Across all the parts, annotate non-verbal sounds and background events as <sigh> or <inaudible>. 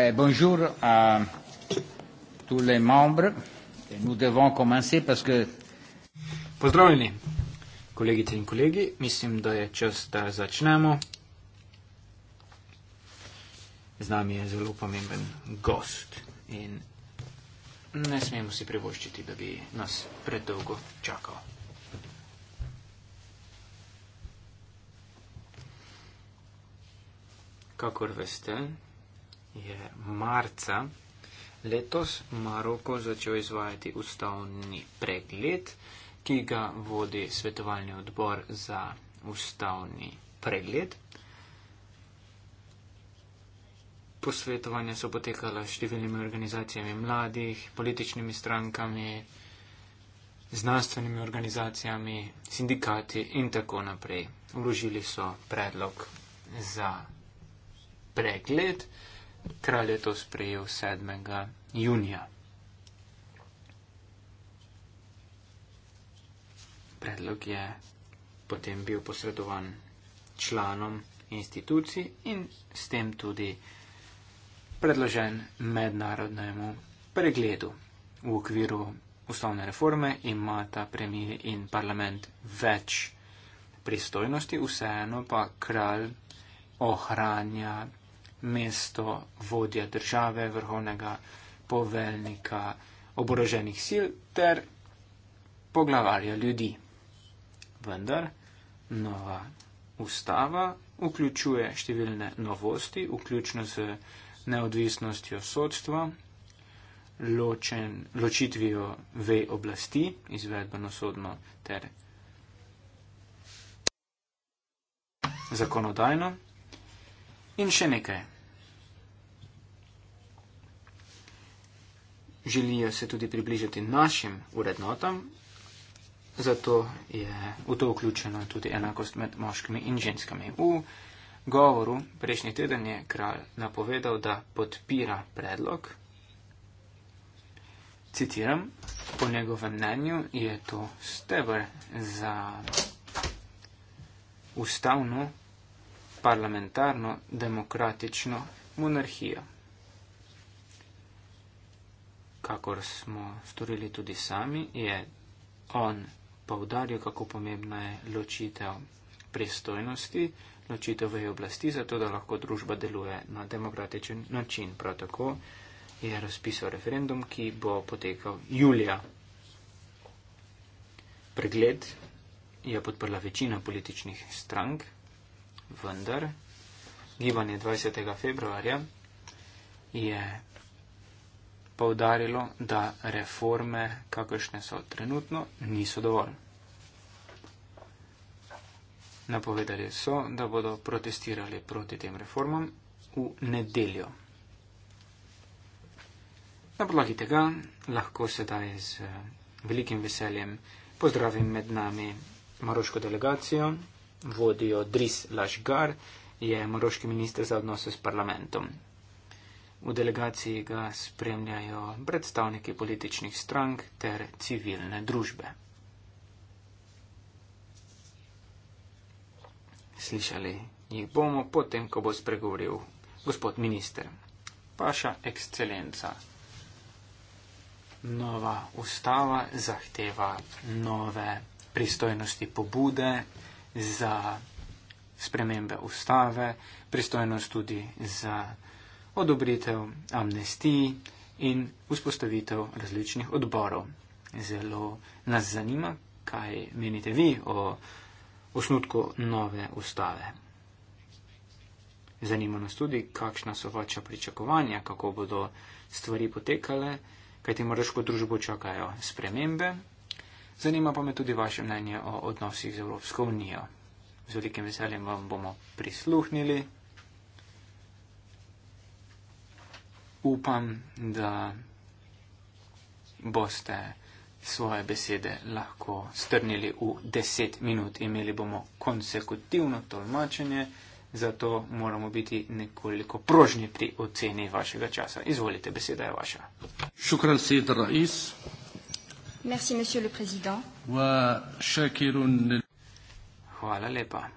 Eh, bonjour à tous les membres. Nous devons commencer parce que... Pozdravljeni, kolegice in kolegi. Mislim, da je čas, da začnemo. Z nami je zelo pomemben gost in ne smemo si privoščiti, da bi nas predolgo čakal. Kakor veste, je marca letos Maroko začel izvajati ustavni pregled, ki ga vodi svetovalni odbor za ustavni pregled. Posvetovanja so potekala številnimi organizacijami mladih, političnimi strankami, znanstvenimi organizacijami, sindikati in tako naprej. Vložili so predlog za pregled kralj je to sprejel 7. junija. Predlog je potem bil posredovan članom institucij in s tem tudi predložen mednarodnemu pregledu. V okviru ustavne reforme ima ta premije in parlament več pristojnosti, vseeno pa kralj ohranja mesto vodja države, vrhovnega poveljnika oboroženih sil ter poglavarja ljudi. Vendar nova ustava vključuje številne novosti, vključno z neodvisnostjo sodstva, ločen, ločitvijo vej oblasti, izvedbeno sodno ter zakonodajno. In še nekaj. Želijo se tudi približati našim urednotam, zato je v to vključena tudi enakost med moškimi in ženskami. V govoru prejšnji teden je kralj napovedal, da podpira predlog. Citiram, po njegovem mnenju je to stebr za ustavno parlamentarno, demokratično monarhijo. Kakor smo storili tudi sami, je on povdaril, kako pomembna je ločitev pristojnosti, ločitev veje oblasti, zato da lahko družba deluje na demokratičen način. Prav tako je razpisal referendum, ki bo potekal julija. Pregled je podprla večina političnih strank, vendar gibanje 20. februarja je povdarilo, da reforme, kakršne so trenutno, niso dovolj. Napovedali so, da bodo protestirali proti tem reformam v nedeljo. Na podlagi tega lahko sedaj z velikim veseljem pozdravim med nami maroško delegacijo vodijo Dris Lažgar, je moroški minister za odnose s parlamentom. V delegaciji ga spremljajo predstavniki političnih strank ter civilne družbe. Slišali jih bomo potem, ko bo spregovoril gospod minister. Paša ekscelenca. Nova ustava zahteva nove pristojnosti pobude za spremembe ustave, pristojnost tudi za odobritev amnestij in vzpostavitev različnih odborov. Zelo nas zanima, kaj menite vi o osnutku nove ustave. Zanima nas tudi, kakšna so vaša pričakovanja, kako bodo stvari potekale, kaj ti moraš kot družbo čakajo spremembe Zanima pa me tudi vaše mnenje o odnosih z Evropsko unijo. Z velikim veseljem vam bomo prisluhnili. Upam, da boste svoje besede lahko strnili v deset minut. Imeli bomo konsekutivno tolmačenje, zato moramo biti nekoliko prožni pri oceni vašega časa. Izvolite, beseda je vaša. Šukran Sidra Is. Merci, Monsieur le Président. Hvala lepa.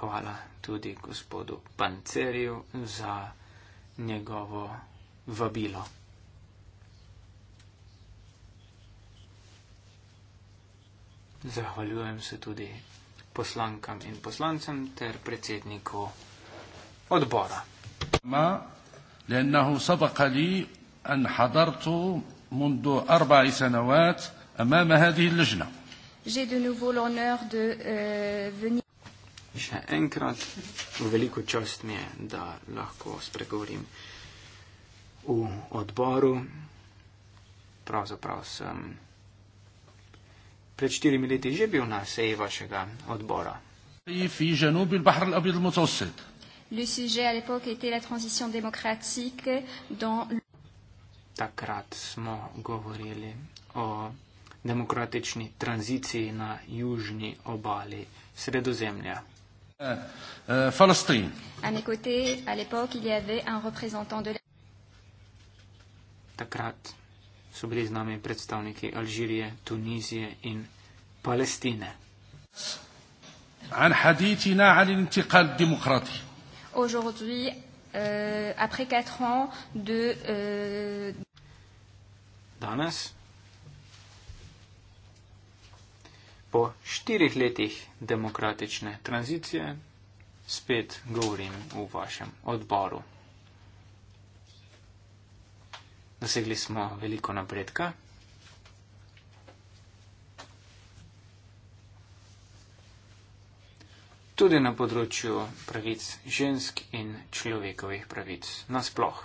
Hvala tudi gospodu Pancerju za njegovo vabilo. Zahvaljujem se tudi poslankam in poslancem ter predsedniku odbora. Ma. لأنه سبق لي أن حضرت منذ أربع سنوات أمام هذه اللجنة. J'ai de nouveau l'honneur de euh, venir. Še enkrat veliko čast mi je, da lahko spregovorim v odboru. Pravzaprav sem pred štirimi leti že bil na seji vašega odbora. Le sujet à l'époque était la transition démocratique dans Takrat smo govorili o demokratični tranziciji na južni obali Sredozemlja. Eh, eh, Takrat so bili z nami predstavniki Alžirije, Tunizije in Palestine. An hadithina ali intikal demokratije aujourd'hui, euh, après quatre ans de. Euh... Danes. Po štirih letih demokratične tranzicije spet govorim v vašem odboru. Dosegli smo veliko napredka. tudi na področju pravic žensk in človekovih pravic nasploh.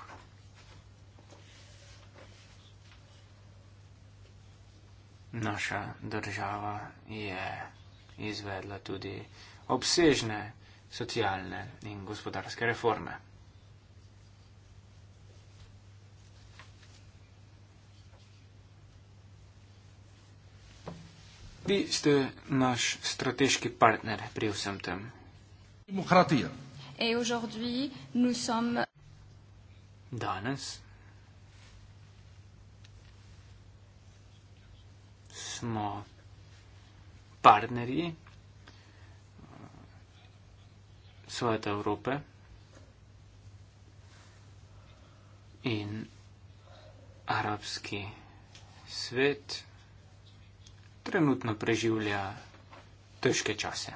Naša država je izvedla tudi obsežne socialne in gospodarske reforme. Vi ste naš strateški partner pri vsem tem. Demokratija. Eh, Danes smo partnerji eh, sveta Evrope in arabski svet trenutno preživlja težke čase.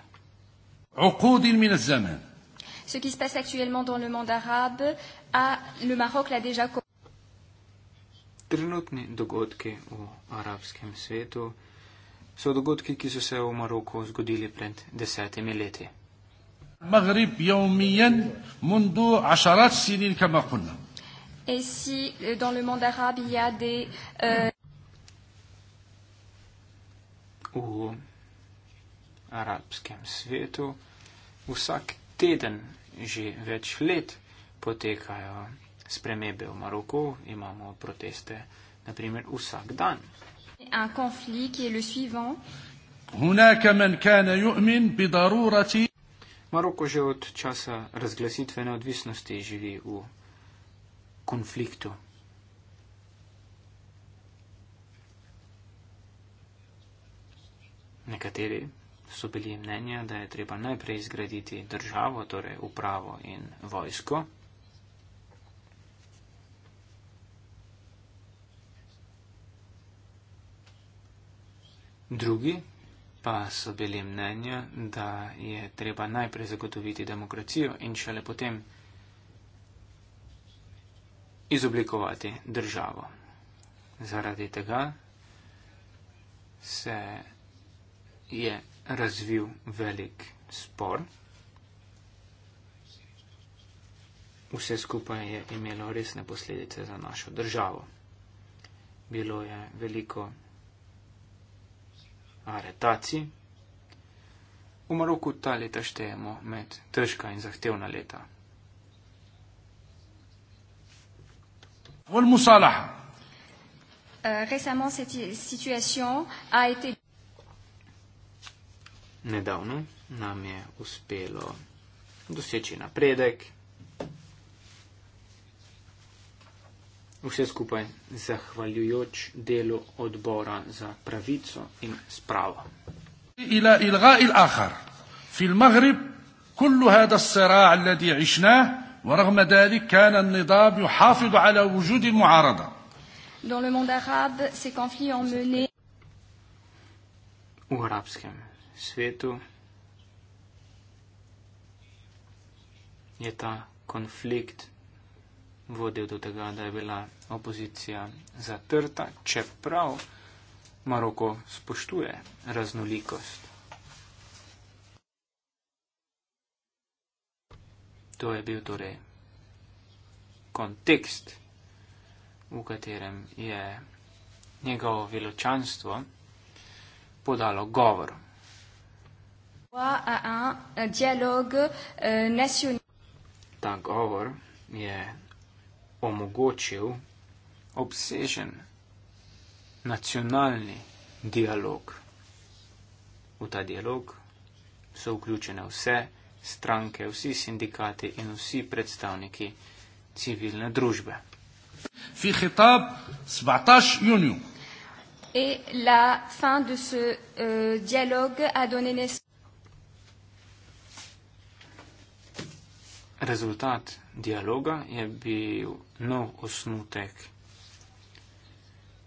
Ce qui se passe actuellement dans le monde arabe, a, le Maroc l'a déjà Trenutni dogodki v arabskem svetu so dogodki, ki so se v Maroku zgodili pred desetimi leti. Maghrib jomijen mundu ašarat sinin kamakunna. Et si euh, dans le monde arabe il y a des... Euh, v arabskem svetu. Vsak teden že več let potekajo spremembe v Maroku, imamo proteste naprimer vsak dan. Maroko že od časa razglasitve neodvisnosti živi v konfliktu. Nekateri so bili mnenja, da je treba najprej zgraditi državo, torej upravo in vojsko. Drugi pa so bili mnenja, da je treba najprej zagotoviti demokracijo in šele potem izoblikovati državo. Zaradi tega se je razvil velik spor. Vse skupaj je imelo resne posledice za našo državo. Bilo je veliko aretacij. V Maroku ta leta štejemo med težka in zahtevna leta. Uh, récemment, cette situation a été nedavno nam je uspelo doseči napredek. Vse skupaj zahvaljujoč delu odbora za pravico in spravo. كل هذا الصراع الذي عشناه ورغم ذلك كان النضال يحافظ على وجود المعارضة. Dans le monde arabe, ces conflits ont mené. Au arabe, c'est svetu je ta konflikt vodil do tega, da je bila opozicija zatrta, čeprav Maroko spoštuje raznolikost. To je bil torej kontekst, v katerem je njegovo veličanstvo podalo govor droit à un dialogue euh, national. Dan govor je omogočil obsežen nacionalni dialog. V ta dialog so vključene vse stranke, vsi sindikati in vsi predstavniki civilne družbe. Fihetab 17. junija. In la fin de ce uh, dialog a donné naissance. rezultat dialoga je bil nov osnutek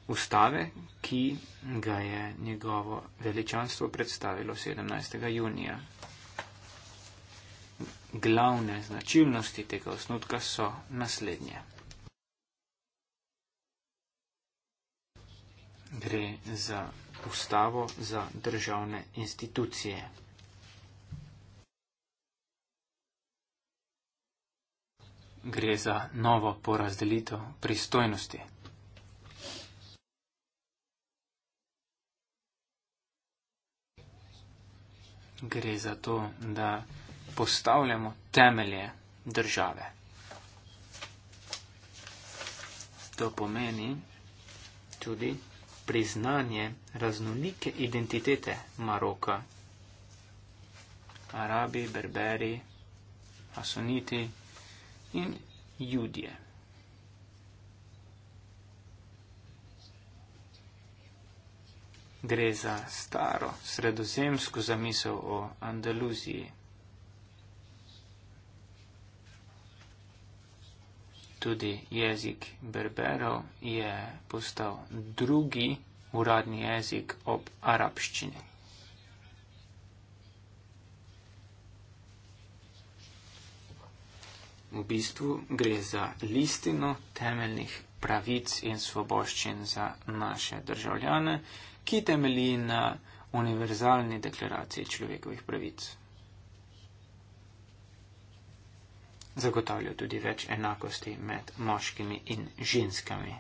ustave, ki ga je njegovo veličanstvo predstavilo 17. junija. Glavne značilnosti tega osnutka so naslednje. Gre za ustavo za državne institucije. gre za novo porazdelitev pristojnosti. Gre za to, da postavljamo temelje države. To pomeni tudi priznanje raznolike identitete Maroka. Arabi, Berberi, Asuniti, in ljudje. Gre za staro sredozemsko zamisel o Andaluziji. Tudi jezik berberov je postal drugi uradni jezik ob arabščini. V bistvu gre za listino temeljnih pravic in svoboščin za naše državljane, ki temelji na univerzalni deklaraciji človekovih pravic. Zagotavlja tudi več enakosti med moškimi in ženskami.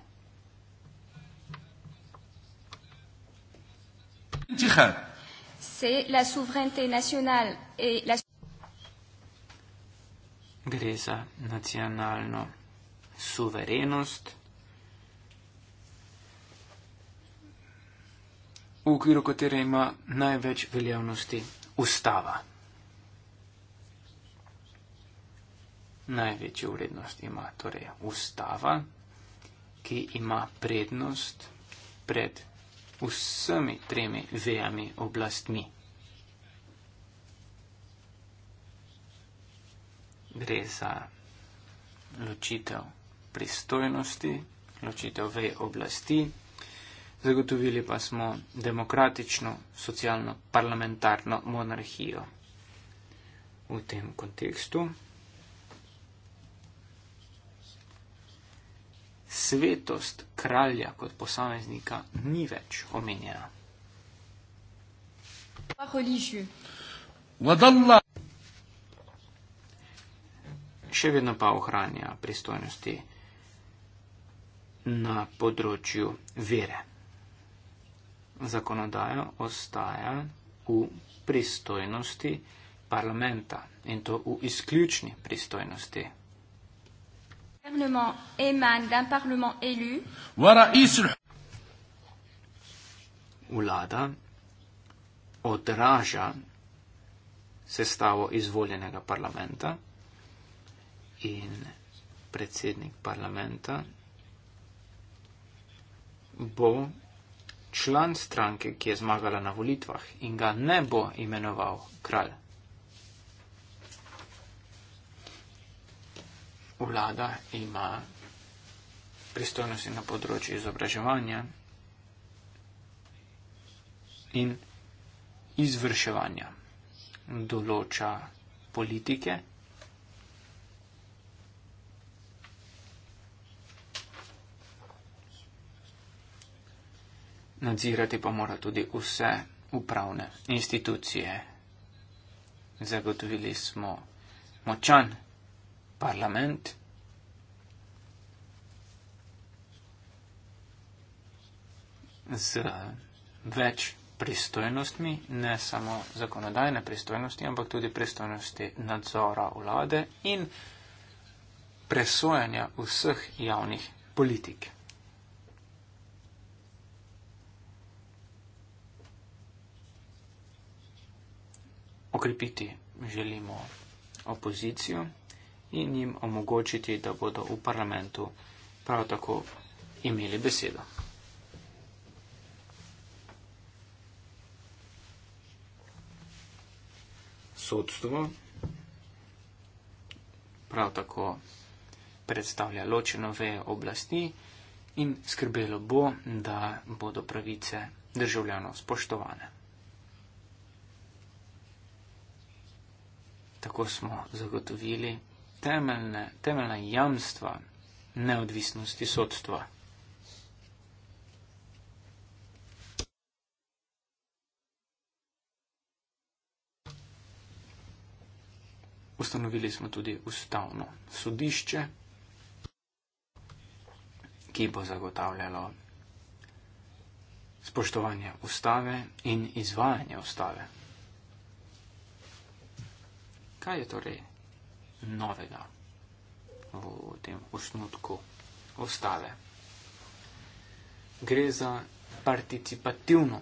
C'est la souveraineté nationale et la gre za nacionalno suverenost. V okviru katere ima največ veljavnosti ustava. Največjo vrednost ima torej ustava, ki ima prednost pred vsemi tremi vejami oblastmi. gre za ločitev pristojnosti, ločitev vej oblasti. Zagotovili pa smo demokratično, socialno, parlamentarno monarhijo v tem kontekstu. Svetost kralja kot posameznika ni več omenjena. Religijo. Vodalla še vedno pa ohranja pristojnosti na področju vere. Zakonodaja ostaja v pristojnosti parlamenta in to v izključni pristojnosti. Vlada odraža sestavo izvoljenega parlamenta in predsednik parlamenta bo član stranke, ki je zmagala na volitvah in ga ne bo imenoval kralj. Vlada ima pristojnosti na področju izobraževanja in izvrševanja določa politike nadzirati pa mora tudi vse upravne institucije. Zagotovili smo močan parlament. Z več pristojnostmi, ne samo zakonodajne pristojnosti, ampak tudi pristojnosti nadzora vlade in presojanja vseh javnih politik. okrepiti želimo opozicijo in jim omogočiti, da bodo v parlamentu prav tako imeli besedo. Sodstvo prav tako predstavlja ločeno veje oblasti in skrbelo bo, da bodo pravice državljanov spoštovane. tako smo zagotovili temeljne, temeljna jamstva neodvisnosti sodstva. Ustanovili smo tudi ustavno sodišče, ki bo zagotavljalo spoštovanje ustave in izvajanje ustave kaj je torej novega v tem osnutku ustave? Gre za participativno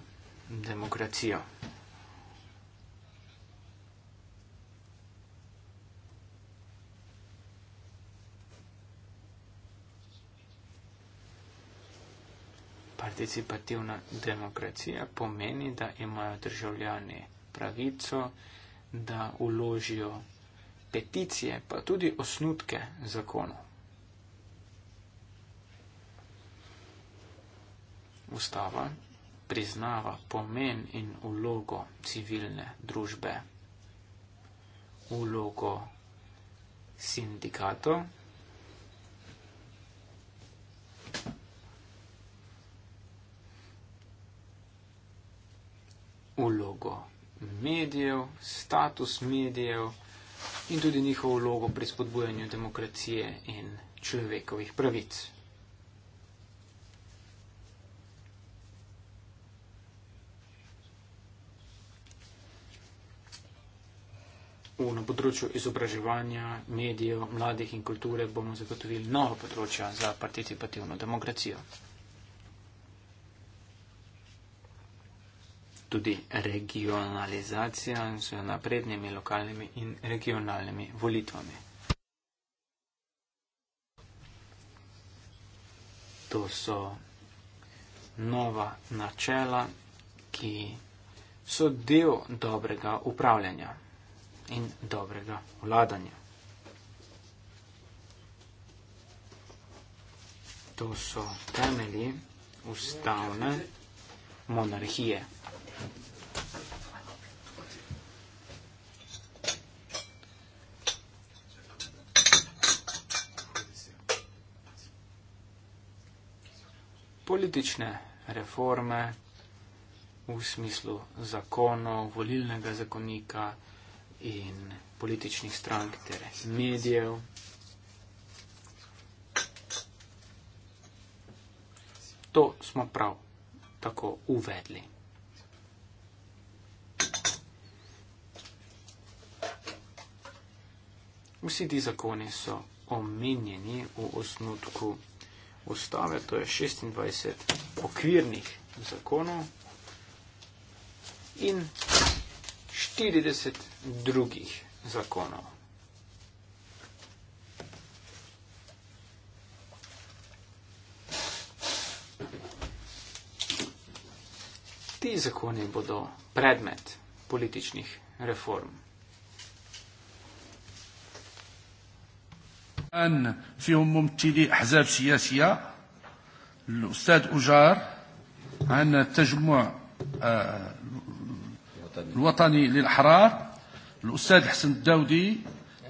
demokracijo. Participativna demokracija pomeni, da imajo državljani pravico, da uložijo peticije, pa tudi osnutke zakonov. Ustava priznava pomen in ulogo civilne družbe, ulogo sindikatov, ulogo medijev, status medijev in tudi njihovo vlogo pri spodbujanju demokracije in človekovih pravic. V na področju izobraževanja, medijev, mladih in kulture bomo zagotovili nova področja za participativno demokracijo. tudi regionalizacija z naprednimi lokalnimi in regionalnimi volitvami. To so nova načela, ki so del dobrega upravljanja in dobrega vladanja. To so temelji ustavne monarhije. politične reforme v smislu zakonov, volilnega zakonika in političnih strank ter medijev. To smo prav tako uvedli. Vsi ti zakoni so omenjeni v osnutku ustave, to je 26 okvirnih zakonov in 40 drugih zakonov. Ti zakoni bodo predmet političnih reform. الان فيهم ممثلي احزاب سياسيه الاستاذ اجار عن التجمع الوطني للاحرار الاستاذ حسن الداودي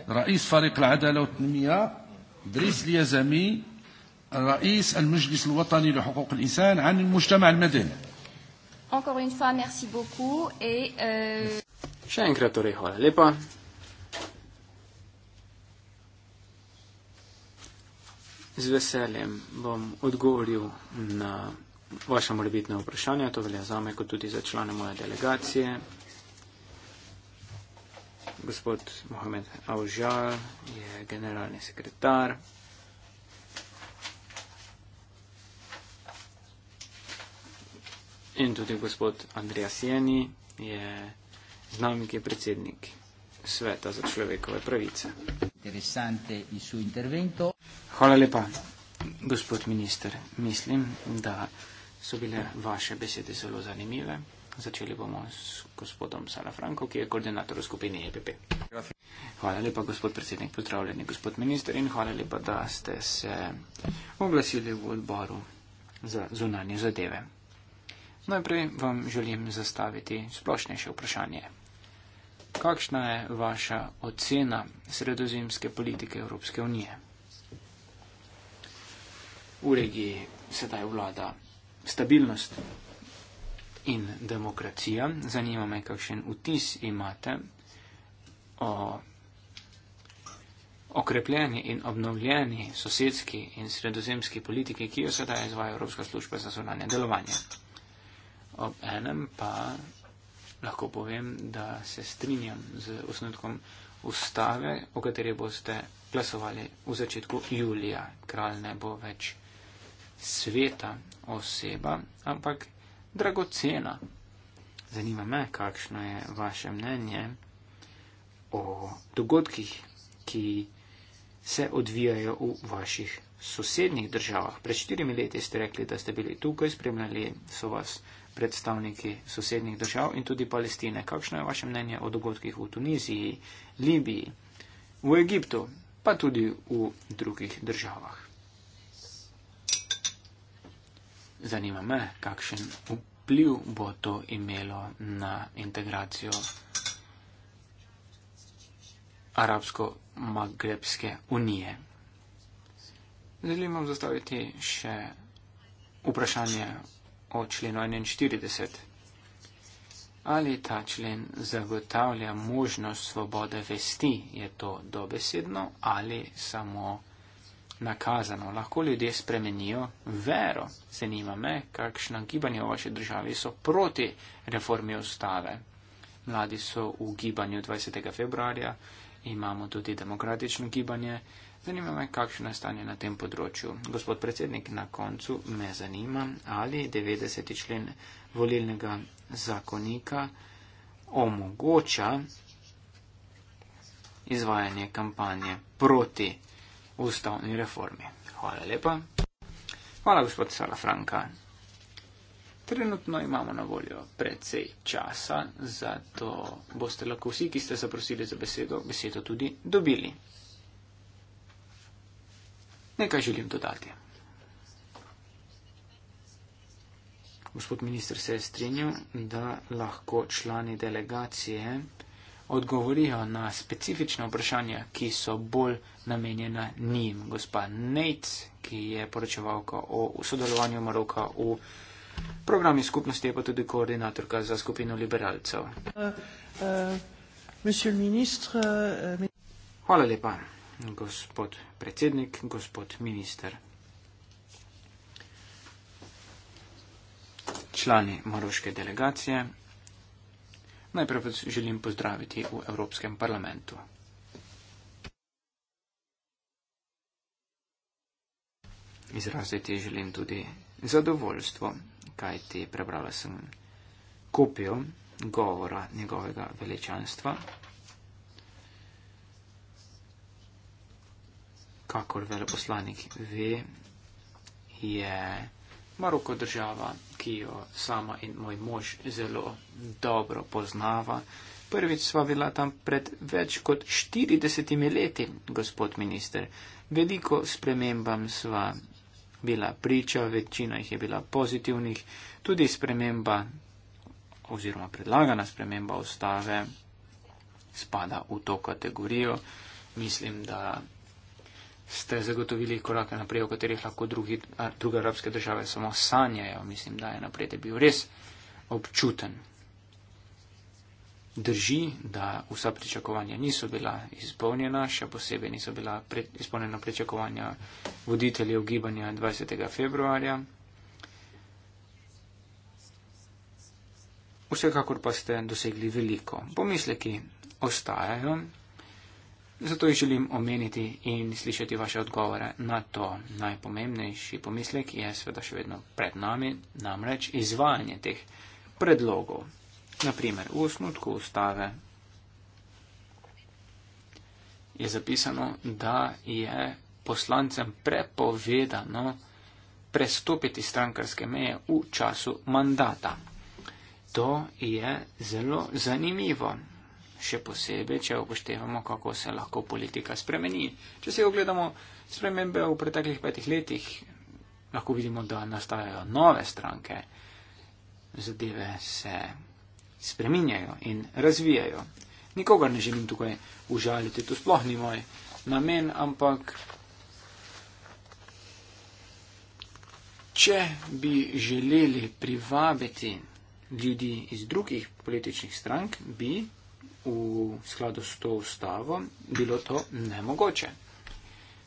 رئيس فريق العداله والتنميه دريس اليزامي رئيس المجلس الوطني لحقوق الانسان عن المجتمع المدني Encore une fois, merci beaucoup et. Euh... Chers créateurs, torej hola, lepa. Z veseljem bom odgovoril na vaša morebitna vprašanja. To velja za me, kot tudi za člane moje delegacije. Gospod Mohamed Aužal je generalni sekretar. In tudi gospod Andrija Sieni je z nami, ki je predsednik Sveta za človekove pravice. Interesante in su intervento. Hvala lepa, gospod minister. Mislim, da so bile vaše besede zelo zanimive. Začeli bomo s gospodom Salafranko, ki je koordinator skupine EPP. Hvala lepa, gospod predsednik. Pozdravljeni, gospod minister. In hvala lepa, da ste se oglasili v odboru za zunanje zadeve. Najprej vam želim zastaviti splošnejše vprašanje. Kakšna je vaša ocena sredozemske politike Evropske unije? v regiji sedaj vlada stabilnost in demokracija. Zanima me, kakšen vtis imate o okrepljeni in obnovljeni sosedski in sredozemski politiki, ki jo sedaj izvaja Evropska služba za zunanje delovanje. Ob enem pa lahko povem, da se strinjam z osnutkom ustave, o kateri boste glasovali v začetku julija. Kralj ne bo več sveta oseba, ampak dragocena. Zanima me, kakšno je vaše mnenje o dogodkih, ki se odvijajo v vaših sosednjih državah. Pred štirimi leti ste rekli, da ste bili tukaj, spremljali so vas predstavniki sosednjih držav in tudi Palestine. Kakšno je vaše mnenje o dogodkih v Tuniziji, Libiji, v Egiptu, pa tudi v drugih državah? zanima me, kakšen vpliv bo to imelo na integracijo Arabsko-Magrebske unije. Želim vam zastaviti še vprašanje o členu 41. Ali ta člen zagotavlja možnost svobode vesti, je to dobesedno ali samo nakazano. Lahko ljudje spremenijo vero. Zanima me, kakšna gibanja v vaši državi so proti reformi ustave. Mladi so v gibanju 20. februarja, imamo tudi demokratično gibanje. Zanima me, kakšno je stanje na tem področju. Gospod predsednik, na koncu me zanima, ali 90. člen volilnega zakonika omogoča izvajanje kampanje proti ustavni reformi. Hvala lepa. Hvala, gospod Salafranka. Trenutno imamo na voljo precej časa, zato boste lahko vsi, ki ste zaprosili za besedo, besedo tudi dobili. Nekaj želim dodati. Gospod minister se je strinjal, da lahko člani delegacije odgovorijo na specifične vprašanja, ki so bolj namenjena njim. Gospa Nate, ki je poročevalka o sodelovanju Maroka v programi skupnosti, je pa tudi koordinatorka za skupino liberalcev. Hvala lepa, gospod predsednik, gospod minister. Člani maroške delegacije najprej vas želim pozdraviti v Evropskem parlamentu. Izraziti želim tudi zadovoljstvo, kaj ti prebrala sem kopijo govora njegovega veličanstva. Kakor veleposlanik ve, je Maroko država ki jo sama in moj mož zelo dobro poznava. Prvič sva bila tam pred več kot 40 leti, gospod minister. Veliko spremembam sva bila priča, večina jih je bila pozitivnih, tudi sprememba oziroma predlagana sprememba ustave spada v to kategorijo. Mislim, da ste zagotovili korake naprej, o katerih lahko drugi, druge arabske države samo sanjajo. Mislim, da je napredek bil res občuten. Drži, da vsa pričakovanja niso bila izpolnjena, še posebej niso bila pred, izpolnjena pričakovanja voditeljev gibanja 20. februarja. Vsekakor pa ste dosegli veliko. Pomisleki ostajajo. Zato jih želim omeniti in slišati vaše odgovore na to. Najpomembnejši pomislek je seveda še vedno pred nami, namreč izvajanje teh predlogov. Naprimer, v osnutku ustave je zapisano, da je poslancem prepovedano prestopiti strankarske meje v času mandata. To je zelo zanimivo še posebej, če upoštevamo, kako se lahko politika spremeni. Če si ogledamo spremembe v preteklih petih letih, lahko vidimo, da nastajajo nove stranke, zadeve se spreminjajo in razvijajo. Nikogar ne želim tukaj užaliti, to sploh ni moj namen, ampak če bi želeli privabiti ljudi iz drugih političnih strank, bi v skladu s to ustavo, bilo to nemogoče.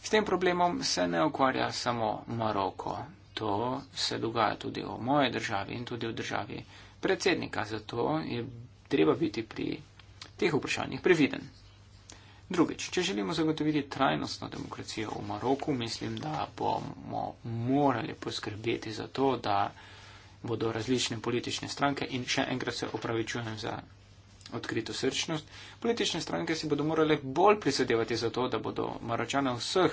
S tem problemom se ne ukvarja samo Maroko, to se dogaja tudi v moje državi in tudi v državi predsednika, zato je treba biti pri teh vprašanjih previden. Drugič, če želimo zagotoviti trajnostno demokracijo v Maroku, mislim, da bomo morali poskrbeti za to, da bodo različne politične stranke in še enkrat se opravičujem za odkrito srčnost, politične stranke si bodo morale bolj prisedevati za to, da bodo maročane vseh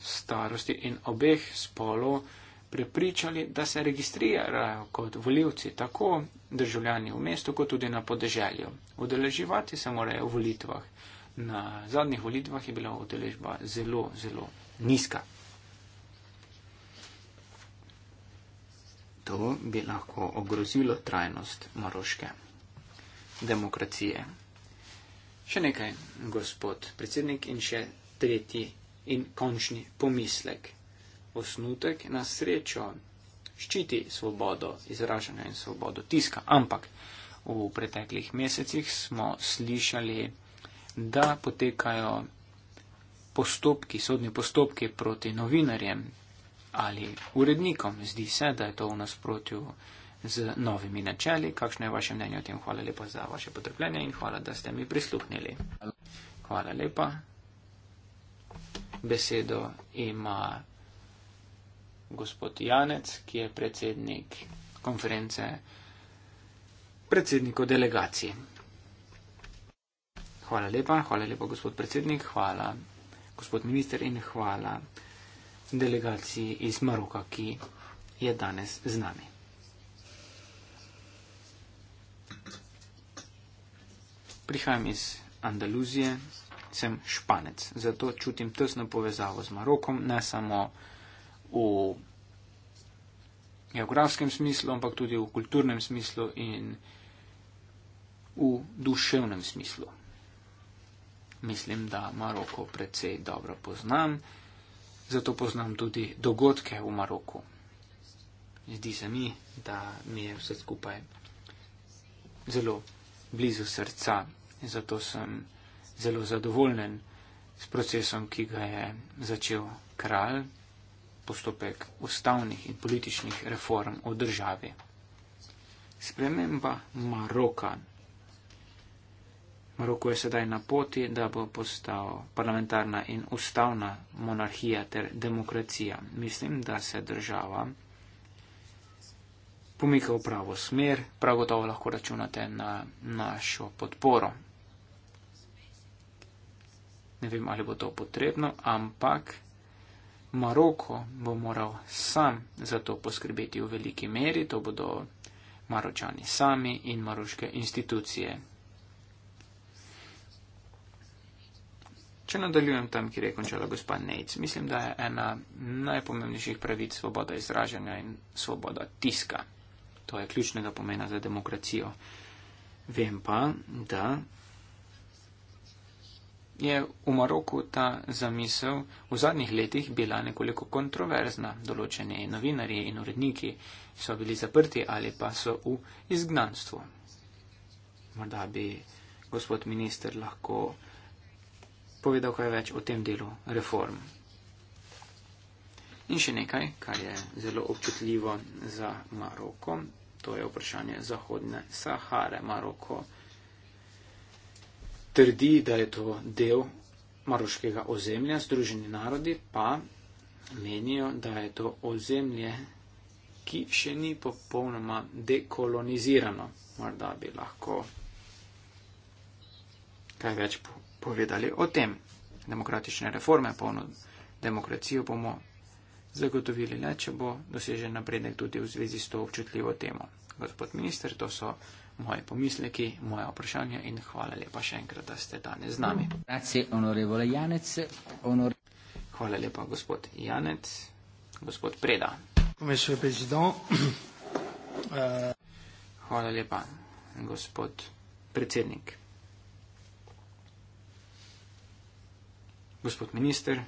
starosti in obeh spolov prepričali, da se registrirajo kot voljivci, tako državljani v mestu, kot tudi na podeželju. Udeleživati se morajo v volitvah. Na zadnjih volitvah je bila udeležba zelo, zelo nizka. To bi lahko ogrozilo trajnost Maroške demokracije. Še nekaj, gospod predsednik, in še tretji in končni pomislek. Osnutek na srečo ščiti svobodo izražanja in svobodo tiska, ampak v preteklih mesecih smo slišali, da potekajo postopki, sodni postopki proti novinarjem ali urednikom. Zdi se, da je to v nasprotju z novimi načeli. Kakšno je vaše mnenje o tem? Hvala lepa za vaše potrpljenje in hvala, da ste mi prisluhnili. Hvala lepa. Besedo ima gospod Janec, ki je predsednik konference predsednikov delegacij. Hvala lepa, hvala lepa gospod predsednik, hvala gospod minister in hvala delegaciji iz Maroka, ki je danes z nami. prihajam iz Andaluzije, sem španec, zato čutim tesno povezavo z Marokom, ne samo v geografskem smislu, ampak tudi v kulturnem smislu in v duševnem smislu. Mislim, da Maroko precej dobro poznam, zato poznam tudi dogodke v Maroku. Zdi se mi, da mi je vse skupaj zelo blizu srca. Zato sem zelo zadovoljen s procesom, ki ga je začel kralj, postopek ustavnih in političnih reform v državi. Sprememba Maroka. Maroko je sedaj na poti, da bo postal parlamentarna in ustavna monarhija ter demokracija. Mislim, da se država pomika v pravo smer, prav gotovo lahko računate na našo podporo. Ne vem, ali bo to potrebno, ampak Maroko bo moral sam za to poskrbeti v veliki meri, to bodo maročani sami in maroške institucije. Če nadaljujem tam, kjer je končala gospa Neitz, mislim, da je ena najpomembnejših pravic svoboda izražanja in svoboda tiska. To je ključnega pomena za demokracijo. Vem pa, da je v Maroku ta zamisel v zadnjih letih bila nekoliko kontroverzna. Določeni novinarji in uredniki so bili zaprti ali pa so v izgnanstvu. Morda bi gospod minister lahko povedal kaj več o tem delu reform. In še nekaj, kar je zelo občutljivo za Maroko, to je vprašanje Zahodne Sahare. Maroko trdi, da je to del maroškega ozemlja, Združeni narodi pa menijo, da je to ozemlje, ki še ni popolnoma dekolonizirano. Morda bi lahko kaj več povedali o tem. Demokratične reforme, polno demokracijo bomo zagotovili le, če bo dosežen napredek tudi v zvezi s to občutljivo temo. Gospod minister, to so moje pomisleki, moje vprašanja in hvala lepa še enkrat, da ste danes z nami. Hvala lepa, gospod Janec, gospod Preda. Euh, hvala lepa, gospod predsednik. Gospod minister,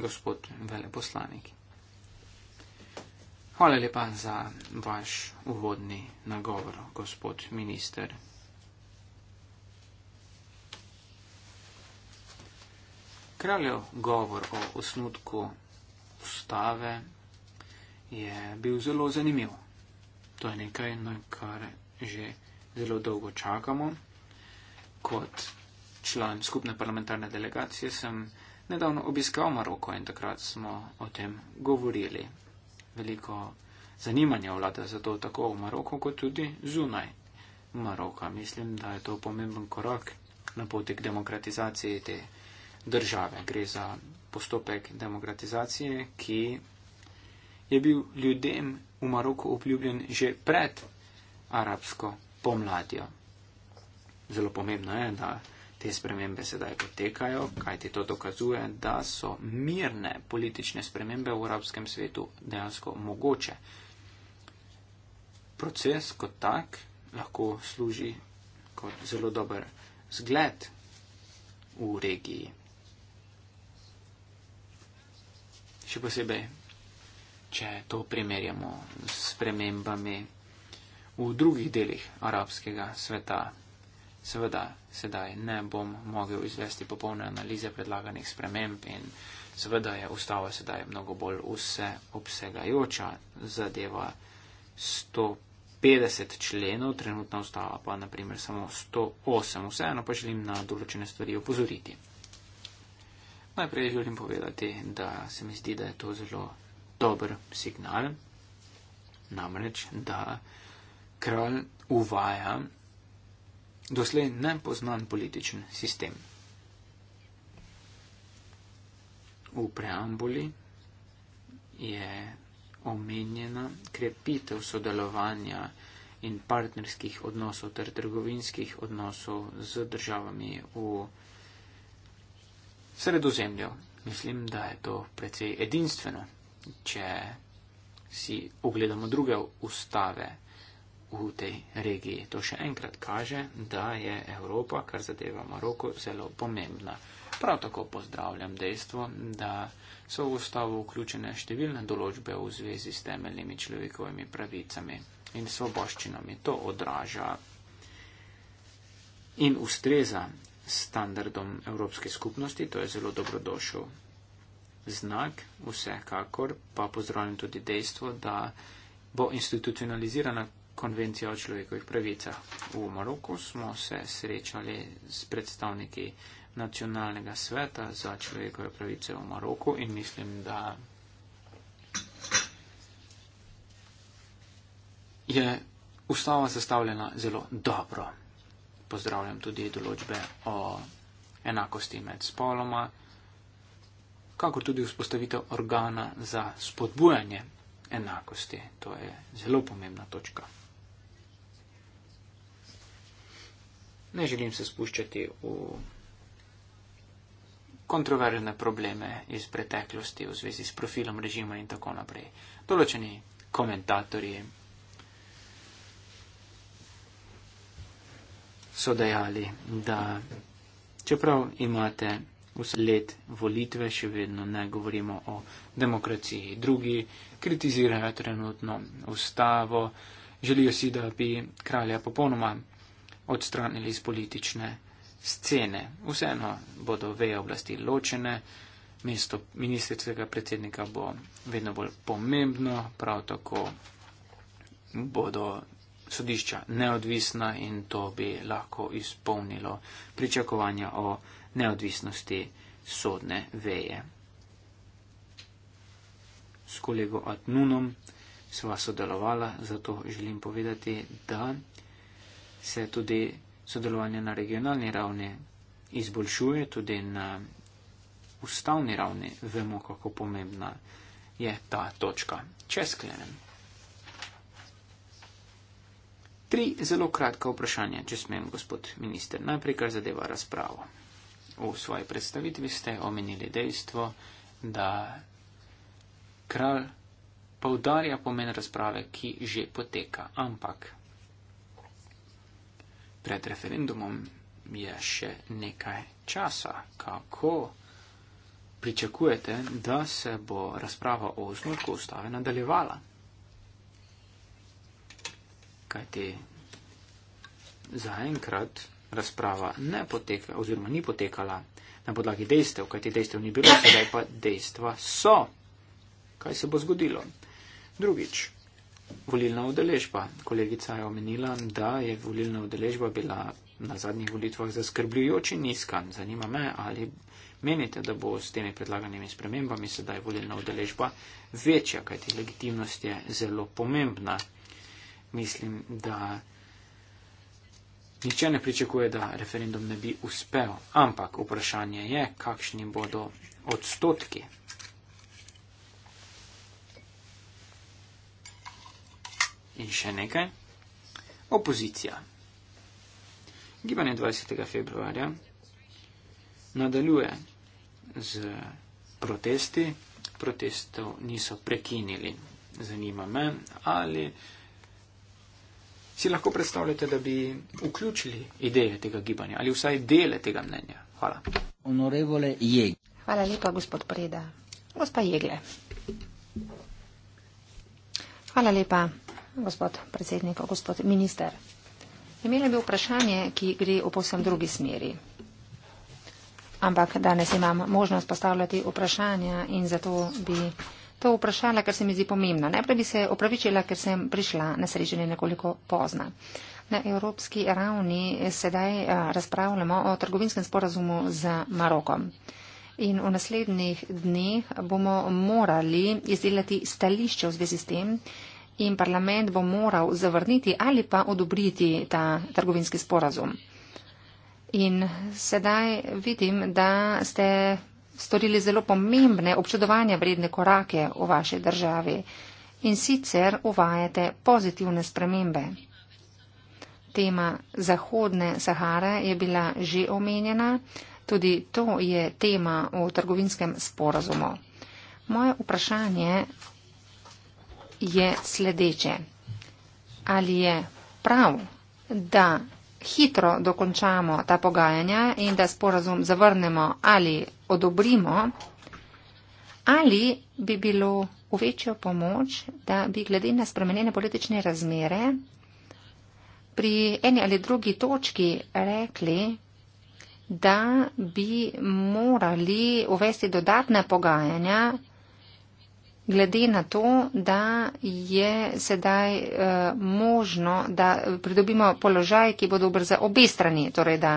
gospod veleposlanik. Hvala lepa za vaš uvodni nagovor, gospod minister. Kraljev govor o osnutku ustave je bil zelo zanimiv. To je nekaj, na kar že zelo dolgo čakamo. Kot član skupne parlamentarne delegacije sem nedavno obiskal Maroko in takrat smo o tem govorili. Veliko zanimanja vlada za to tako v Maroku, kot tudi zunaj Maroka. Mislim, da je to pomemben korak na poti k demokratizaciji te države. Gre za postopek demokratizacije, ki je bil ljudem v Maroku obljubljen že pred arabsko pomladjo. Zelo pomembno je, da Te spremembe sedaj potekajo, kajti to dokazuje, da so mirne politične spremembe v arabskem svetu dejansko mogoče. Proces kot tak lahko služi kot zelo dober zgled v regiji. Še posebej, če to primerjamo s spremembami v drugih delih arabskega sveta. Seveda, sedaj ne bom mogel izvesti popolne analize predlaganih sprememb in seveda je ustava sedaj mnogo bolj vse obsegajoča zadeva 150 členov, trenutna ustava pa naprimer samo 108. Vseeno pa želim na določene stvari opozoriti. Najprej želim povedati, da se mi zdi, da je to zelo dober signal, namreč da kralj uvaja doslej nepoznan političen sistem. V preambuli je omenjena krepitev sodelovanja in partnerskih odnosov ter trgovinskih odnosov z državami v sredozemlju. Mislim, da je to precej edinstveno, če si ogledamo druge ustave v tej regiji. To še enkrat kaže, da je Evropa, kar zadeva Maroko, zelo pomembna. Prav tako pozdravljam dejstvo, da so v ustavo vključene številne določbe v zvezi s temeljnimi človekovimi pravicami in svoboščinami. To odraža in ustreza standardom Evropske skupnosti, to je zelo dobrodošel znak, vsekakor pa pozdravljam tudi dejstvo, da bo institucionalizirana konvencijo o človekovih pravicah. V Maroku smo se srečali s predstavniki nacionalnega sveta za človekove pravice v Maroku in mislim, da je ustava sestavljena zelo dobro. Pozdravljam tudi določbe o enakosti med spoloma, kako tudi vzpostavitev organa za spodbujanje enakosti. To je zelo pomembna točka. ne želim se spuščati v kontroverzne probleme iz preteklosti v zvezi s profilom režima in tako naprej. Določeni komentatorji so dejali, da čeprav imate vse let volitve, še vedno ne govorimo o demokraciji. Drugi kritizirajo trenutno ustavo, želijo si, da bi kralja popolnoma odstranili iz politične scene. Vseeno bodo veje oblasti ločene, mesto ministrskega predsednika bo vedno bolj pomembno, prav tako bodo sodišča neodvisna in to bi lahko izpolnilo pričakovanja o neodvisnosti sodne veje. S kolego Atnunom sva sodelovala, zato želim povedati, da se tudi sodelovanje na regionalni ravni izboljšuje, tudi na ustavni ravni vemo, kako pomembna je ta točka. Če sklenem. Tri zelo kratka vprašanja, če smem, gospod minister. Najprej, kar zadeva razpravo. V svoji predstavitvi ste omenili dejstvo, da kralj. Povdarja pomen razprave, ki že poteka, ampak pred referendumom je še nekaj časa. Kako pričakujete, da se bo razprava o osnutku ustave nadaljevala? Kajti zaenkrat razprava ne poteka oziroma ni potekala na podlagi dejstev, kajti dejstev ni bilo, sedaj pa dejstva so. Kaj se bo zgodilo? Drugič. Volilna udeležba. Kolegica je omenila, da je volilna udeležba bila na zadnjih volitvah zaskrbljujoči nizkan. Zanima me, ali menite, da bo s temi predlaganimi spremembami sedaj volilna udeležba večja, kajti legitimnost je zelo pomembna. Mislim, da nihče ne pričakuje, da referendum ne bi uspel, ampak vprašanje je, kakšni bodo odstotki. In še nekaj. Opozicija. Gibanje 20. februarja nadaljuje z protesti. Protestov niso prekinili. Zanima me, ali si lahko predstavljate, da bi vključili ideje tega gibanja ali vsaj dele tega mnenja. Hvala. Hvala lepa, gospod Preda. Gospa Jegle. Hvala lepa gospod predsednik, gospod minister. Imeli bi vprašanje, ki gre v posem drugi smeri. Ampak danes imam možnost postavljati vprašanja in zato bi to vprašala, ker se mi zdi pomembno. Najprej bi se opravičila, ker sem prišla na srečanje nekoliko pozna. Na evropski ravni sedaj eh, razpravljamo o trgovinskem sporazumu z Marokom. In v naslednjih dneh bomo morali izdelati stališče v zvezi s tem, in parlament bo moral zavrniti ali pa odobriti ta trgovinski sporazum. In sedaj vidim, da ste storili zelo pomembne občudovanja vredne korake v vaši državi in sicer uvajate pozitivne spremembe. Tema Zahodne Sahare je bila že omenjena, tudi to je tema v trgovinskem sporazumu. Moje vprašanje je sledeče. Ali je prav, da hitro dokončamo ta pogajanja in da sporazum zavrnemo ali odobrimo, ali bi bilo v večjo pomoč, da bi glede na spremenjene politične razmere pri eni ali drugi točki rekli, da bi morali uvesti dodatne pogajanja glede na to, da je sedaj uh, možno, da pridobimo položaj, ki bo dober za obe strani, torej da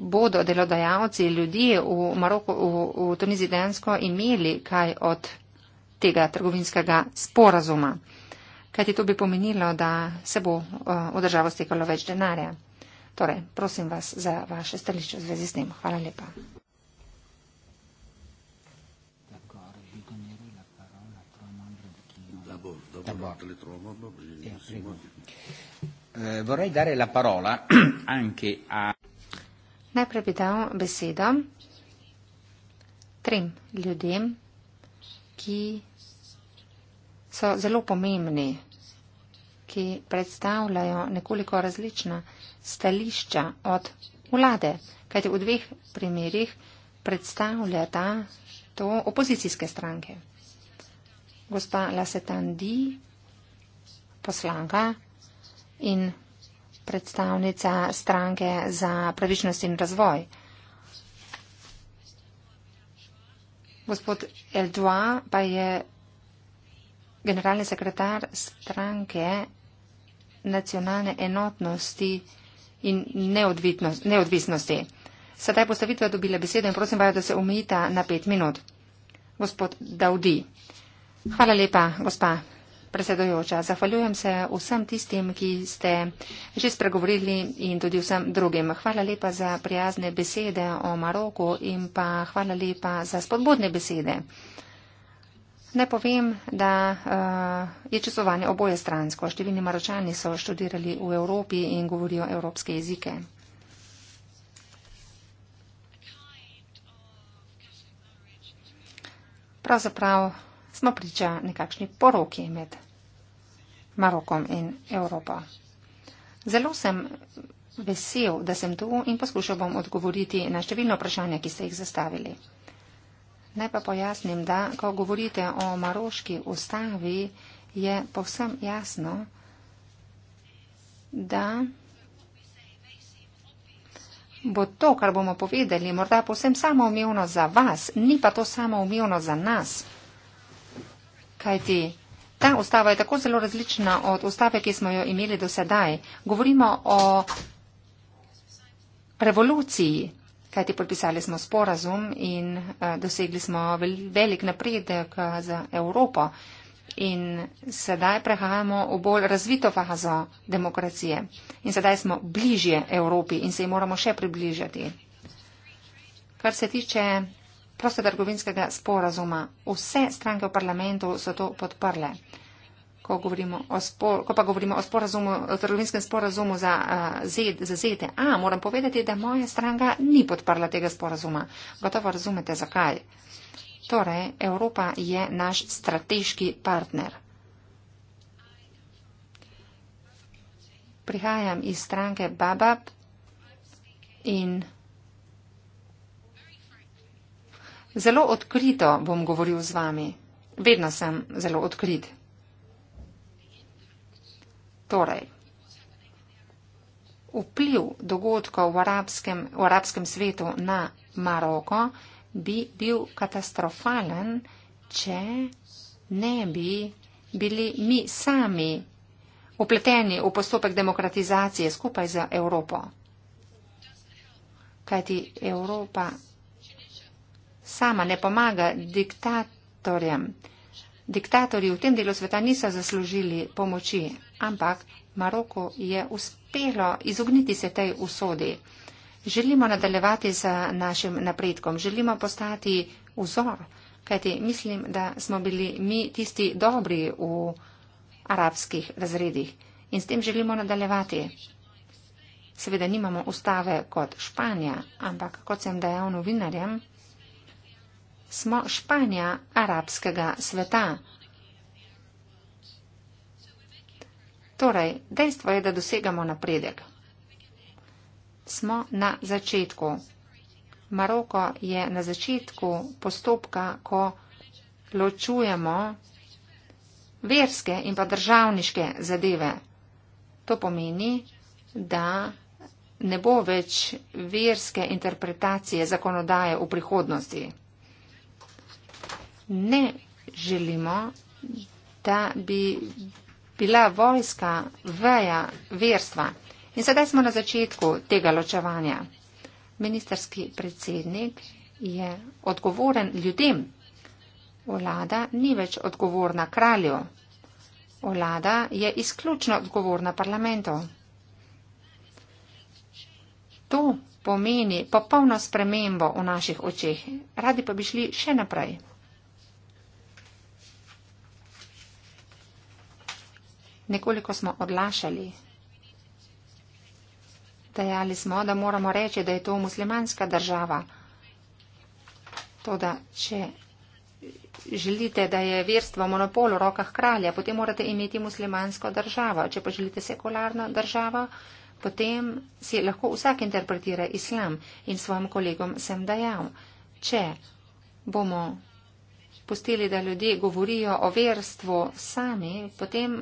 bodo delodajalci ljudi v Maroku, v, v Tunizi dejansko imeli kaj od tega trgovinskega sporazuma. Kajti to bi pomenilo, da se bo uh, v državo stekalo več denarja. Torej, prosim vas za vaše stališče v zvezi s tem. Hvala lepa. Eh, vorrei dare la parola <clears throat> anche a. Najprej bi dal besedo trem ljudem, ki so zelo pomembni, ki predstavljajo nekoliko različna stališča od vlade, kajti v dveh primerjih predstavljata to opozicijske stranke. Gospa Lasetandi poslanka in predstavnica stranke za pravičnost in razvoj. Gospod Eldua pa je generalni sekretar stranke nacionalne enotnosti in neodvisnosti. Sedaj postavitve dobile besedo in prosim vaju, da se umijita na pet minut. Gospod Daudi. Hvala lepa, gospa Predsedujoča, zahvaljujem se vsem tistim, ki ste že spregovorili in tudi vsem drugim. Hvala lepa za prijazne besede o Maroku in pa hvala lepa za spodbudne besede. Ne povem, da uh, je časovanje oboje stransko. Številni maročani so študirali v Evropi in govorijo evropske jezike. Pravzaprav smo priča nekakšni poroki med Marokom in Evropo. Zelo sem vesel, da sem tu in poskušal bom odgovoriti na številno vprašanje, ki ste jih zastavili. Naj pa pojasnim, da ko govorite o maroški ustavi, je povsem jasno, da bo to, kar bomo povedali, morda povsem samoumevno za vas, ni pa to samoumevno za nas kajti ta ustava je tako zelo različna od ustave, ki smo jo imeli do sedaj. Govorimo o revoluciji, kajti podpisali smo sporazum in eh, dosegli smo velik napredek eh, za Evropo. In sedaj prehajamo v bolj razvito fazo demokracije. In sedaj smo bližje Evropi in se ji moramo še približati. Kar se tiče prostotrgovinskega sporazuma. Vse stranke v parlamentu so to podprle. Ko, spor, ko pa govorimo o, sporazumu, o trgovinskem sporazumu za, uh, zed, za zete, a moram povedati, da moja stranka ni podprla tega sporazuma. Gotovo razumete, zakaj. Torej, Evropa je naš strateški partner. Prihajam iz stranke Babab in. Zelo odkrito bom govoril z vami. Vedno sem zelo odkrit. Torej, vpliv dogodkov v arabskem, v arabskem svetu na Maroko bi bil katastrofalen, če ne bi bili mi sami upleteni v postopek demokratizacije skupaj z Evropo. Kajti Evropa sama ne pomaga diktatorjem. Diktatorji v tem delu sveta niso zaslužili pomoči, ampak Maroko je uspelo izogniti se tej usodi. Želimo nadaljevati z našim napredkom, želimo postati vzor, kajti mislim, da smo bili mi tisti dobri v arabskih razredih in s tem želimo nadaljevati. Seveda nimamo ustave kot Španija, ampak kot sem dejal novinarjem, smo Španija arabskega sveta. Torej, dejstvo je, da dosegamo napredek. Smo na začetku. Maroko je na začetku postopka, ko ločujemo verske in pa državniške zadeve. To pomeni, da ne bo več verske interpretacije zakonodaje v prihodnosti ne želimo, da bi bila vojska veja verstva. In sedaj smo na začetku tega ločevanja. Ministerski predsednik je odgovoren ljudem. Olada ni več odgovorna kralju. Olada je izključno odgovorna parlamentu. To pomeni popolno spremembo v naših očeh. Radi pa bi šli še naprej. Nekoliko smo odlašali. Dejali smo, da moramo reči, da je to muslimanska država. Toda, če želite, da je verstvo monopol v rokah kralja, potem morate imeti muslimansko državo. Če pa želite sekularno državo, potem si lahko vsak interpretira islam in svojim kolegom sem dejal. Če bomo pustili, da ljudje govorijo o verstvu sami, potem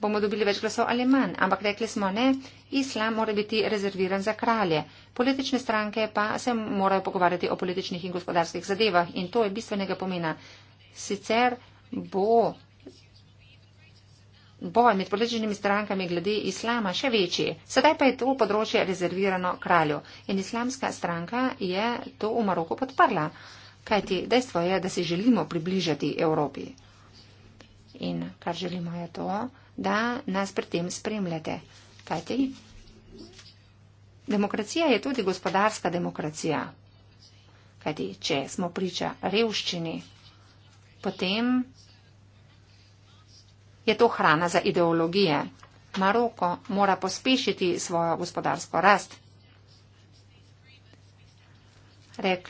bomo dobili več glasov ali manj, ampak rekli smo ne, islam mora biti rezerviran za kralje. Politične stranke pa se morajo pogovarjati o političnih in gospodarskih zadevah in to je bistvenega pomena. Sicer bo boj med političnimi strankami glede islama še večji. Sedaj pa je to področje rezervirano kralju in islamska stranka je to v Maroku podprla, kajti dejstvo je, da se želimo približati Evropi. In kar želimo je to, da nas pri tem spremljate. Kajti? Demokracija je tudi gospodarska demokracija. Kajti, če smo priča revščini, potem je to hrana za ideologije. Maroko mora pospešiti svojo gospodarsko rast. Re,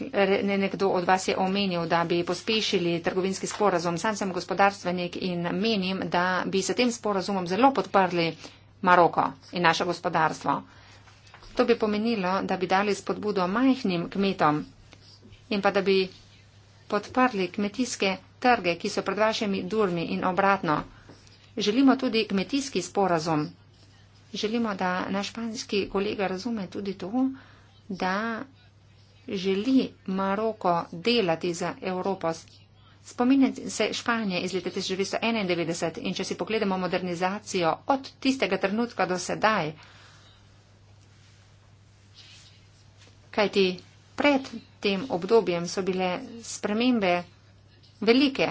nekdo od vas je omenil, da bi pospešili trgovinski sporazum. Sam sem gospodarstvenik in menim, da bi se tem sporazumom zelo podprli Maroko in naše gospodarstvo. To bi pomenilo, da bi dali spodbudo majhnim kmetom in pa da bi podprli kmetijske trge, ki so pred vašimi durmi in obratno. Želimo tudi kmetijski sporazum. Želimo, da naš španski kolega razume tudi to, da želi Maroko delati za Evropo. Spominjate se Španije iz leta 1991 in če si pogledamo modernizacijo od tistega trenutka do sedaj, kajti pred tem obdobjem so bile spremembe velike.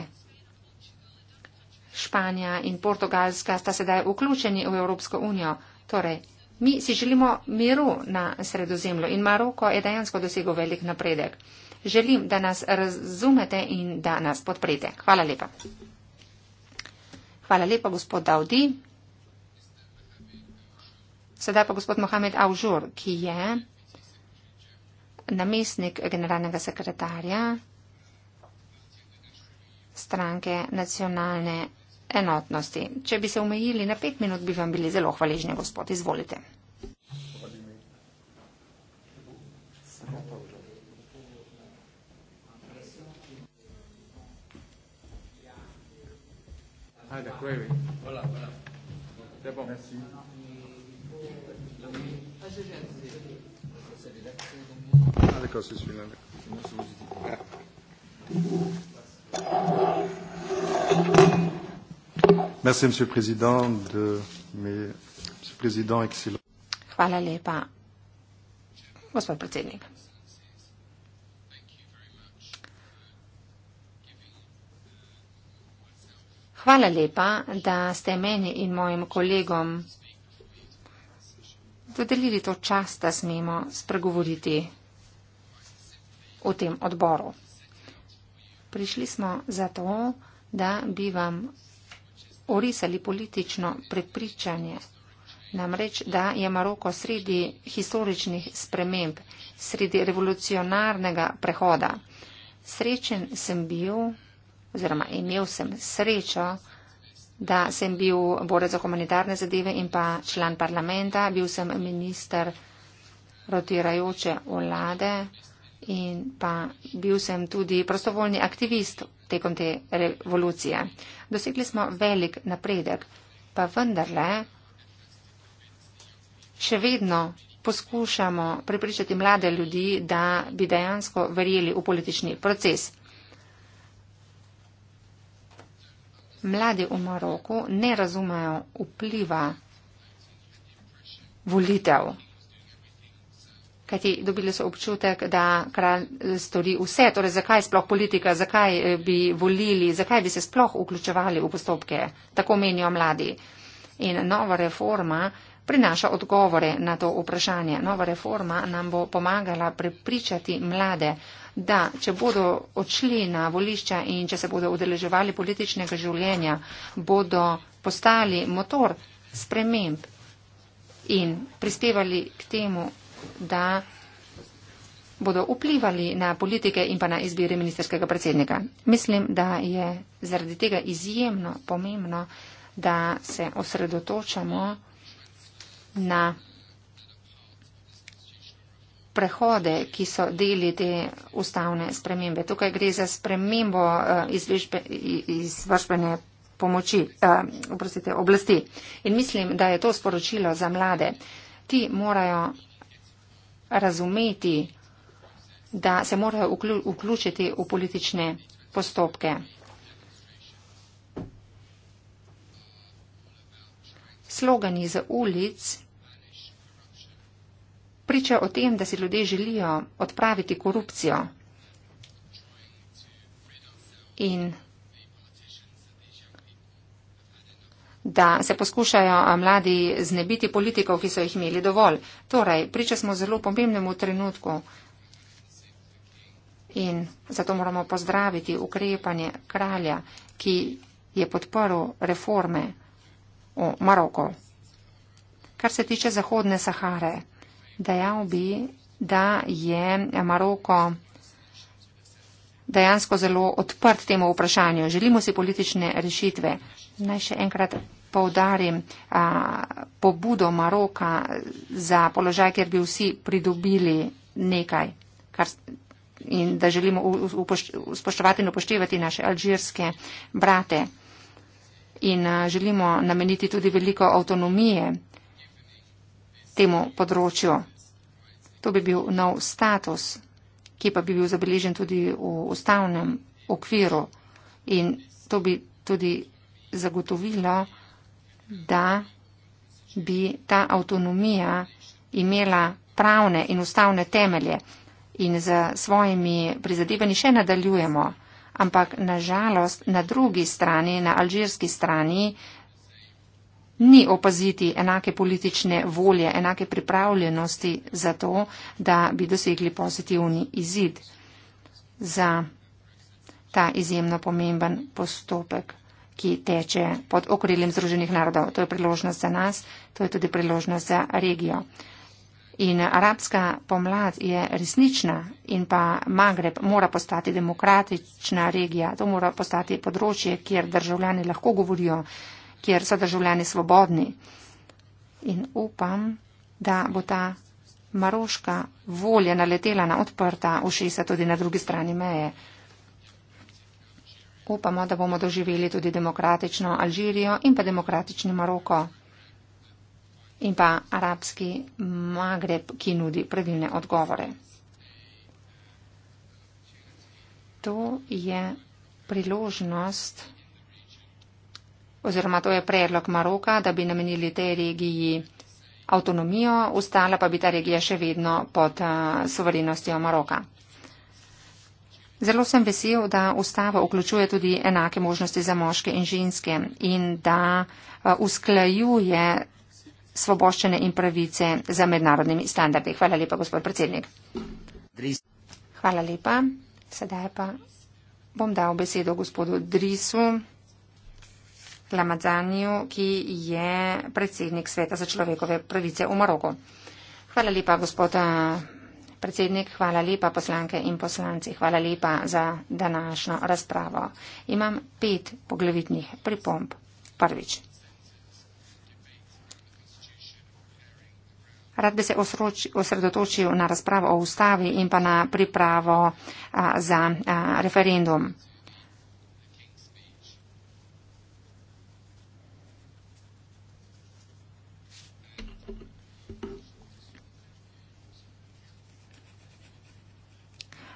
Španija in Portugalska sta sedaj vključeni v Evropsko unijo, torej Mi si želimo miru na sredozemlju in Maroko je dejansko dosegel velik napredek. Želim, da nas razumete in da nas podprete. Hvala lepa. Hvala lepa, gospod Daudi. Sedaj pa gospod Mohamed Aužur, ki je namestnik generalnega sekretarja stranke nacionalne enotnosti. Če bi se omejili na pet minut, bi vam bili zelo hvaležni, gospod. Izvolite. Hvala. Merci, monsieur le président, de mes... monsieur le président, excellent. Hvala lepa, gospod predsednik. Hvala lepa, da ste meni in mojim kolegom dodelili to čas, da smemo spregovoriti o tem odboru. Prišli smo zato, da bi vam orisali politično prepričanje. Namreč, da je Maroko sredi historičnih sprememb, sredi revolucionarnega prehoda. Srečen sem bil, oziroma imel sem srečo, da sem bil borec za humanitarne zadeve in pa član parlamenta, bil sem minister rotirajoče vlade, in pa bil sem tudi prostovoljni aktivist tekom te revolucije. Dosegli smo velik napredek, pa vendarle še vedno poskušamo pripričati mlade ljudi, da bi dejansko verjeli v politični proces. Mladi v Maroku ne razumejo vpliva volitev. Kajti dobili so občutek, da kralj stori vse. Torej, zakaj sploh politika, zakaj eh, bi volili, zakaj bi se sploh vključevali v postopke, tako menijo mladi. In nova reforma prinaša odgovore na to vprašanje. Nova reforma nam bo pomagala prepričati mlade, da če bodo odšli na volišča in če se bodo udeleževali političnega življenja, bodo postali motor sprememb in prispevali k temu, da bodo vplivali na politike in pa na izbire ministerskega predsednika. Mislim, da je zaradi tega izjemno pomembno, da se osredotočamo na prehode, ki so deli te ustavne spremembe. Tukaj gre za spremembo eh, izvršbene pomoči, uh, oblasti. In mislim, da je to sporočilo za mlade. Ti morajo razumeti, da se morajo vključiti v politične postopke. Slogani za ulic pričajo o tem, da si ljudje želijo odpraviti korupcijo in da se poskušajo mladi znebiti politikov, ki so jih imeli dovolj. Torej, priča smo zelo pomembnemu trenutku in zato moramo pozdraviti ukrepanje kralja, ki je podporil reforme v Maroko. Kar se tiče Zahodne Sahare, dejal bi, da je Maroko dejansko zelo odprt temu vprašanju. Želimo si politične rešitve. Naj še enkrat poudarim a, pobudo Maroka za položaj, kjer bi vsi pridobili nekaj kar, in da želimo spoštovati in upoštevati naše alžirske brate. In a, želimo nameniti tudi veliko avtonomije temu področju. To bi bil nov status, ki pa bi bil zabeležen tudi v ustavnem okviru. In to bi tudi zagotovilo, da bi ta avtonomija imela pravne in ustavne temelje in z svojimi prizadevanji še nadaljujemo. Ampak nažalost na drugi strani, na alžirski strani, ni opaziti enake politične volje, enake pripravljenosti za to, da bi dosegli pozitivni izid za ta izjemno pomemben postopek ki teče pod okriljem Združenih narodov. To je priložnost za nas, to je tudi priložnost za regijo. In arabska pomlad je resnična in pa Magreb mora postati demokratična regija, to mora postati področje, kjer državljani lahko govorijo, kjer so državljani svobodni. In upam, da bo ta maroška volja naletela na odprta ušesa tudi na drugi strani meje. Upamo, da bomo doživeli tudi demokratično Alžirijo in pa demokratični Maroko in pa arabski Magreb, ki nudi pravilne odgovore. To je priložnost oziroma to je predlog Maroka, da bi namenili tej regiji avtonomijo, ostala pa bi ta regija še vedno pod uh, eh, soverenostjo Maroka. Zelo sem vesel, da ustava vključuje tudi enake možnosti za moške in ženske in da eh, usklajuje svoboščene in pravice za mednarodnimi standardi. Hvala lepa, gospod predsednik. Hvala lepa. Sedaj pa bom dal besedo gospodu Drisu Lamadzanju, ki je predsednik Sveta za človekove pravice v Maroku. Hvala lepa, gospod eh, Predsednik, hvala lepa poslanke in poslanci, hvala lepa za današnjo razpravo. Imam pet poglavitnih pripomb. Prvič. Rad bi se osredotočil na razpravo o ustavi in pa na pripravo a, za a, referendum.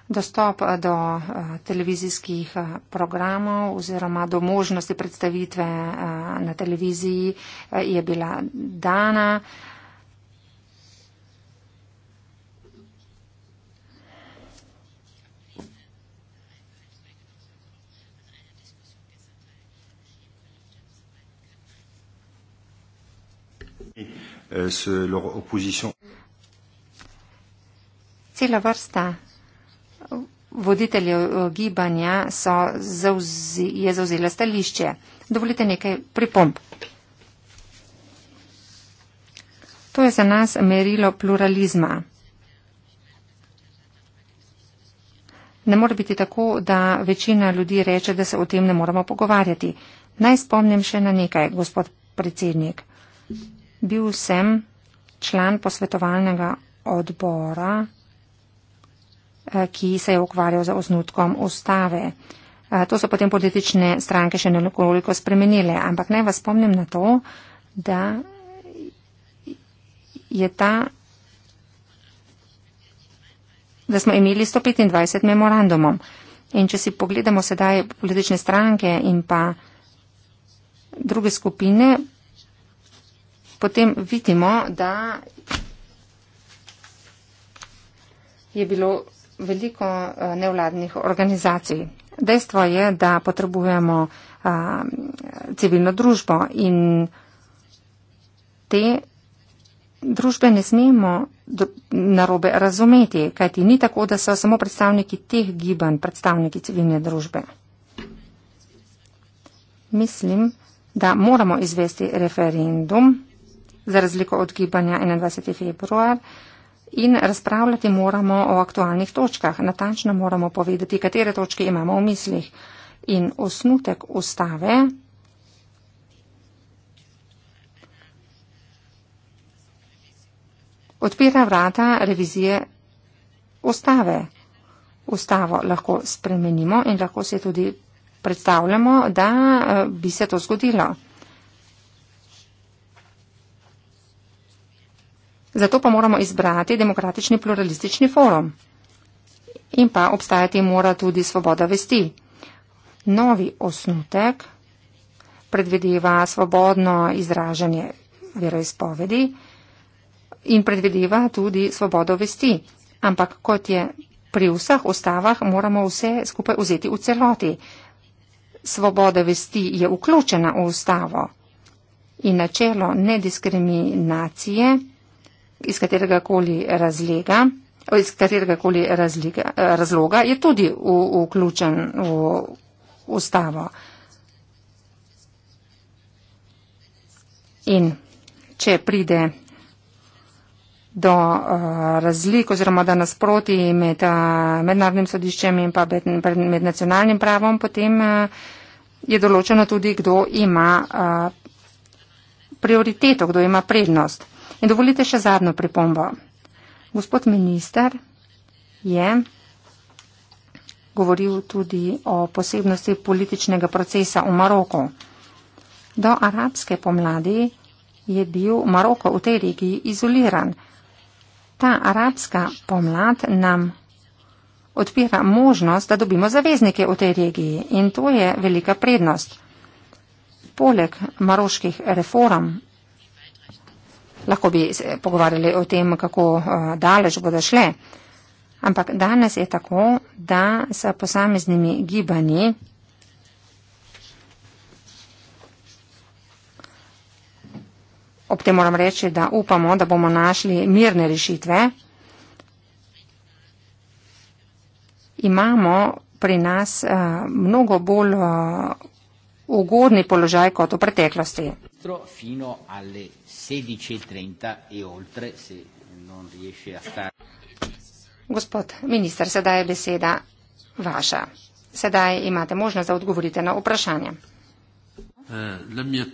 dostop eh, do eh, televizijskih eh, programov oziroma do možnosti predstavitve na televiziji je bila dana. Euh, Cela varsta voditeljev eh, gibanja so, zauzi, je zauzela stališče. Dovolite nekaj pripomb. To je za nas merilo pluralizma. Ne more biti tako, da večina ljudi reče, da se o tem ne moramo pogovarjati. Naj spomnim še na nekaj, gospod predsednik. Bil sem član posvetovalnega odbora Eh, ki se je ukvarjal z osnutkom ustave. Eh, to so potem politične stranke še nekoliko spremenile, ampak naj vas spomnim na to, da je ta da smo imeli 125 memorandumov. In če si pogledamo sedaj politične stranke in pa druge skupine, potem vidimo, da je bilo veliko eh, nevladnih organizacij. Dejstvo je, da potrebujemo a, eh, civilno družbo in te družbe ne smemo narobe razumeti, kajti ni tako, da so samo predstavniki teh gibanj, predstavniki civilne družbe. Mislim, da moramo izvesti referendum za razliko od gibanja 21. februar in razpravljati moramo o aktualnih točkah. Natančno moramo povedati, katere točke imamo v mislih. In osnutek ustave odpira vrata revizije ustave. Ustavo lahko spremenimo in lahko se tudi predstavljamo, da eh, bi se to zgodilo. Zato pa moramo izbrati demokratični pluralistični forum. In pa obstajati mora tudi svoboda vesti. Novi osnutek predvideva svobodno izražanje veroizpovedi in predvideva tudi svobodo vesti. Ampak kot je pri vseh ustavah, moramo vse skupaj vzeti v celoti. Svoboda vesti je vključena v ustavo in načelo nediskriminacije iz katerega koli razlega. Iz katerega koli razloga je tudi v, vključen v ustavo. In če pride do uh, razlik oziroma da nasproti med uh, mednarodnim sodiščem in pa med, med, med nacionalnim pravom, potem uh, je določeno tudi, kdo ima uh, prioriteto, kdo ima prednost. In dovolite še zadnjo pripombo. Gospod minister je govoril tudi o posebnosti političnega procesa v Maroku. Do arabske pomladi je bil Maroko v tej regiji izoliran. Ta arabska pomlad nam odpira možnost, da dobimo zaveznike v tej regiji in to je velika prednost. Poleg maroških reform Lahko bi se pogovarjali o tem, kako eh, daleč bodo šle. Ampak danes je tako, da s posameznimi gibanji ob tem moram reči, da upamo, da bomo našli mirne rešitve. Imamo pri nas eh, mnogo bolj eh, ugodni položaj kot v preteklosti ministro fino alle 16.30 e, e oltre se non riesce a stare. Gospod minister, sedaj je beseda vaša. Sedaj imate možnost, da odgovorite na vprašanje. Eh,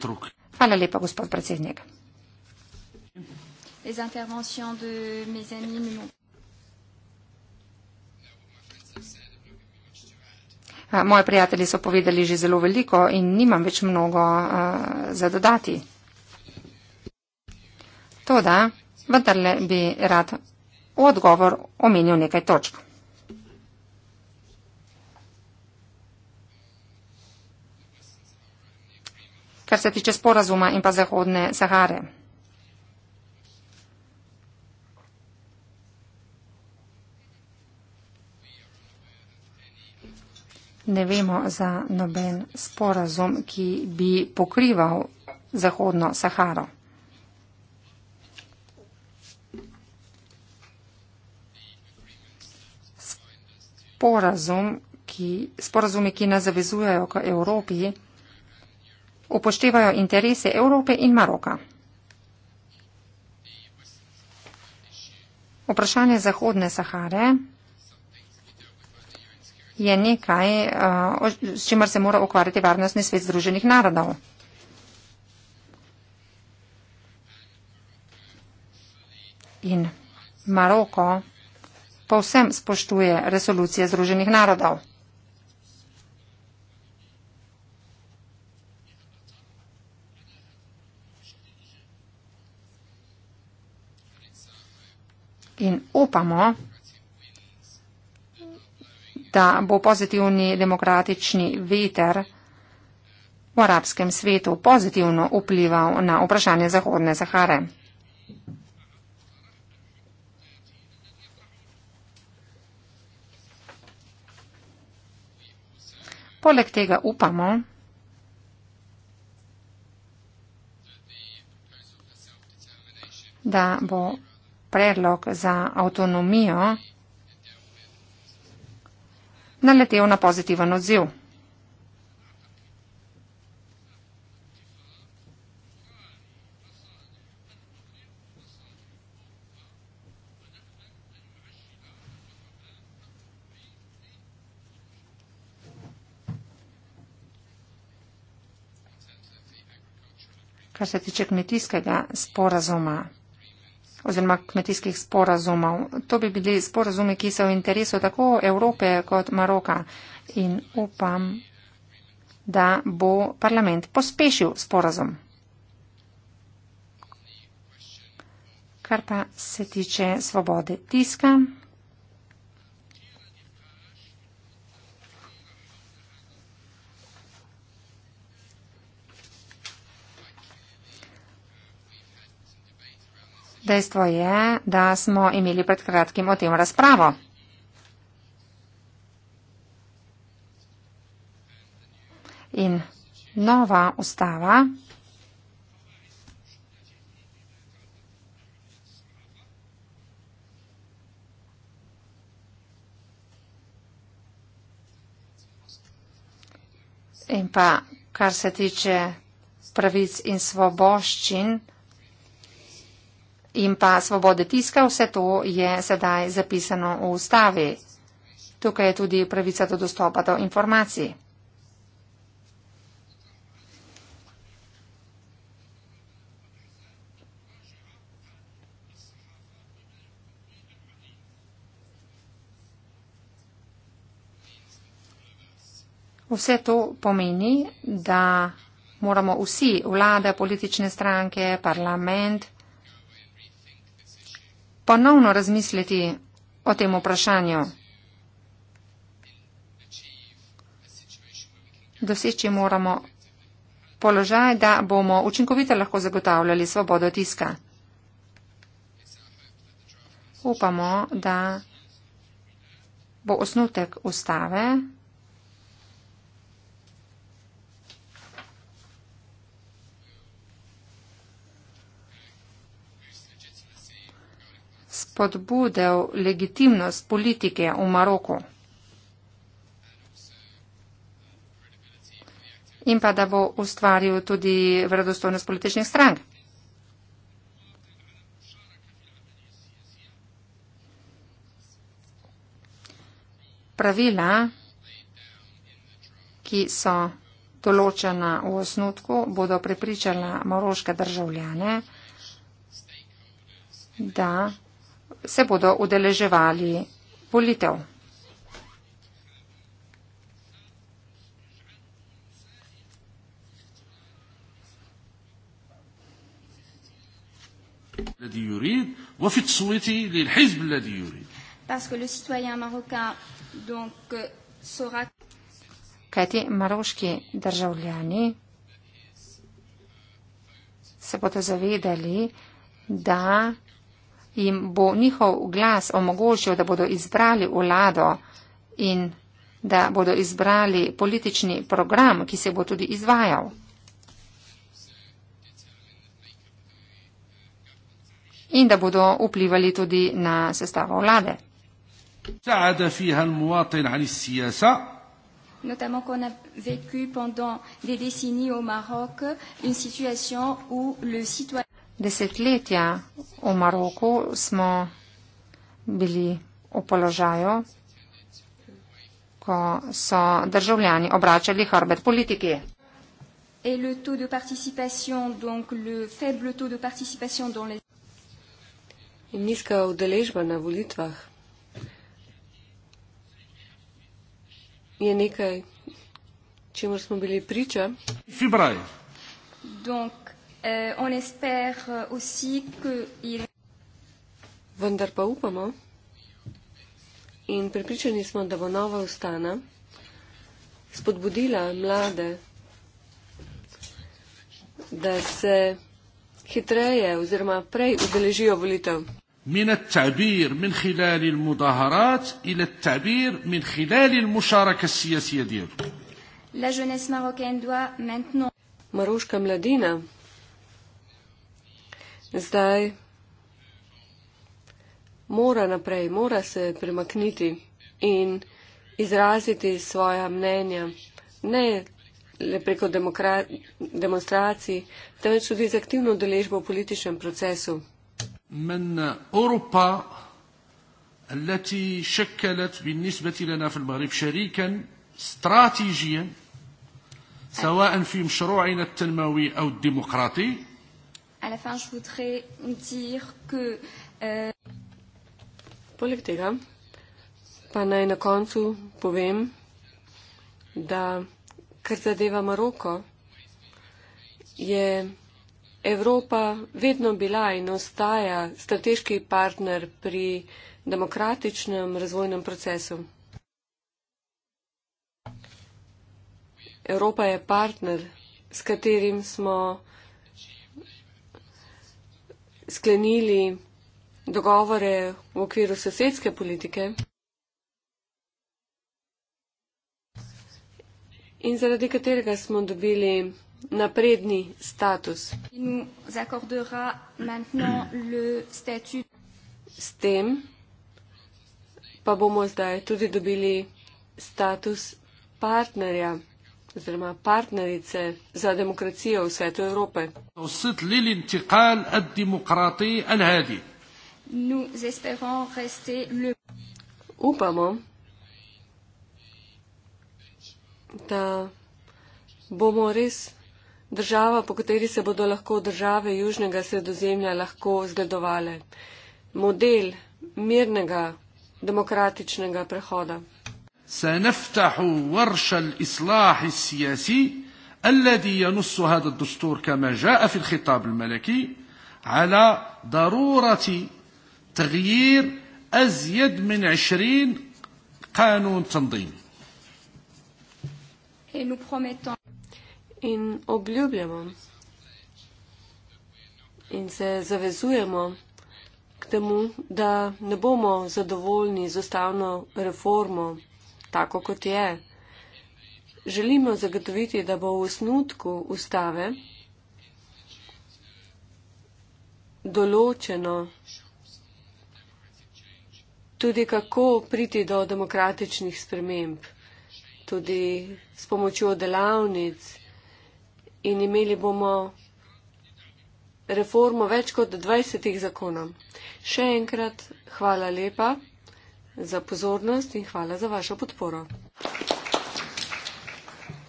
Hvala lepa, gospod predsednik. Les interventions de mes amis. Eh, moji prijatelji so povedali že zelo veliko in nimam več mnogo uh, za dodati. Toda, vendarle bi rad v odgovor omenil nekaj točk. Kar se tiče sporazuma in pa Zahodne Sahare. ne vemo za noben sporazum, ki bi pokrival Zahodno Saharo. Sporazum, ki, sporazumi, ki nas zavezujejo k Evropi, upoštevajo interese Evrope in Maroka. Vprašanje Zahodne Sahare je nekaj, eh, s čimer se mora ukvarjati varnostni svet Združenih narodov. In Maroko povsem spoštuje resolucije Združenih narodov. In upamo, da bo pozitivni demokratični veter v arabskem svetu pozitivno vplival na vprašanje Zahodne Sahare. Poleg tega upamo, da bo predlog za avtonomijo naletel na pozitiven odziv. Kar se tiče kmetijskega sporazuma oziroma kmetijskih sporazumov. To bi bili sporazumi, ki so v interesu tako Evrope kot Maroka in upam, da bo parlament pospešil sporazum. Kar pa se tiče svobode tiska, Dejstvo je, da smo imeli pred kratkim o tem razpravo. In nova ustava in pa kar se tiče pravic in svoboščin, in pa svobode tiska, vse to je sedaj zapisano v ustavi. Tukaj je tudi pravica do dostopa do informacij. Vse to pomeni, da moramo vsi, vlade, politične stranke, parlament, ponovno razmisliti o tem vprašanju. Doseči moramo položaj, da bomo učinkovito lahko zagotavljali svobodo tiska. Upamo, da bo osnutek ustave. spodbudil legitimnost politike v Maroku. In pa, da bo ustvaril tudi vredostojnost političnih strank. Pravila, ki so določena v osnutku, bodo prepričala moroške državljane, da se bodo udeleževali volitev. Euh, Kajti maroški državljani se bodo zavedali, da jim bo njihov glas omogočil, da bodo izbrali vlado in da bodo izbrali politični program, ki se bo tudi izvajal. In da bodo vplivali tudi na sestavo vlade desetletja v Maroku smo bili v položaju, ko so državljani obračali hrbet politiki. In nizka udeležba na volitvah je nekaj, čemu smo bili priča. Februar. Donc, Uh, on espère euh, aussi que il... Vendar pa upamo in pripričani smo, da bo nova ustana spodbudila mlade, da se hitreje oziroma prej udeležijo volitev. من التعبير من خلال المظاهرات إلى التعبير من خلال المشاركة السياسية ديالو. La jeunesse marocaine doit maintenant. Marocaine mladina zdaj mora naprej, mora se premakniti in izraziti svoja mnenja, ne le preko demonstracij, temveč tudi z aktivno deležbo v političnem procesu. من أوروبا التي شكلت بالنسبة لنا في المغرب شريكا استراتيجيا سواء في مشروعنا التنموي أو الديمقراطي À la fin, je voudrais dire que... Euh, Poleg tega, pa naj na koncu povem, da kar zadeva Maroko, je Evropa vedno bila in ostaja strateški partner pri demokratičnem razvojnem procesu. Evropa je partner, s katerim smo sklenili dogovore v okviru sosedske politike. In zaradi katerega smo dobili napredni status. S tem pa bomo zdaj tudi dobili status partnerja oziroma partnerice za demokracijo v svetu Evrope. Upamo, da bomo res država, po kateri se bodo lahko države Južnega sredozemlja lahko zgledovale. Model mirnega, demokratičnega prehoda. سنفتح ورش الإصلاح السياسي الذي ينص هذا الدستور كما جاء في الخطاب الملكي على ضرورة تغيير أزيد من عشرين قانون تنظيم In obljubljamo in se zavezujemo k temu, da ne bomo zadovoljni z ustavno reformo tako, kot je. Želimo zagotoviti, da bo v osnutku ustave določeno tudi kako priti do demokratičnih sprememb, tudi s pomočjo delavnic in imeli bomo reformo več kot 20 zakonov. Še enkrat hvala lepa za pozornost in hvala za vašo podporo.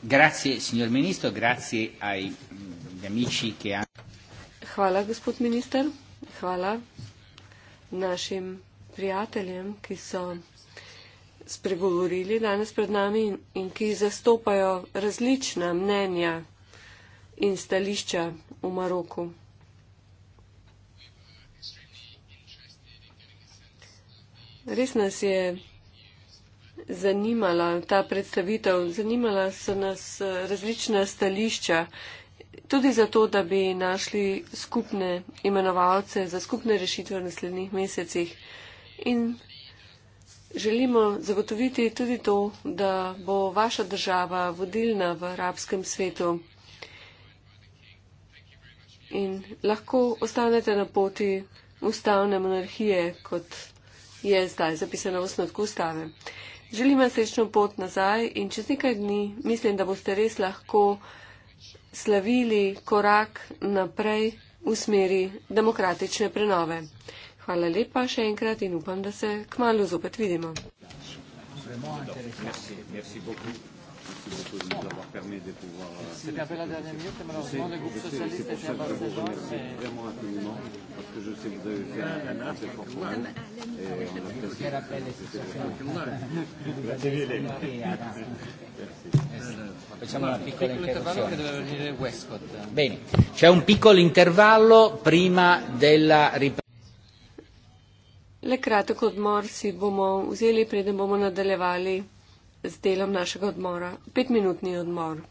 Grazie, signor ministro, grazie ai mm, amici che ha... Hvala, gospod minister. Hvala našim prijateljem, ki so spregovorili danes pred nami in, in ki zastopajo različna mnenja in stališča v Maroku. Res nas je zanimala ta predstavitev, zanimala so nas eh, različna stališča, tudi zato, da bi našli skupne imenovalce za skupne rešitve v naslednjih mesecih. In želimo zagotoviti tudi to, da bo vaša država vodilna v arabskem svetu. In lahko ostanete na poti ustavne monarhije kot je zdaj zapisana v osnovku ustave. Želim vam srečno pot nazaj in čez nekaj dni mislim, da boste res lahko slavili korak naprej v smeri demokratične prenove. Hvala lepa še enkrat in upam, da se kmalo zopet vidimo. Merci, merci merci beaucoup de nous avoir permis de pouvoir. C'était un peu la dernière minute, et malheureusement, le groupe socialiste est à bord de gens. Je vraiment rapidement, parce que je sais que vous avez fait un ah, assez fort choix. Et on a fait un appel Merci. Facciamo una piccola interruzione. Bene, c'è un piccolo intervallo prima della ripresa. Le kratek odmor si bomo vzeli, preden bomo nadaljevali z delom našega odmora, petminutni odmor.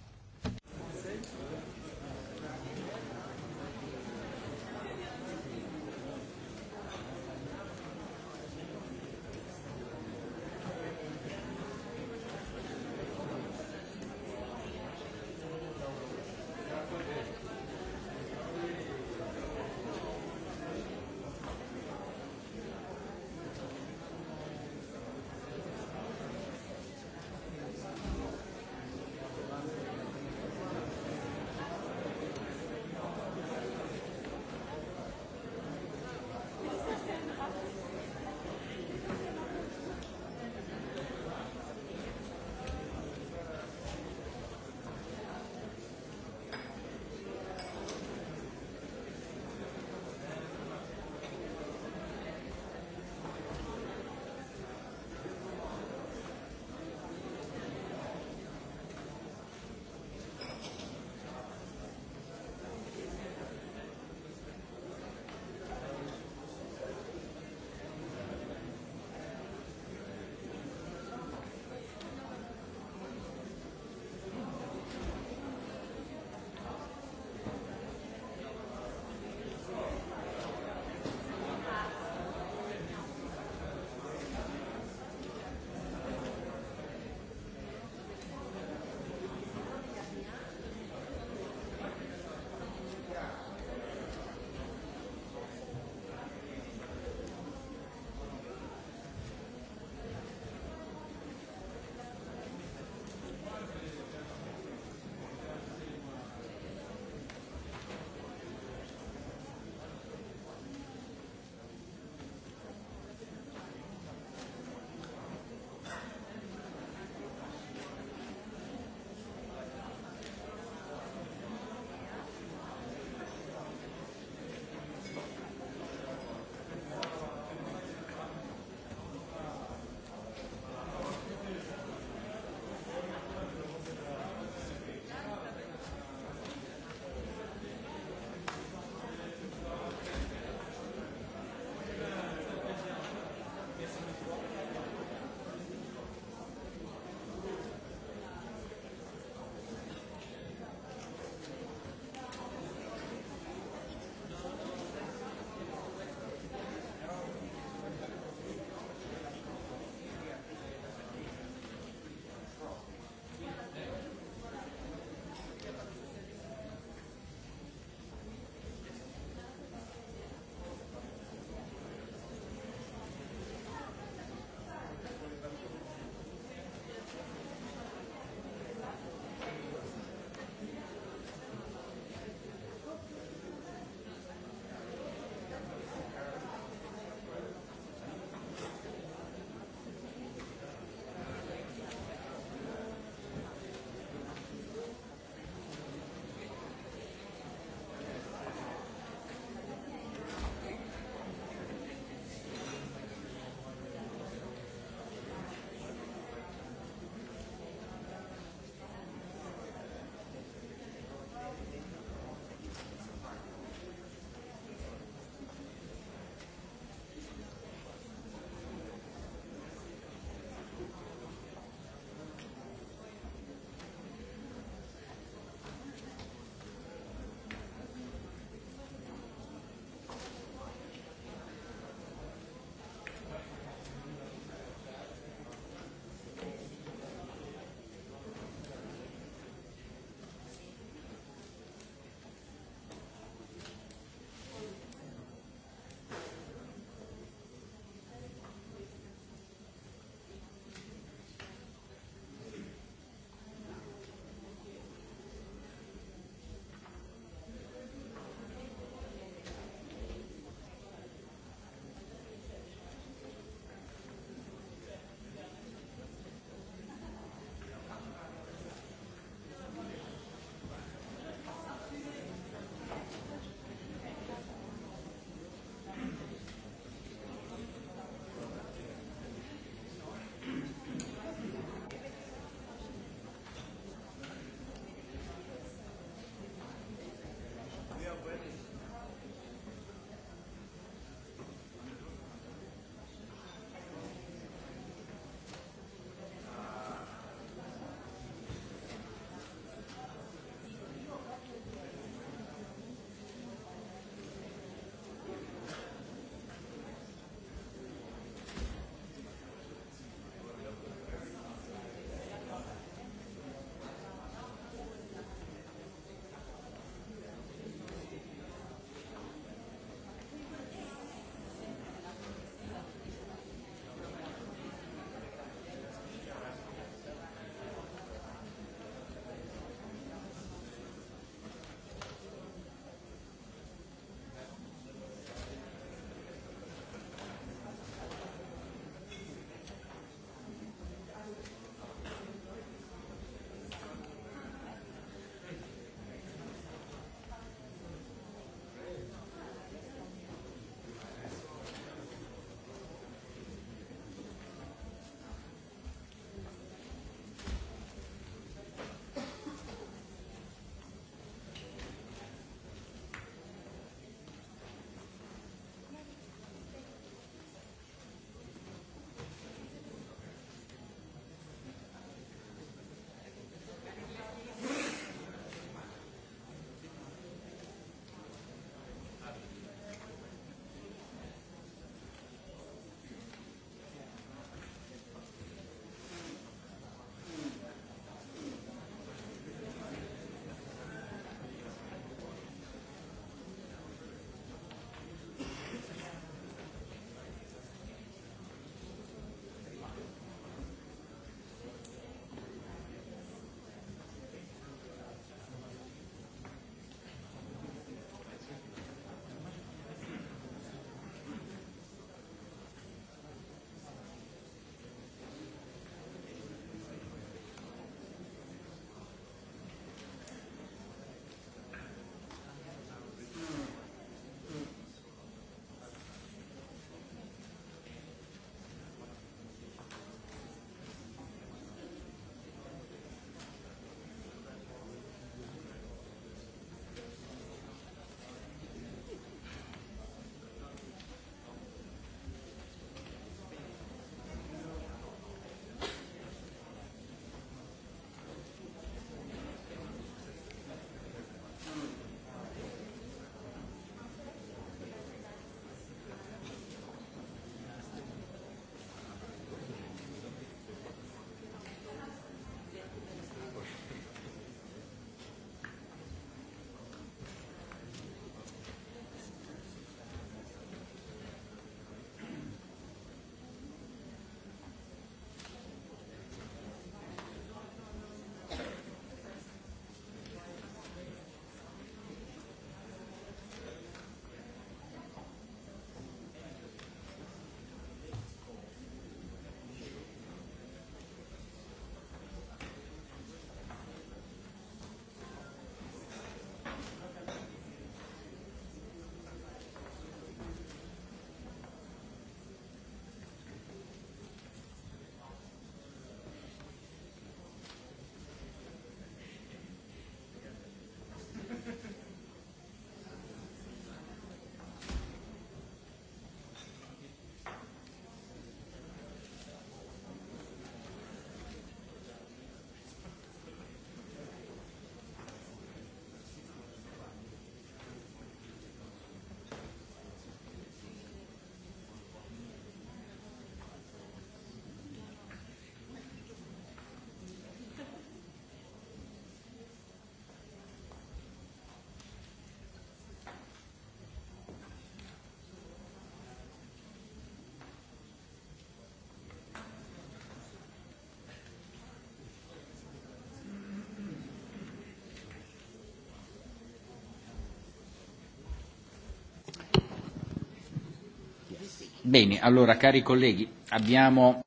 Bene, allora cari colleghi, abbiamo.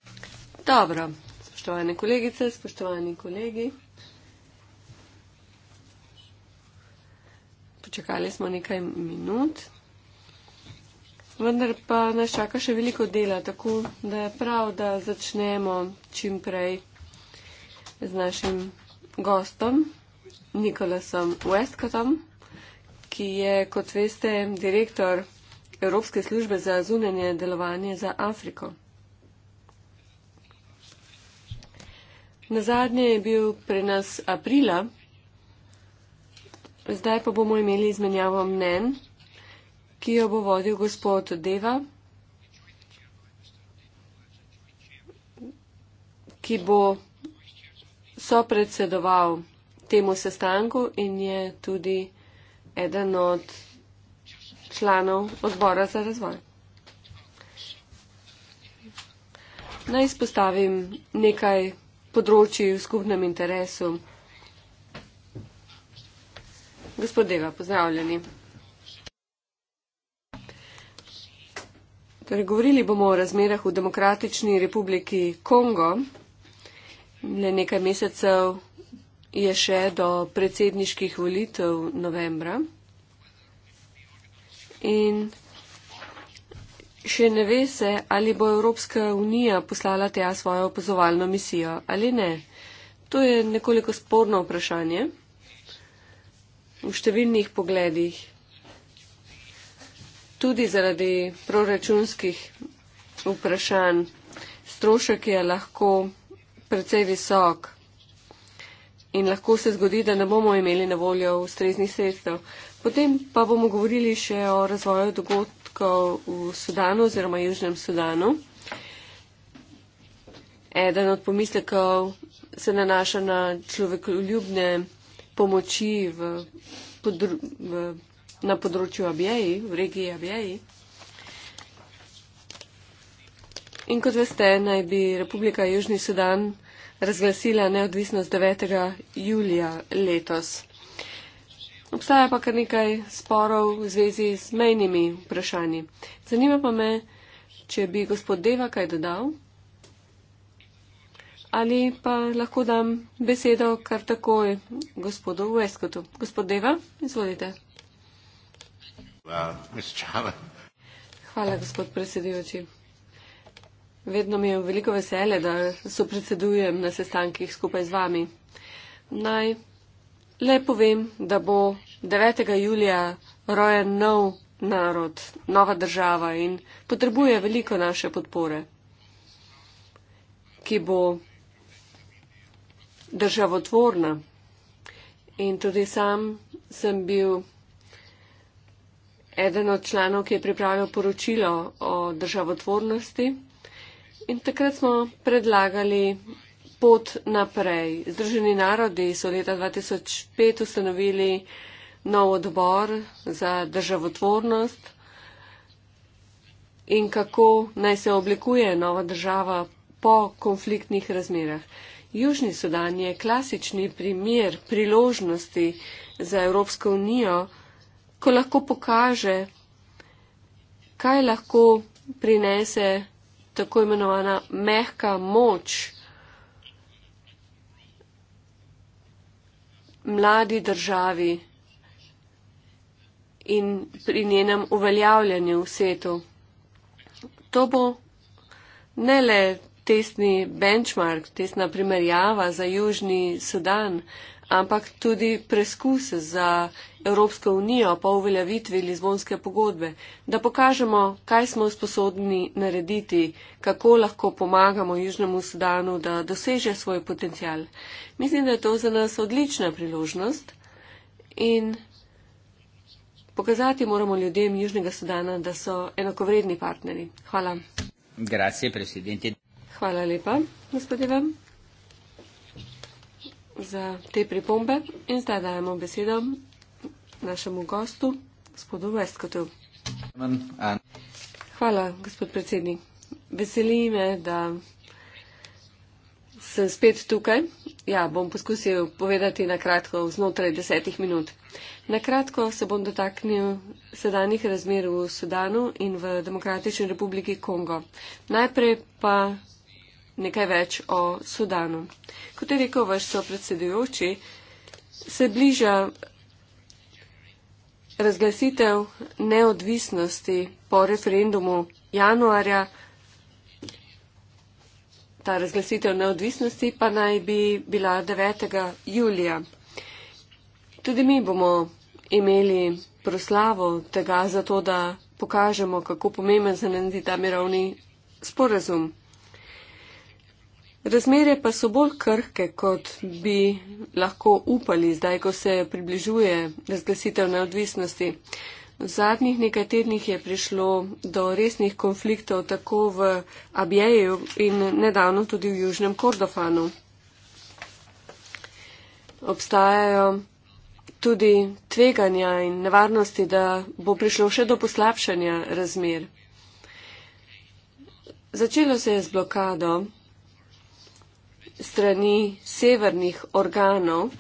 Dobro, spoštovane kolegice, spoštovani kolegi. Počakali smo nekaj minut, vendar pa nas čaka še veliko dela, tako da je prav, da začnemo čim prej z našim gostom, Nikolasom Westcottom, ki je, kot veste, direktor Evropske službe za zunanje delovanje za Afriko. Nazadnje je bil pri nas aprila, zdaj pa bomo imeli izmenjavo mnen, ki jo bo vodil gospod Deva, ki bo sopredsedoval temu sestanku in je tudi eden od članov odbora za razvoj. Naj izpostavim nekaj področji v skupnem interesu. Gospodeva, pozdravljeni. Torej, govorili bomo o razmerah v Demokratični republiki Kongo. Le nekaj mesecev je še do predsedniških volitev novembra in še ne ve se, ali bo Evropska unija poslala tja svojo opazovalno misijo ali ne. To je nekoliko sporno vprašanje v številnih pogledih. Tudi zaradi proračunskih vprašanj strošek je lahko precej visok in lahko se zgodi, da ne bomo imeli na voljo ustreznih sredstev. Potem pa bomo govorili še o razvoju dogodkov v Sudanu oziroma Južnem Sudanu. Eden od pomislekov se nanaša na človekoljubne pomoči v podru, v, na področju Abjeji, v regiji Abjeji. In kot veste, naj bi Republika Južni Sudan razglasila neodvisnost 9. julija letos. Obstaja pa kar nekaj sporov v zvezi z mejnimi vprašanji. Zanima pa me, če bi gospod Deva kaj dodal ali pa lahko dam besedo kar takoj gospodu Veskotu. Gospod Deva, izvolite. Hvala, gospod predsedujoči. Vedno mi je veliko vesele, da sopredsedujem na sestankih skupaj z vami. Naj Le povem, da bo 9. julija rojen nov narod, nova država in potrebuje veliko naše podpore, ki bo državotvorna. In tudi sam sem bil eden od članov, ki je pripravil poročilo o državotvornosti. In takrat smo predlagali pot naprej. Združeni narodi so leta 2005 ustanovili nov odbor za državotvornost in kako naj se oblikuje nova država po konfliktnih razmerah. Južni Sudan je klasični primer priložnosti za Evropsko unijo, ko lahko pokaže, kaj lahko prinese tako imenovana mehka moč mladi državi in pri njenem uveljavljanju v svetu. To bo ne le testni benchmark, testna primerjava za Južni Sudan, ampak tudi preskus za Evropsko unijo po uveljavitvi Lizbonske pogodbe, da pokažemo, kaj smo sposobni narediti, kako lahko pomagamo Južnemu Sudanu, da doseže svoj potencial. Mislim, da je to za nas odlična priložnost in pokazati moramo ljudem Južnega Sudana, da so enakovredni partneri. Hvala. Grazie, Hvala lepa, gospodje vam za te pripombe. In zdaj dajemo besedo našemu gostu, gospodu Vestkotu. Hvala, gospod predsednik. Veseli me, da sem spet tukaj. Ja, bom poskusil povedati na kratko, znotraj desetih minut. Na kratko se bom dotaknil sedanjih razmer v Sudanu in v Demokratični republiki Kongo. Najprej pa nekaj več o Sudanu. Kot je rekel vaš sopredsedujoči, se bliža razglasitev neodvisnosti po referendumu januarja. Ta razglasitev neodvisnosti pa naj bi bila 9. julija. Tudi mi bomo imeli proslavo tega, zato da pokažemo, kako pomemben se nam zdi ta mirovni sporazum. Razmere pa so bolj krhke, kot bi lahko upali, zdaj, ko se približuje razglasitev neodvisnosti. V zadnjih nekaj tednih je prišlo do resnih konfliktov tako v Abjeju in nedavno tudi v Južnem Kordofanu. Obstajajo tudi tveganja in nevarnosti, da bo prišlo še do poslabšanja razmer. Začelo se je z blokado strani severnih organov,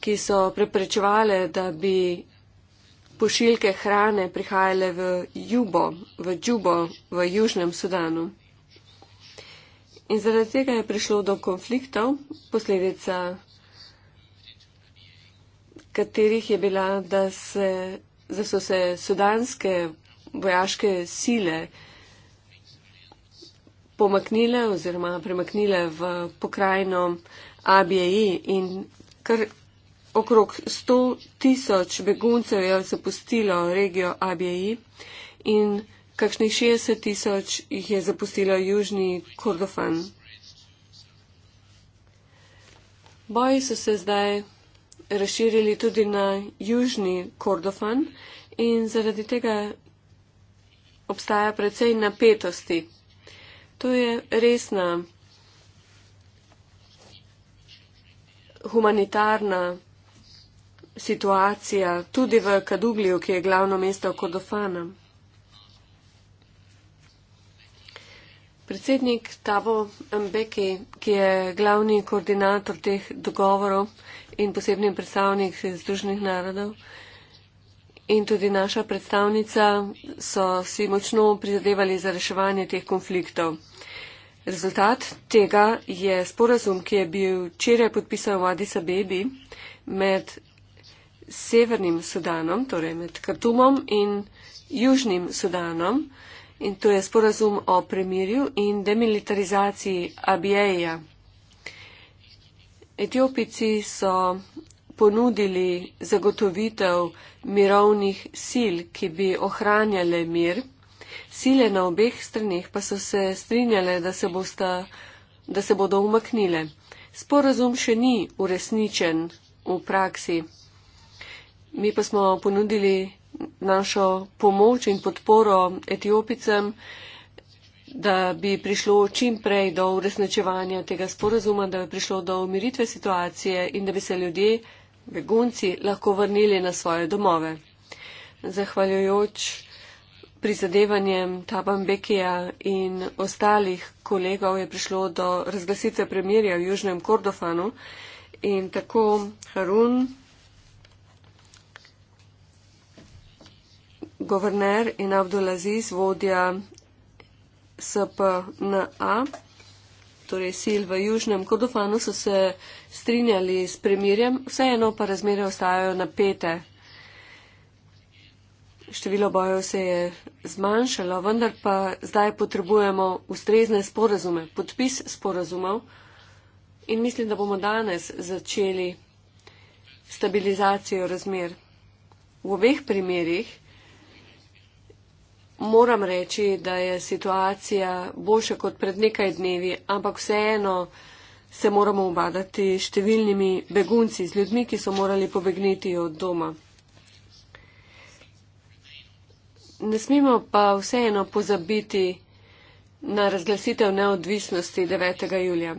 ki so preprečevale, da bi pošiljke hrane prihajale v Jubo, v Džubo, v Južnem Sudanu. In zaradi tega je prišlo do konfliktov, posledica katerih je bila, da, se, da so se sudanske vojaške sile pomaknile oziroma premaknile v pokrajino ABI e in kar okrog 100 tisoč beguncev je zapustilo regijo ABI e in kakšnih 60 tisoč jih je zapustilo južni Kordofan. Boji so se zdaj razširili tudi na južni Kordofan in zaradi tega obstaja precej napetosti. To je resna humanitarna situacija, tudi v Kaduglju, ki je glavno mesto Kodofana. Predsednik Tavo Mbeki, ki je glavni koordinator teh dogovorov in posebni predstavnik Združenih narodov, in tudi naša predstavnica so si močno prizadevali za reševanje teh konfliktov. Rezultat tega je sporazum, ki je bil včeraj podpisan v Addis Abebi med Severnim Sudanom, torej med Khartoumom in Južnim Sudanom. In to je sporazum o premirju in demilitarizaciji Abijeja. Etiopici so ponudili zagotovitev mirovnih sil, ki bi ohranjale mir. Sile na obeh stranih pa so se strinjale, da se, bosta, da se bodo umaknile. Sporazum še ni uresničen v praksi. Mi pa smo ponudili našo pomoč in podporo etiopicem, da bi prišlo čim prej do uresničevanja tega sporazuma, da bi prišlo do umiritve situacije in da bi se ljudje begunci lahko vrnili na svoje domove. Zahvaljujoč prizadevanjem Taban Bekija in ostalih kolegov je prišlo do razglasitve premirja v Južnem Kordofanu in tako Harun, governor in Abdulaziz, vodja SPNA torej sil v Južnem Kordofanu so se strinjali s premirjem, vseeno pa razmere ostajajo napete. Število bojev se je zmanjšalo, vendar pa zdaj potrebujemo ustrezne sporazume, podpis sporazumov in mislim, da bomo danes začeli stabilizacijo razmer. V obeh primerjih Moram reči, da je situacija boljša kot pred nekaj dnevi, ampak vseeno se moramo obadati s številnimi begunci, z ljudmi, ki so morali pobegniti od doma. Ne smemo pa vseeno pozabiti na razglasitev neodvisnosti 9. julija.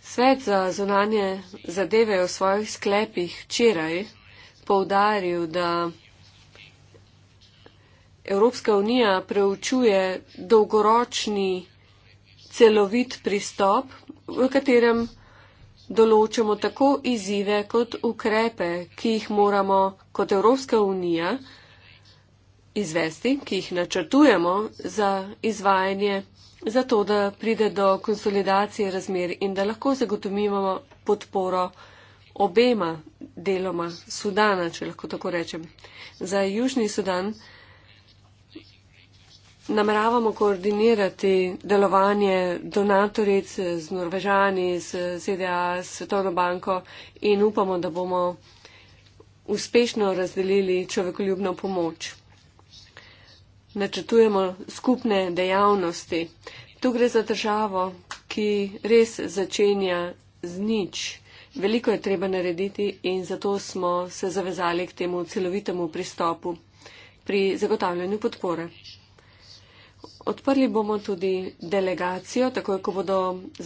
Svet za zonanje zadeve je v svojih sklepih včeraj poudaril, da. Evropska unija preučuje dolgoročni celovit pristop, v katerem določamo tako izzive kot ukrepe, ki jih moramo kot Evropska unija izvesti, ki jih načrtujemo za izvajanje, zato da pride do konsolidacije razmer in da lahko zagotovimo podporo obema deloma Sudana, če lahko tako rečem. Za Južni Sudan nameravamo koordinirati delovanje donatoric z Norvežani, z ZDA, s Svetovno banko in upamo, da bomo uspešno razdelili človekoljubno pomoč. Načrtujemo skupne dejavnosti. Tu gre za državo, ki res začenja z nič. Veliko je treba narediti in zato smo se zavezali k temu celovitemu pristopu pri zagotavljanju podpore. Odprli bomo tudi delegacijo, takoj ko bodo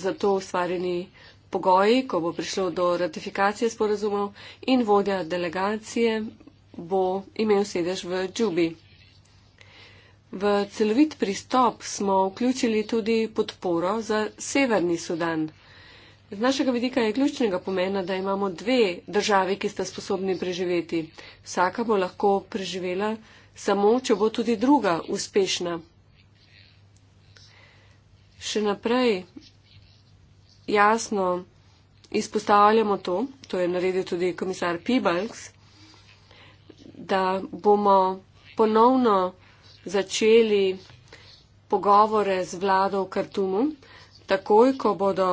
za to ustvarjeni pogoji, ko bo prišlo do ratifikacije sporazumov in vodja delegacije bo imel sedež v Džubi. V celovit pristop smo vključili tudi podporo za Severni Sudan. Z našega vidika je ključnega pomena, da imamo dve državi, ki sta sposobni preživeti. Vsaka bo lahko preživela samo, če bo tudi druga uspešna še naprej jasno izpostavljamo to, to je naredil tudi komisar Peebles, da bomo ponovno začeli pogovore z vlado v Kartumu, takoj, ko bodo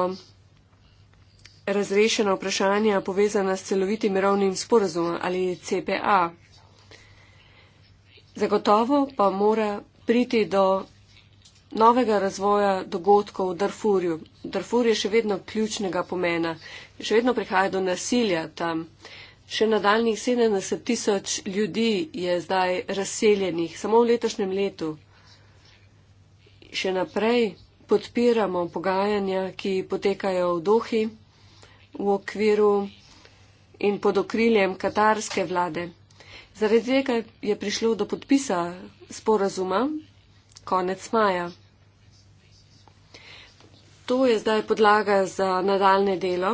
razrešena vprašanja povezana s celovitim mirovnim sporozumom ali CPA. Zagotovo pa mora priti do novega razvoja dogodkov v Darfurju. Darfur je še vedno ključnega pomena, še vedno prihaja do nasilja tam. Še nadaljnih 70 tisoč ljudi je zdaj razseljenih, samo v letošnjem letu. Še naprej podpiramo pogajanja, ki potekajo v Dohi, v okviru in pod okriljem katarske vlade. Zaradi tega je prišlo do podpisa sporazuma konec maja. To je zdaj podlaga za nadaljne delo,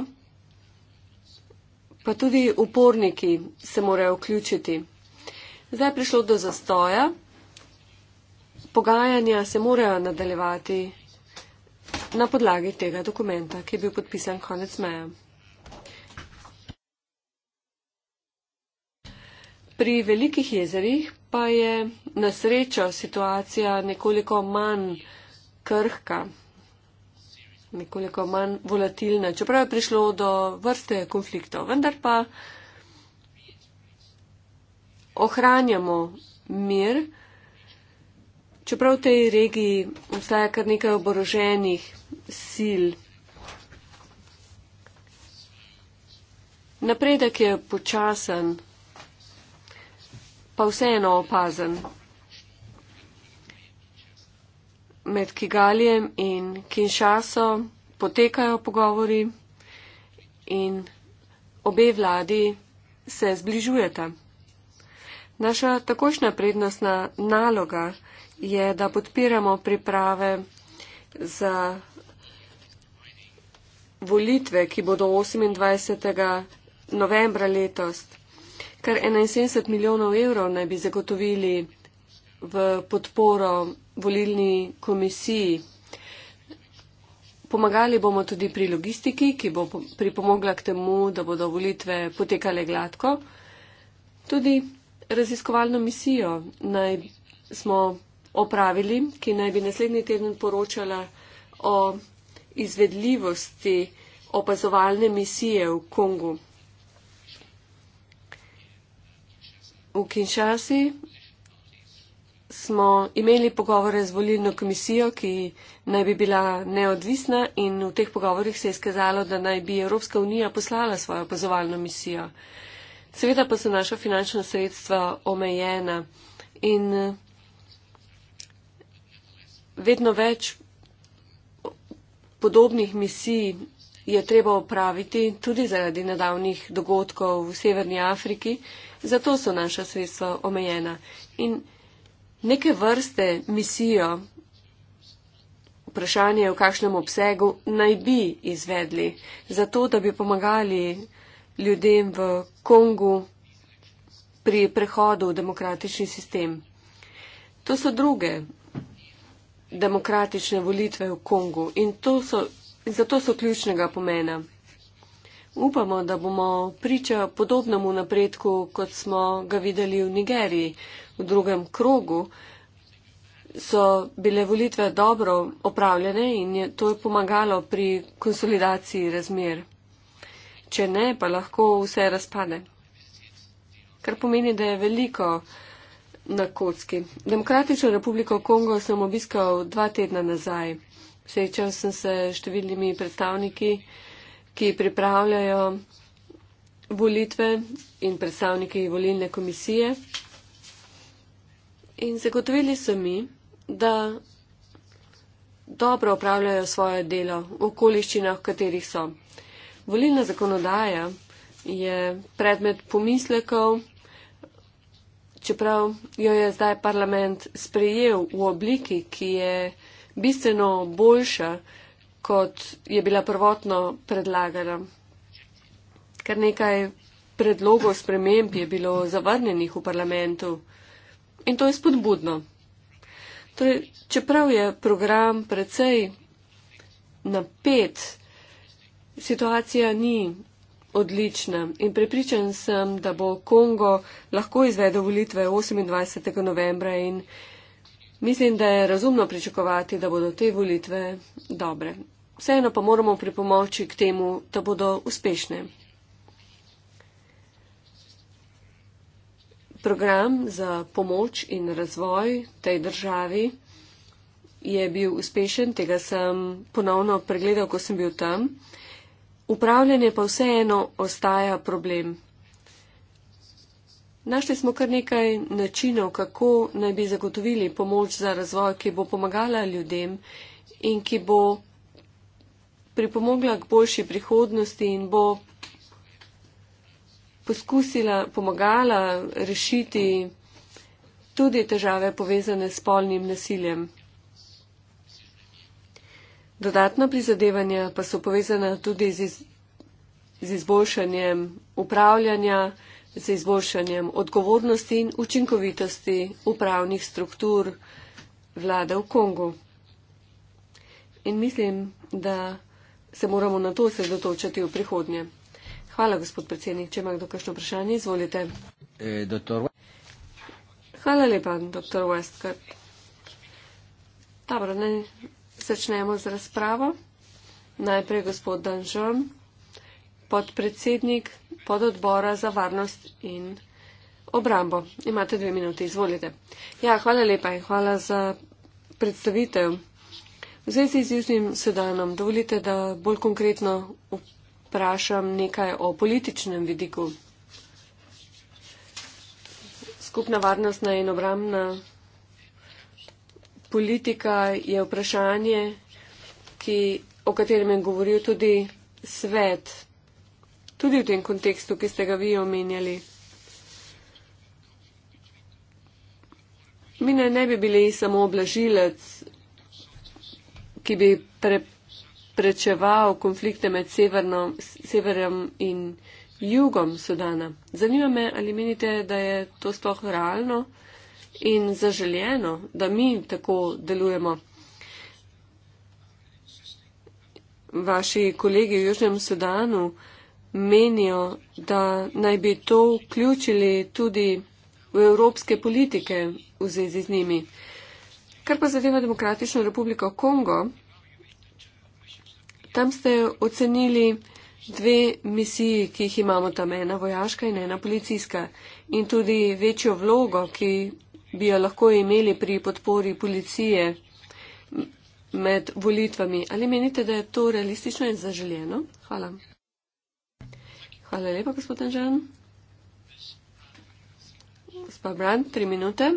pa tudi uporniki se morajo vključiti. Zdaj je prišlo do zastoja, pogajanja se morajo nadaljevati na podlagi tega dokumenta, ki je bil podpisan konec maja. Pri velikih jezerih pa je na srečo situacija nekoliko manj krhka, nekoliko manj volatilna, čeprav je prišlo do vrste konfliktov. Vendar pa ohranjamo mir, čeprav v tej regiji obstaja kar nekaj oboroženih sil. Napredek je počasen pa vseeno opazen. Med Kigalijem in Kinshaso potekajo pogovori in obe vladi se zbližujeta. Naša takošnja prednostna naloga je, da podpiramo priprave za volitve, ki bodo 28. novembra letos kar 71 milijonov evrov naj bi zagotovili v podporo volilni komisiji. Pomagali bomo tudi pri logistiki, ki bo pripomogla k temu, da bodo volitve potekale gladko. Tudi raziskovalno misijo naj smo opravili, ki naj bi naslednji teden poročala o izvedljivosti opazovalne misije v Kongu. V Kinšasi smo imeli pogovore z volilno komisijo, ki naj bi bila neodvisna in v teh pogovorjih se je skazalo, da naj bi Evropska unija poslala svojo opazovalno misijo. Seveda pa so naša finančna sredstva omejena in vedno več podobnih misij je treba opraviti tudi zaradi nedavnih dogodkov v Severni Afriki, zato so naša sredstva omejena. In neke vrste misijo, vprašanje v kakšnem obsegu, naj bi izvedli, zato da bi pomagali ljudem v Kongu pri prehodu v demokratični sistem. To so druge demokratične volitve v Kongu in, so, in zato so ključnega pomena. Upamo, da bomo priča podobnemu napredku, kot smo ga videli v Nigeriji. V drugem krogu so bile volitve dobro opravljene in je to je pomagalo pri konsolidaciji razmer. Če ne, pa lahko vse razpade. Kar pomeni, da je veliko na kocki. Demokratično republiko Kongo sem obiskal dva tedna nazaj. Srečal sem se številnimi predstavniki ki pripravljajo volitve in predstavniki volilne komisije. In zagotovili so mi, da dobro upravljajo svoje delo v okoliščinah, v katerih so. Volilna zakonodaja je predmet pomislekov, čeprav jo je zdaj parlament sprejel v obliki, ki je bistveno boljša, kot je bila prvotno predlagana. Kar nekaj predlogov sprememb je bilo zavrnenih v parlamentu in to je spodbudno. Torej, čeprav je program precej napet, situacija ni odlična in prepričan sem, da bo Kongo lahko izvedel volitve 28. novembra in mislim, da je razumno pričakovati, da bodo te volitve dobre vseeno pa moramo pripomoči k temu, da bodo uspešne. Program za pomoč in razvoj tej državi je bil uspešen, tega sem ponovno pregledal, ko sem bil tam. Upravljanje pa vseeno ostaja problem. Našli smo kar nekaj načinov, kako naj bi zagotovili pomoč za razvoj, ki bo pomagala ljudem in ki bo pripomogla k boljši prihodnosti in bo poskusila, pomagala rešiti tudi težave povezane s spolnim nasiljem. Dodatna prizadevanja pa so povezana tudi z, iz, z izboljšanjem upravljanja, z izboljšanjem odgovornosti in učinkovitosti upravnih struktur vlade v Kongu. In mislim, da se moramo na to sredotočati v prihodnje. Hvala, gospod predsednik. Če ima kdo kakšno vprašanje, izvolite. E, Hvala lepa, doktor Westkart. Dobro, ne začnemo z razpravo. Najprej gospod Danžan, podpredsednik pododbora za varnost in. Obrambo. Imate dve minute, izvolite. Ja, hvala lepa in hvala za predstavitev. V zvezi z Južnim Sudanom dovolite, da bolj konkretno vprašam nekaj o političnem vidiku. Skupna varnostna in obramna politika je vprašanje, ki, o katerem je govoril tudi svet, tudi v tem kontekstu, ki ste ga vi omenjali. Mi ne, ne bi bili samo oblažilec ki bi preprečeval konflikte med severno, severjem in jugom Sudana. Zanima me, ali menite, da je to sploh realno in zaželjeno, da mi tako delujemo. Vaši kolegi v Južnem Sudanu menijo, da naj bi to vključili tudi v evropske politike v zvezi z njimi. Kar pa zadeva Demokratično republiko Kongo, tam ste ocenili dve misiji, ki jih imamo tam, ena vojaška in ena policijska. In tudi večjo vlogo, ki bi jo lahko imeli pri podpori policije med volitvami. Ali menite, da je to realistično in zaželjeno? Hvala. Hvala lepa, gospod Anžan. Gospod Brand, tri minute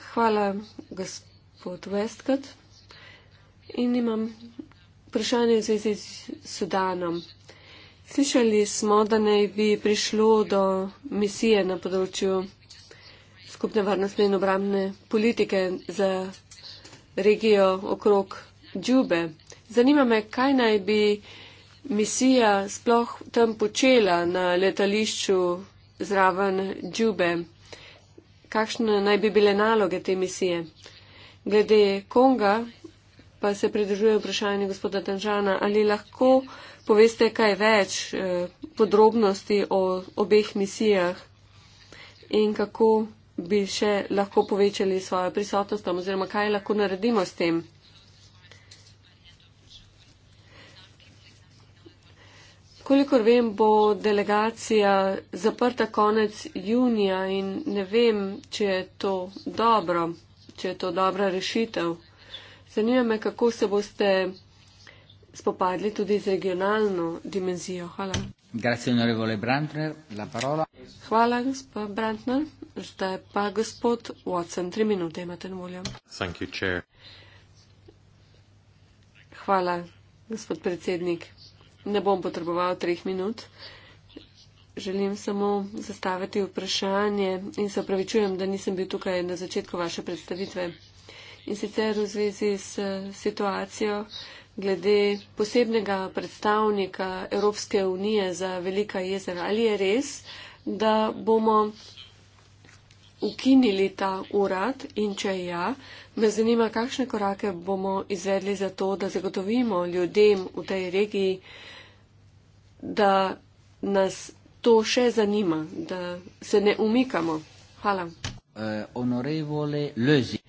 hvala, gospod Westcott. In imam vprašanje v zvezi s Sudanom. Slišali smo, da naj bi prišlo do misije na področju skupne varnostne in obramne politike za regijo okrog Džube. Zanima me, kaj naj bi misija sploh tam počela na letališču zraven Džube kakšne naj bi bile naloge te misije. Glede Konga pa se pridružuje vprašanje gospoda Danžana, ali lahko poveste kaj več eh, podrobnosti o obeh misijah in kako bi še lahko povečali svojo prisotnost tam oziroma kaj lahko naredimo s tem. Kolikor vem, bo delegacija zaprta konec junija in ne vem, če je to dobro, če je to dobra rešitev. Zanima me, kako se boste spopadli tudi z regionalno dimenzijo. Hvala. Hvala, gospod Brantner. Zdaj pa gospod Watson, tri minute imate na voljo. Hvala, gospod predsednik. Ne bom potreboval treh minut. Želim samo zastaviti vprašanje in se opravičujem, da nisem bil tukaj na začetku vaše predstavitve. In sicer v zvezi s situacijo glede posebnega predstavnika Evropske unije za velika jezera. Ali je res, da bomo ukinili ta urad in če ja, me zanima, kakšne korake bomo izvedli za to, da zagotovimo ljudem v tej regiji, da nas to še zanima, da se ne umikamo. Hvala. Eh,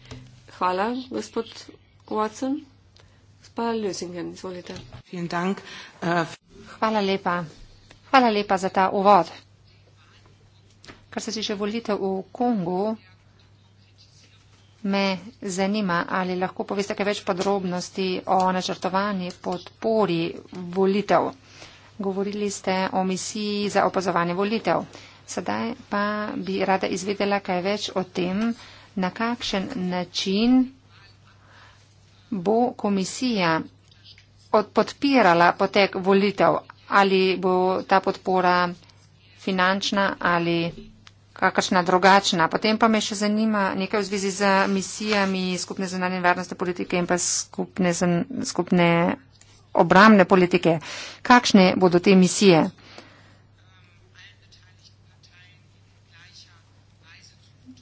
Hvala, gospod Watson. Gospa Lösingen, izvolite. Eh, Hvala lepa. Hvala lepa za ta uvod. Kar se tiče volitev v Kongu, me zanima, ali lahko poveste kaj več podrobnosti o načrtovanji podpori volitev. Govorili ste o misiji za opazovanje volitev. Sedaj pa bi rada izvedela kaj več o tem, na kakšen način bo komisija podpirala potek volitev, ali bo ta podpora finančna ali kakšna drugačna. Potem pa me še zanima nekaj v zvezi z misijami skupne zunanje varnosti politike in pa skupne, skupne obramne politike. Kakšne bodo te misije?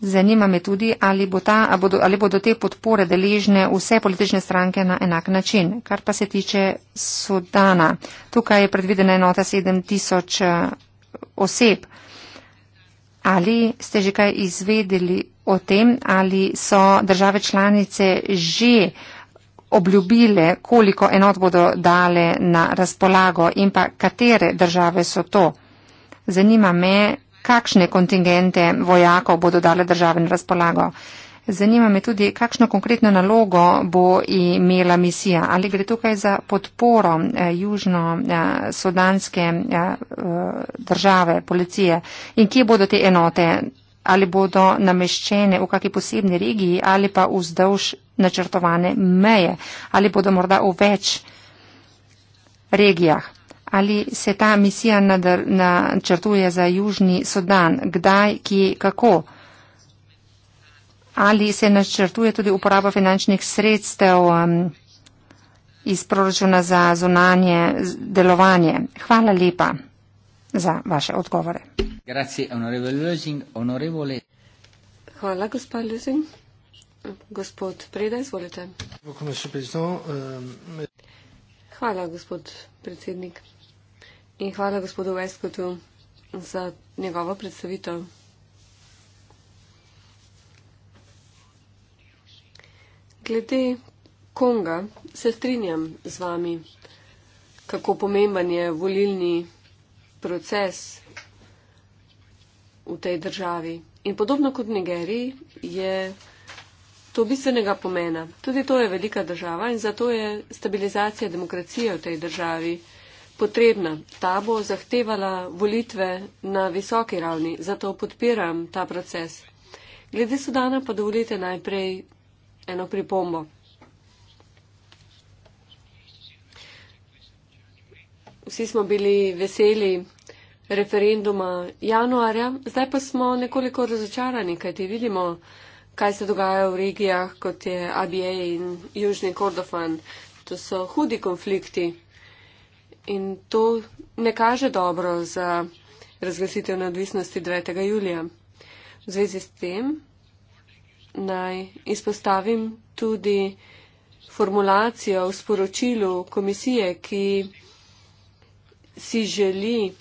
Zanima me tudi, ali, bo ta, ali, bodo, ali bodo te podpore deležne vse politične stranke na enak način. Kar pa se tiče Sudana, tukaj je predvidena enota 7000 eh, oseb. Ali ste že kaj izvedeli o tem, ali so države članice že uh, obljubile, koliko enot bodo dale na razpolago in pa katere države so to. Zanima me, kakšne kontingente vojakov bodo dale države na razpolago. Zanima me tudi, kakšno konkretno nalogo bo imela misija. Ali gre tukaj za podporo eh, južno-sudanske eh, eh, države, policije in kje bodo te enote ali bodo nameščene v kakšni posebni regiji ali pa vzdolž načrtovane meje ali bodo morda v več regijah. Ali se ta misija načrtuje za Južni Sudan, kdaj, kje, kako? Ali se načrtuje tudi uporaba finančnih sredstev um, iz proračuna za zunanje delovanje? Hvala lepa za vaše odgovore. Grazie, onorevole. Hvala, gospa Ljuzin. Gospod Preda, izvolite. Hvala, gospod predsednik. In hvala gospodu Westcottu za njegovo predstavitev. Glede Konga se strinjam z vami, kako pomemben je volilni proces v tej državi. In podobno kot v Nigeriji je to bistvenega pomena. Tudi to je velika država in zato je stabilizacija demokracije v tej državi potrebna. Ta bo zahtevala volitve na visoki ravni, zato podpiram ta proces. Glede Sudana pa dovolite najprej eno pripombo. vsi smo bili veseli referenduma januarja, zdaj pa smo nekoliko razočarani, kajti vidimo, kaj se dogaja v regijah, kot je ABA in Južni Kordofan. To so hudi konflikti in to ne kaže dobro za razglasitev neodvisnosti 9. julija. V zvezi s tem naj izpostavim tudi formulacijo v sporočilu komisije, ki si želi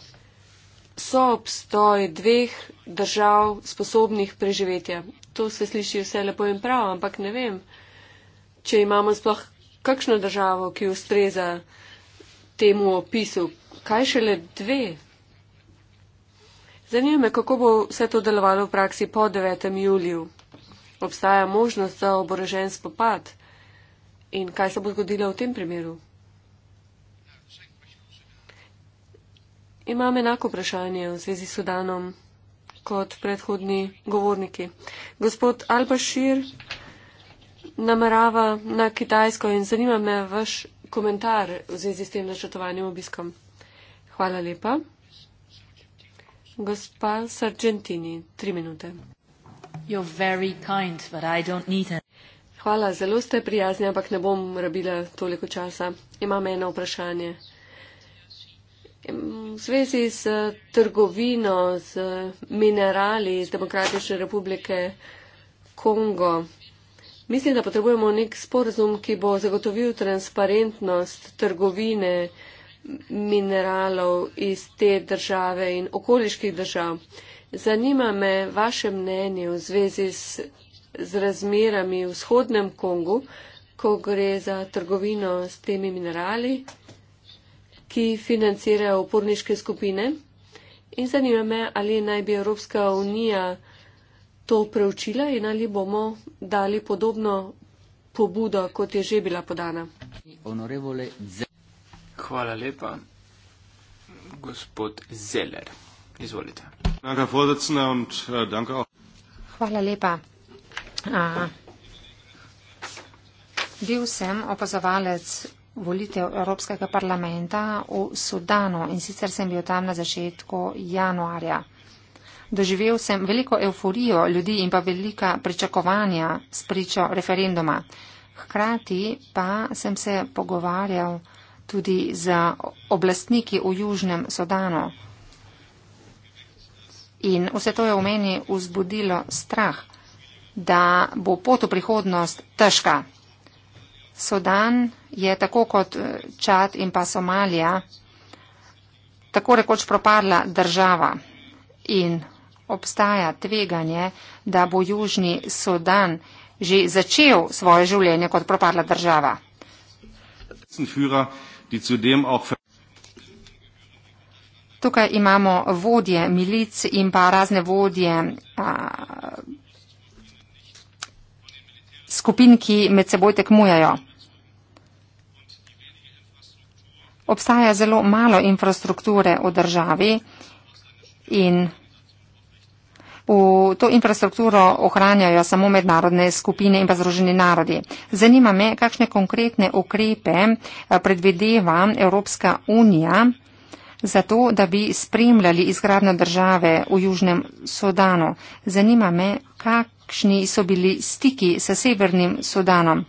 soobstoj dveh držav sposobnih preživetja. To se sliši vse lepo in prav, ampak ne vem, če imamo sploh kakšno državo, ki ustreza temu opisu. Kaj šele dve? Zanima me, kako bo vse to delovalo v praksi po 9. juliju. Obstaja možnost za oborožen spopad in kaj se bo zgodilo v tem primeru? imam enako vprašanje v zvezi s Sudanom kot predhodni govorniki. Gospod Albašir namerava na Kitajsko in zanima me vaš komentar v zvezi s tem načrtovanjem obiskom. Hvala lepa. Gospa Sargentini, tri minute. Kind, Hvala, zelo ste prijazni, ampak ne bom rabila toliko časa. Imam eno vprašanje v zvezi s trgovino, z minerali iz Demokratične republike Kongo. Mislim, da potrebujemo nek sporozum, ki bo zagotovil transparentnost trgovine mineralov iz te države in okoliških držav. Zanima me vaše mnenje v zvezi s, z razmerami v vzhodnem Kongu, ko gre za trgovino s temi minerali ki financirajo uporniške skupine. In zanima me, ali naj bi Evropska unija to preučila in ali bomo dali podobno pobudo, kot je že bila podana. Hvala lepa. Gospod Zeller, izvolite. Äh, Hvala lepa. A, bil sem opazovalec volitev Evropskega parlamenta v Sudanu in sicer sem bil tam na začetku januarja. Doživel sem veliko euforijo ljudi in pa velika pričakovanja s pričo referenduma. Hkrati pa sem se pogovarjal tudi z oblastniki v Južnem Sudanu. In vse to je v meni vzbudilo strah, da bo pot v prihodnost težka. Sudan je tako kot eh, Čad in pa Somalija tako rekoč propadla država in obstaja tveganje, da bo Južni Sudan že začel svoje življenje kot propadla država. Tukaj imamo vodje milic in pa razne vodje a, skupin, ki med seboj tekmujajo. obstaja zelo malo infrastrukture v državi in v to infrastrukturo ohranjajo samo mednarodne skupine in pa združeni narodi. Zanima me, kakšne konkretne ukrepe eh, predvideva Evropska unija zato, da bi spremljali izgradno države v Južnem Sudanu. Zanima me, kakšni so bili stiki s Severnim Sudanom.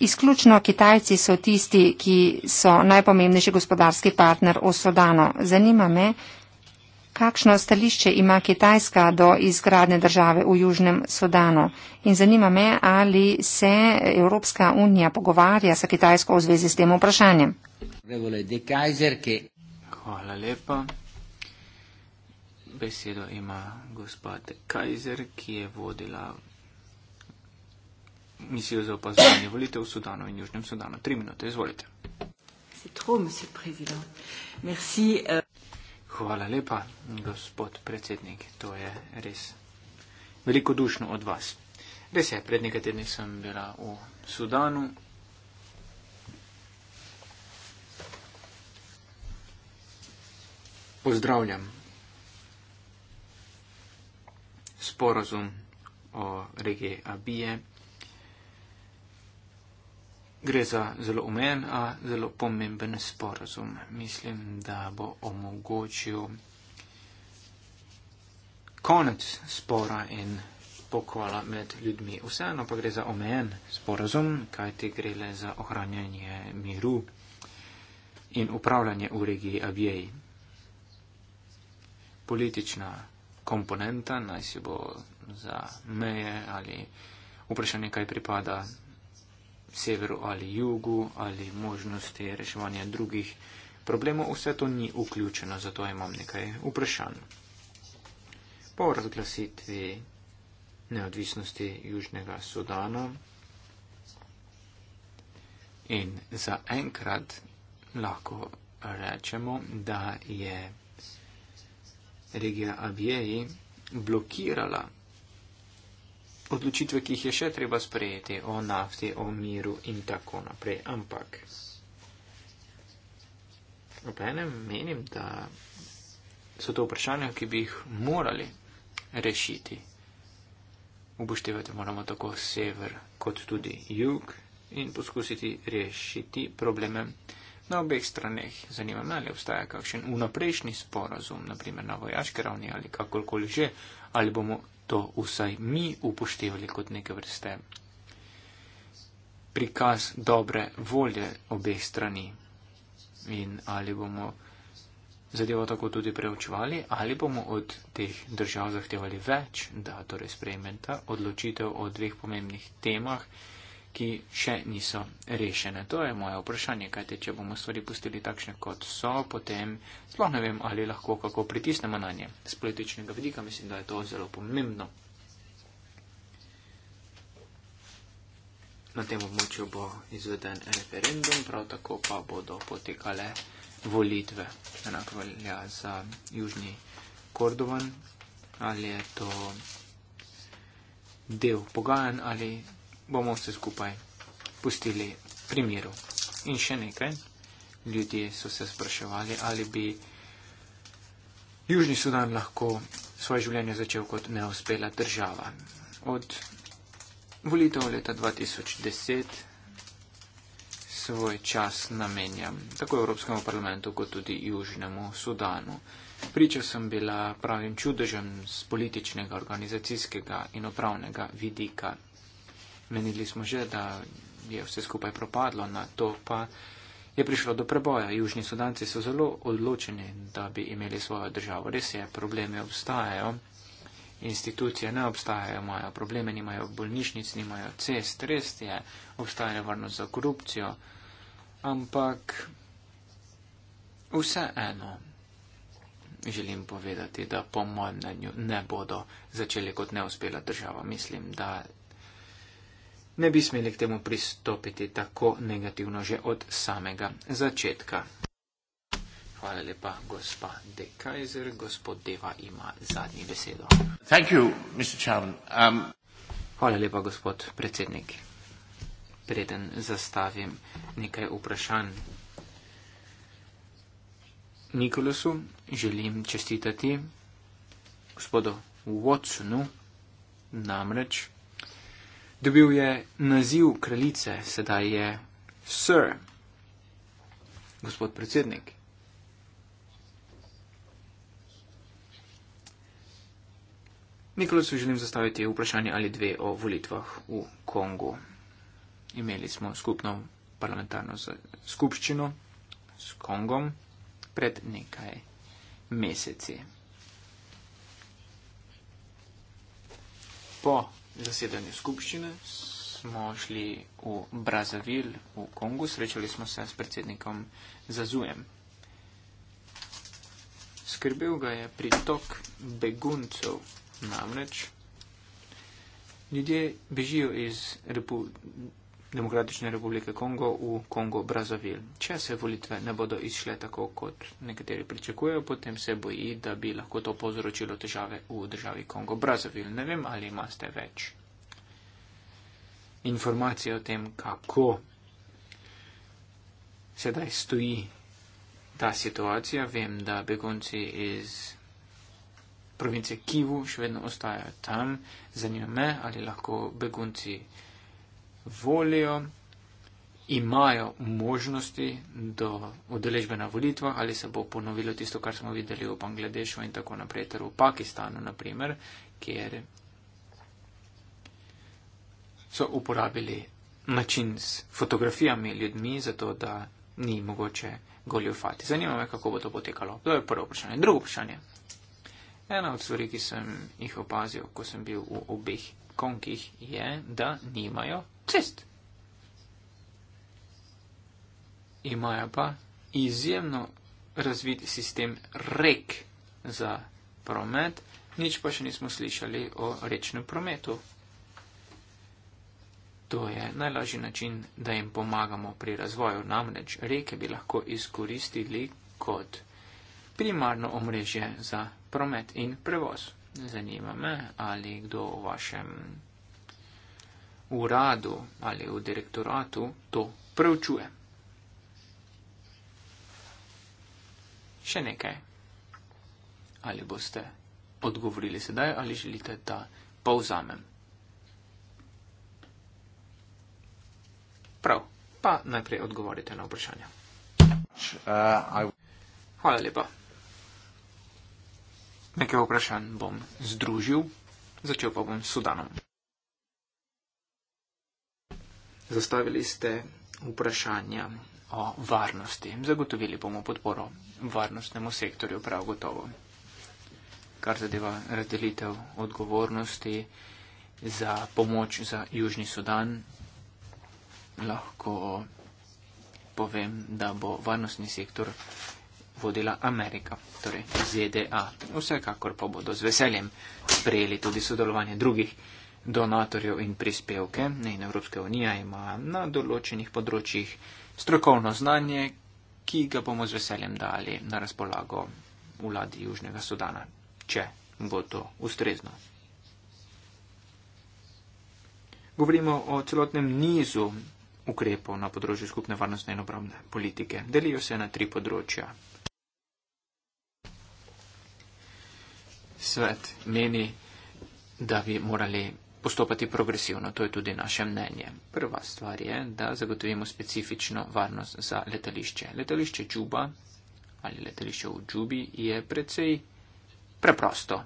Izključno Kitajci so tisti, ki so najpomembnejši gospodarski partner v Sodano. Zanima me, kakšno stališče ima Kitajska do izgradne države v Južnem Sodanu. In zanima me, ali se Evropska unija pogovarja sa Kitajsko v zvezi s tem vprašanjem. Hvala lepa. Besedo ima gospod Kajzer, ki je vodila misijo za opazovanje volitev v Sudanu in Južnem Sudanu. Tri minute, izvolite. Euh. Hvala lepa, gospod predsednik. To je res veliko dušno od vas. Res je, pred nekaj tedni sem bila v Sudanu. Pozdravljam sporozum o regiji Abije gre za zelo umen, a zelo pomemben sporazum. Mislim, da bo omogočil konec spora in pokvala med ljudmi. Vseeno pa gre za omen sporazum, kajti gre le za ohranjanje miru in upravljanje v regiji Abjej. Politična komponenta, naj si bo za meje ali vprašanje, kaj pripada severu ali jugu ali možnosti reševanja drugih problemov, vse to ni vključeno, zato imam nekaj vprašanj. Po razglasitvi neodvisnosti Južnega Sudana in za enkrat lahko rečemo, da je regija Abjeji blokirala odločitve, ki jih je še treba sprejeti o nafti, o miru in tako naprej. Ampak ob enem menim, da so to vprašanja, ki bi jih morali rešiti. Upoštevati moramo tako sever kot tudi jug in poskusiti rešiti probleme na obeh straneh. Zanima me, ali obstaja kakšen unaprejšnji sporazum, naprimer na vojaški ravni ali kakorkoli že, ali bomo to vsaj mi upoštevali kot neke vrste prikaz dobre volje obeh strani in ali bomo zadevo tako tudi preučevali ali bomo od teh držav zahtevali več, da torej sprejmeta odločitev o dveh pomembnih temah ki še niso rešene. To je moje vprašanje, kajte če bomo stvari pustili takšne, kot so, potem sploh ne vem, ali lahko kako pritisnemo na nje. Z političnega vidika mislim, da je to zelo pomembno. Na tem območju bo izveden referendum, prav tako pa bodo potekale volitve. Enako velja za Južni Kordovan, ali je to del pogajanj ali bomo vse skupaj pustili pri miru. In še nekaj, ljudje so se spraševali, ali bi Južni Sudan lahko svoje življenje začel kot neuspela država. Od volitev leta 2010 svoj čas namenjam tako Evropskemu parlamentu kot tudi Južnemu Sudanu. Priča sem bila pravim čudežem z političnega, organizacijskega in upravnega vidika. Menili smo že, da je vse skupaj propadlo, na to pa je prišlo do preboja. Južni sudanci so zelo odločeni, da bi imeli svojo državo. Res je, probleme obstajajo, institucije ne obstajajo, imajo probleme, nimajo bolnišnic, nimajo cest, res je, obstaja varnost za korupcijo, ampak vse eno. Želim povedati, da po mojem mnenju ne bodo začeli kot neuspela država. Mislim, da ne bi smeli k temu pristopiti tako negativno že od samega začetka. Hvala lepa, gospa De Kaiser. Gospod Deva ima zadnji besedo. Thank you, Mr. Chairman. Um... Hvala lepa, gospod predsednik. Preden zastavim nekaj vprašanj Nikolasu, želim čestitati gospodu Watsonu, namreč Dobil je naziv kraljice, sedaj je sir, gospod predsednik. Nikolosu želim zastaviti vprašanje ali dve o volitvah v Kongu. Imeli smo skupno parlamentarno skupščino s Kongom pred nekaj meseci. Po zasedanju skupščine, smo šli v Brazavil v Kongu, srečali smo se s predsednikom Zazujem. Skrbel ga je pritok beguncev, namreč ljudje bežijo iz republike. Demokratične republike Kongo v Kongo Brazavil. Če se volitve ne bodo izšle tako, kot nekateri pričakujejo, potem se boji, da bi lahko to povzročilo težave v državi Kongo Brazavil. Ne vem, ali imate več informacije o tem, kako sedaj stoji ta situacija. Vem, da begunci iz. Province Kivu še vedno ostajajo tam. Zanima me, ali lahko begunci volijo, imajo možnosti do udeležbe na volitvah, ali se bo ponovilo tisto, kar smo videli v Bangladešu in tako naprej, ter v Pakistanu, naprimer, kjer so uporabili način s fotografijami ljudmi, zato da ni mogoče goljufati. Zanima me, kako bo to potekalo. To je prvo vprašanje. Drugo vprašanje. Ena od stvari, ki sem jih opazil, ko sem bil v obeh konkih, je, da nimajo čest. Imajo pa izjemno razvit sistem rek za promet, nič pa še nismo slišali o rečnem prometu. To je najlažji način, da jim pomagamo pri razvoju, namreč reke bi lahko izkoristili kot primarno omrežje za promet in prevoz. Zanima me, ali kdo v vašem v uradu ali v direktoratu to preučuje. Še nekaj. Ali boste odgovorili sedaj ali želite, da povzamem? Prav, pa najprej odgovorite na vprašanje. Uh, Hvala lepa. Nekaj vprašanj bom združil, začel pa bom s Sudanom zastavili ste vprašanja o varnosti. Zagotovili bomo podporo varnostnemu sektorju, prav gotovo. Kar zadeva razdelitev odgovornosti za pomoč za Južni Sudan, lahko povem, da bo varnostni sektor vodila Amerika, torej ZDA. Vsekakor pa bodo z veseljem sprejeli tudi sodelovanje drugih donatorjev in prispevke. In Evropska unija ima na določenih področjih strokovno znanje, ki ga bomo z veseljem dali na razpolago vladi Južnega Sudana, če bo to ustrezno. Govorimo o celotnem nizu ukrepov na področju skupne varnostne in obrambne politike. Delijo se na tri področja. Svet meni, da bi morali postopati progresivno. To je tudi naše mnenje. Prva stvar je, da zagotovimo specifično varnost za letališče. Letališče Čuba ali letališče v Čubi je precej preprosto.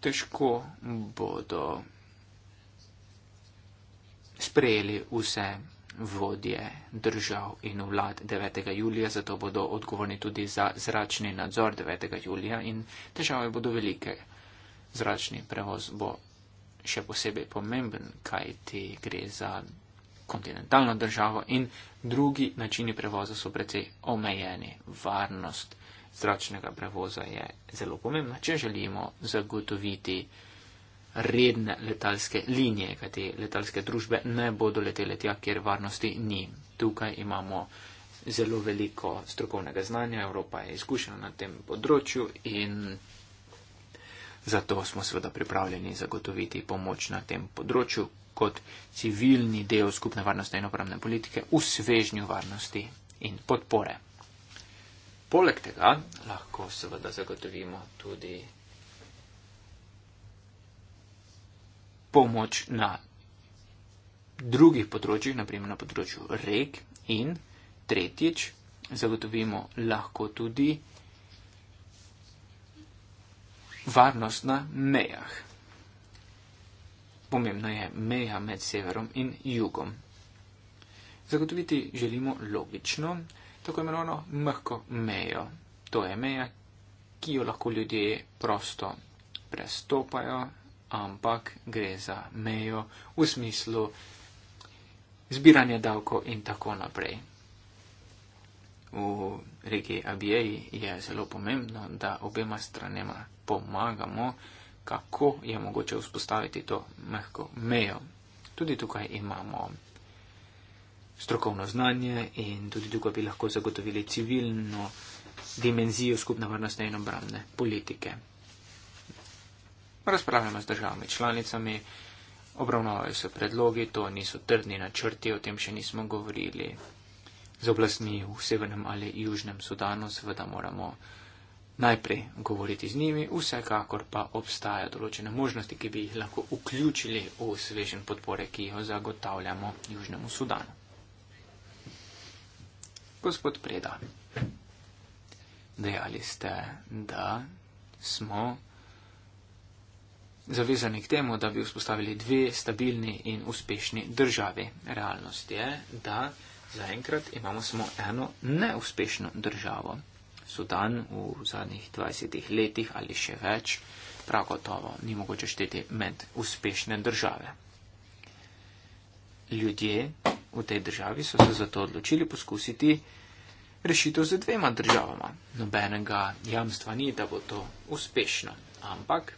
Težko bodo sprejeli vse vodje držav in vlad 9. julija, zato bodo odgovorni tudi za zračni nadzor 9. julija in težave bodo velike. Zračni prevoz bo še posebej pomemben, kaj ti gre za kontinentalno državo in drugi načini prevoza so precej omejeni. Varnost zračnega prevoza je zelo pomembna, če želimo zagotoviti redne letalske linije, kaj te letalske družbe ne bodo letele tja, kjer varnosti ni. Tukaj imamo zelo veliko strokovnega znanja, Evropa je izkušena na tem področju in. Zato smo seveda pripravljeni zagotoviti pomoč na tem področju kot civilni del skupne varnostne in obramne politike v svežnju varnosti in podpore. Poleg tega lahko seveda zagotovimo tudi pomoč na drugih področjih, naprimer na področju reg in tretjič zagotovimo lahko tudi varnost na mejah. Pomembna je meja med severom in jugom. Zagotoviti želimo logično, tako imenovano mehko mejo. To je meja, ki jo lahko ljudje prosto prestopajo, ampak gre za mejo v smislu zbiranja davko in tako naprej. V regiji Abijeji je zelo pomembno, da obema stranema pomagamo, kako je mogoče vzpostaviti to mehko mejo. Tudi tukaj imamo strokovno znanje in tudi tukaj bi lahko zagotovili civilno dimenzijo skupne varnostne in obramne politike. Razpravljamo z državami članicami, obravnavajo se predlogi, to niso trdni načrti, o tem še nismo govorili. Z oblastmi v Severnem ali Južnem Sudanu seveda moramo najprej govoriti z njimi, vsekakor pa obstajajo določene možnosti, ki bi jih lahko vključili v svežen podpore, ki jo zagotavljamo Južnemu Sudanu. Gospod Preda, dejali ste, da smo zavezani k temu, da bi vzpostavili dve stabilni in uspešni državi. Realnost je, da zaenkrat imamo samo eno neuspešno državo. Sudan v zadnjih 20 letih ali še več, prav gotovo ni mogoče šteti med uspešne države. Ljudje v tej državi so se zato odločili poskusiti rešitev z dvema državama. Nobenega jamstva ni, da bo to uspešno, ampak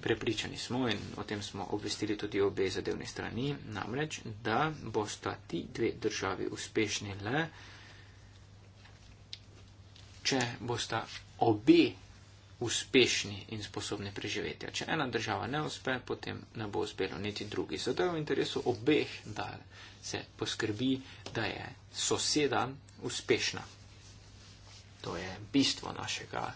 prepričani smo in o tem smo obvestili tudi obe zadevne strani, namreč, da bosta ti dve državi uspešni le, če bosta obe uspešni in sposobni preživeti. Če ena država ne uspe, potem ne bo uspelo niti drugi. Zato je v interesu obeh, da se poskrbi, da je soseda uspešna. To je bistvo našega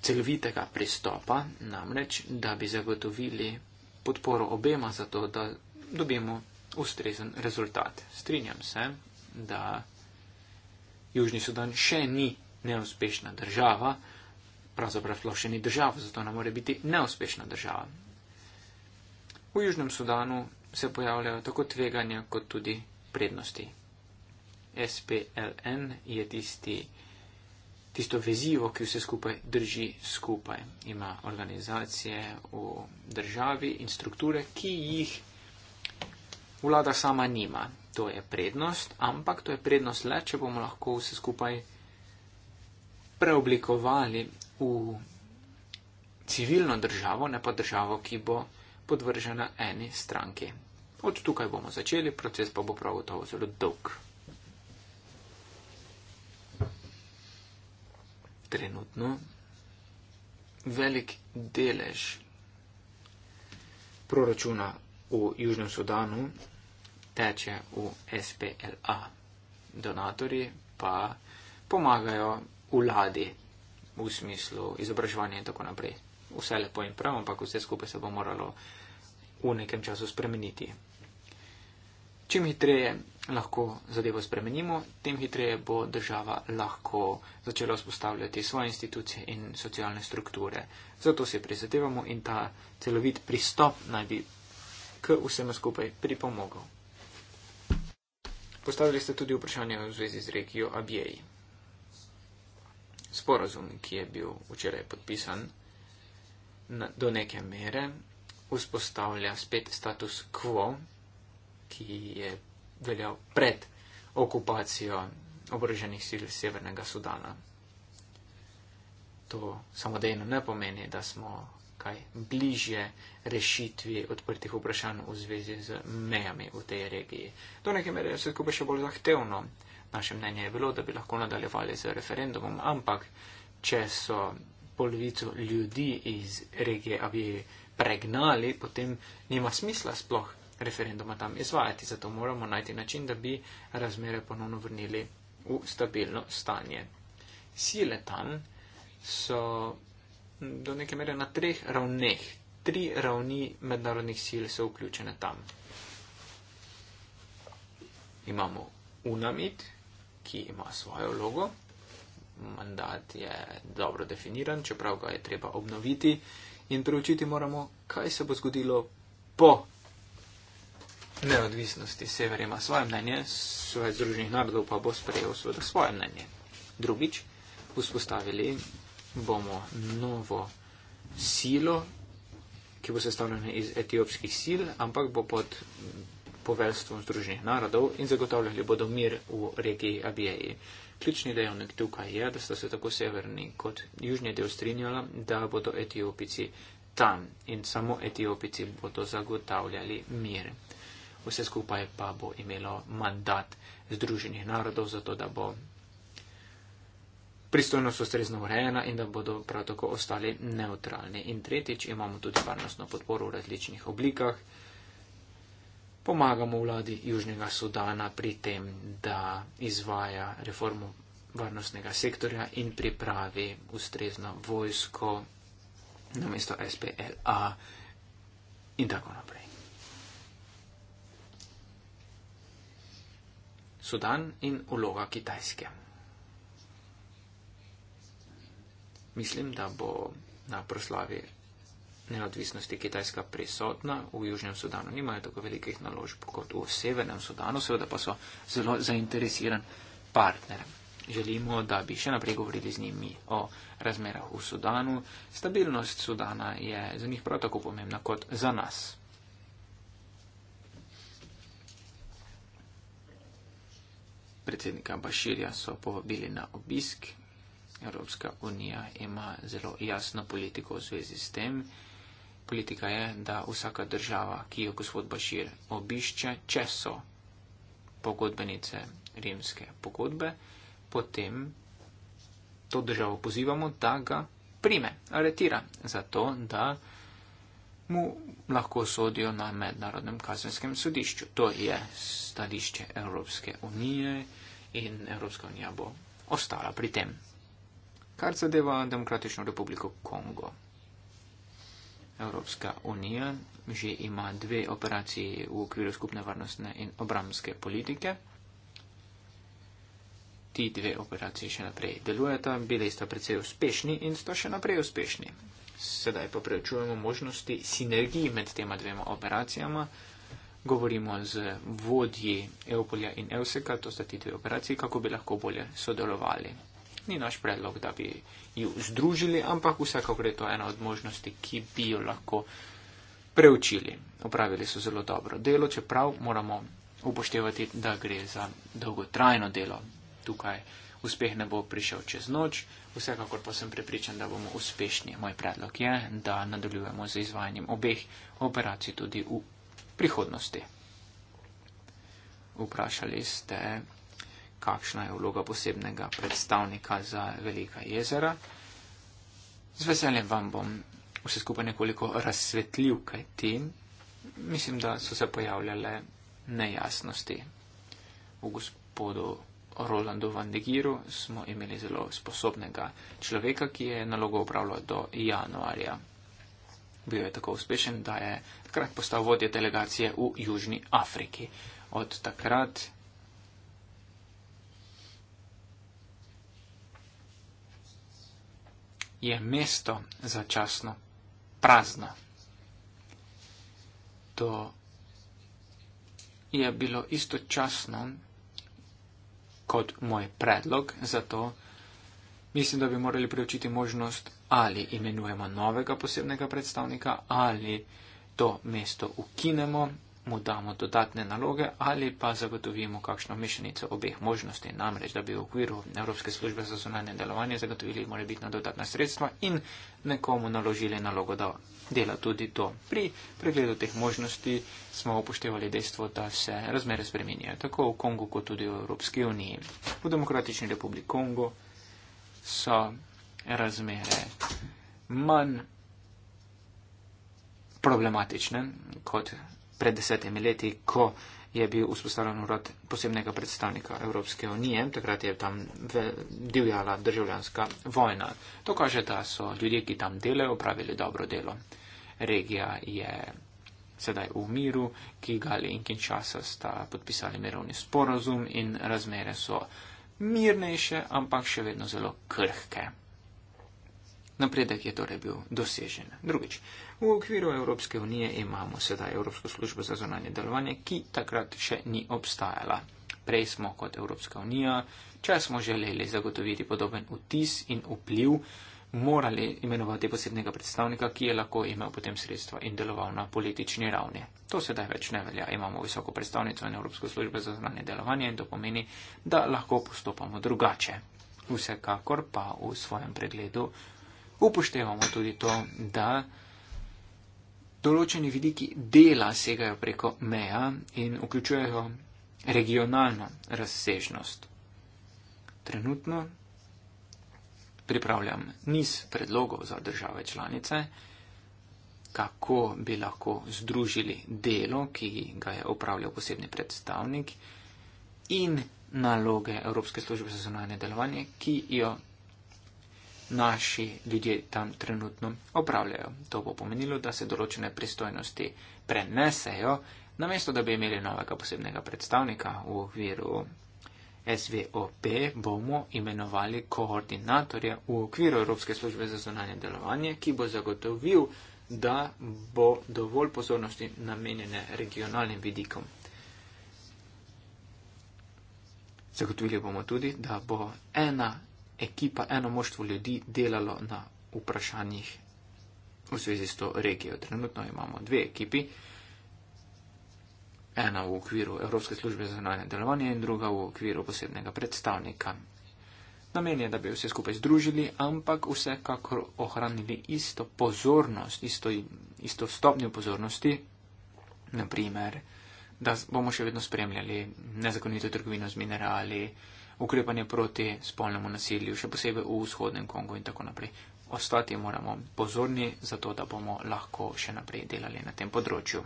celovitega pristopa, namreč, da bi zagotovili podporo obema za to, da dobimo ustrezen rezultat. Strinjam se, da Južni Sudan še ni neuspešna država, pravzaprav sploh še ni država, zato ne more biti neuspešna država. V Južnem Sudanu se pojavljajo tako tveganja kot tudi prednosti. SPLN je tisti, tisto vezivo, ki vse skupaj drži skupaj. Ima organizacije v državi in strukture, ki jih vlada sama nima. To je prednost, ampak to je prednost le, če bomo lahko vse skupaj preoblikovali v civilno državo, ne pa državo, ki bo podvržena eni stranki. Od tukaj bomo začeli, proces pa bo prav gotovo zelo dolg. Trenutno velik delež proračuna v Južnem Sudanu teče v SPLA. Donatori pa pomagajo vladi v smislu izobraževanja in tako naprej. Vse lepo in prav, ampak vse skupaj se bo moralo v nekem času spremeniti. Čim hitreje lahko zadevo spremenimo, tem hitreje bo država lahko začela vzpostavljati svoje institucije in socialne strukture. Zato se prizadevamo in ta celovit pristop naj bi k vsemu skupaj pripomogel. Postavili ste tudi vprašanje v zvezi z regijo Abjeji. Sporazum, ki je bil včeraj podpisan na, do neke mere, vzpostavlja spet status quo, ki je veljal pred okupacijo oboroženih sil Severnega Sudana. To samodejno ne pomeni, da smo kaj bliže rešitvi odprtih vprašanj v zvezi z mejami v tej regiji. Do neke mere je vse skupaj še bolj zahtevno. Naše mnenje je bilo, da bi lahko nadaljevali z referendumom, ampak če so polovico ljudi iz regije Avije pregnali, potem nima smisla sploh referenduma tam izvajati. Zato moramo najti način, da bi razmere ponovno vrnili v stabilno stanje. Sile tam so do neke mere na treh ravneh. Tri ravni mednarodnih sil so vključene tam. Imamo UNAMID, ki ima svojo vlogo. Mandat je dobro definiran, čeprav ga je treba obnoviti in preučiti moramo, kaj se bo zgodilo po neodvisnosti Sever ima svoje mnenje, svoje združenih narodov pa bo sprejel svoje mnenje. Drugič, vzpostavili bomo novo silo, ki bo sestavljena iz etiopskih sil, ampak bo pod poveljstvom Združenih narodov in zagotavljali bodo mir v regiji Abijeji. Ključni dejavnik tukaj je, da sta se tako severni kot južni del strinjala, da bodo etiopici tam in samo etiopici bodo zagotavljali mir. Vse skupaj pa bo imelo mandat Združenih narodov, zato da bo pristojnost ustrezno urejena in da bodo prav tako ostali neutralni. In tretjič, imamo tudi varnostno podporo v različnih oblikah. Pomagamo vladi Južnega Sudana pri tem, da izvaja reformo varnostnega sektorja in pripravi ustrezno vojsko na mesto SPLA in tako naprej. Sudan in uloga Kitajske. Mislim, da bo na proslavi neodvisnosti Kitajska prisotna v Južnem Sudanu. Nimajo tako velikih naložb kot v Severnem Sudanu, seveda pa so zelo zainteresiran partner. Želimo, da bi še naprej govorili z njimi o razmerah v Sudanu. Stabilnost Sudana je za njih prav tako pomembna kot za nas. Predsednika Baširja so povabili na obisk Evropska unija ima zelo jasno politiko v zvezi s tem. Politika je, da vsaka država, ki jo gospod Bašir obišče, če so pogodbenice rimske pogodbe, potem to državo pozivamo, da ga prime, aretira, zato da mu lahko sodijo na mednarodnem kazenskem sodišču. To je stališče Evropske unije in Evropska unija bo ostala pri tem kar zadeva Demokratično republiko Kongo. Evropska unija že ima dve operaciji v okviru skupne varnostne in obramske politike. Ti dve operaciji še naprej delujeta, bili sta precej uspešni in sta še naprej uspešni. Sedaj pa preučujemo možnosti sinergij med tema dvema operacijama. Govorimo z vodji Eupolja in Euseka, to sta ti dve operaciji, kako bi lahko bolje sodelovali ni naš predlog, da bi ju združili, ampak vsekakor je to ena od možnosti, ki bi jo lahko preučili. Opravili so zelo dobro delo, čeprav moramo upoštevati, da gre za dolgotrajno delo. Tukaj uspeh ne bo prišel čez noč, vsekakor pa sem prepričan, da bomo uspešni. Moj predlog je, da nadaljujemo z izvajanjem obeh operacij tudi v prihodnosti. Vprašali ste, kakšna je vloga posebnega predstavnika za velika jezera. Z veseljem vam bom vse skupaj nekoliko razsvetljiv, kaj tem. Mislim, da so se pojavljale nejasnosti. V gospodu Rolandu van de Giru smo imeli zelo sposobnega človeka, ki je nalogo upravljal do januarja. Bil je tako uspešen, da je takrat postal vodja delegacije v Južni Afriki. Od takrat je mesto začasno prazno. To je bilo istočasno kot moj predlog, zato mislim, da bi morali preučiti možnost, ali imenujemo novega posebnega predstavnika, ali to mesto ukinemo mu damo dodatne naloge ali pa zagotovimo kakšno mešanico obeh možnosti, namreč da bi v okviru Evropske službe za zunanje delovanje zagotovili morebitna dodatna sredstva in nekomu naložili nalogo, da dela tudi to. Pri pregledu teh možnosti smo upoštevali dejstvo, da se razmere spremenjajo tako v Kongu kot tudi v Evropski uniji. V Demokratični republiki Kongo so razmere manj problematične kot pred desetimi leti, ko je bil vzpostavljen urad posebnega predstavnika Evropske unije. Takrat je tam divjala državljanska vojna. To kaže, da so ljudje, ki tam delajo, upravili dobro delo. Regija je sedaj v miru, Kigali in Kinshasa sta podpisali mirovni sporozum in razmere so mirnejše, ampak še vedno zelo krhke. Napredek je torej bil dosežen. Drugič, V okviru Evropske unije imamo sedaj Evropsko službo za zonanje delovanje, ki takrat še ni obstajala. Prej smo kot Evropska unija, če smo želeli zagotoviti podoben vtis in vpliv, morali imenovati posebnega predstavnika, ki je lahko imel potem sredstva in deloval na politični ravni. To sedaj več ne velja. Imamo visoko predstavnico in Evropsko službo za zonanje delovanje in to pomeni, da lahko postopamo drugače. Vsekakor pa v svojem pregledu upoštevamo tudi to, da določeni vidiki dela segajo preko meja in vključujejo regionalno razsežnost. Trenutno pripravljam niz predlogov za države članice, kako bi lahko združili delo, ki ga je upravljal posebni predstavnik in naloge Evropske službe za zunanje delovanje, ki jo naši ljudje tam trenutno opravljajo. To bo pomenilo, da se določene pristojnosti prenesejo, namesto da bi imeli novega posebnega predstavnika v okviru SVOP, bomo imenovali koordinatorja v okviru Evropske službe za zonanje delovanje, ki bo zagotovil, da bo dovolj pozornosti namenjene regionalnim vidikom. Zagotovili bomo tudi, da bo ena ekipa, eno moštvo ljudi delalo na vprašanjih v zvezi s to regijo. Trenutno imamo dve ekipi, ena v okviru Evropske službe za zunanje delovanje in druga v okviru posebnega predstavnika. Namen je, da bi vse skupaj združili, ampak vsekakor ohranili isto pozornost, isto, isto stopnjo pozornosti, naprimer, da bomo še vedno spremljali nezakonito trgovino z minerali, ukrepanje proti spolnemu nasilju, še posebej v vzhodnem Kongu in tako naprej. Ostati moramo pozorni, zato da bomo lahko še naprej delali na tem področju.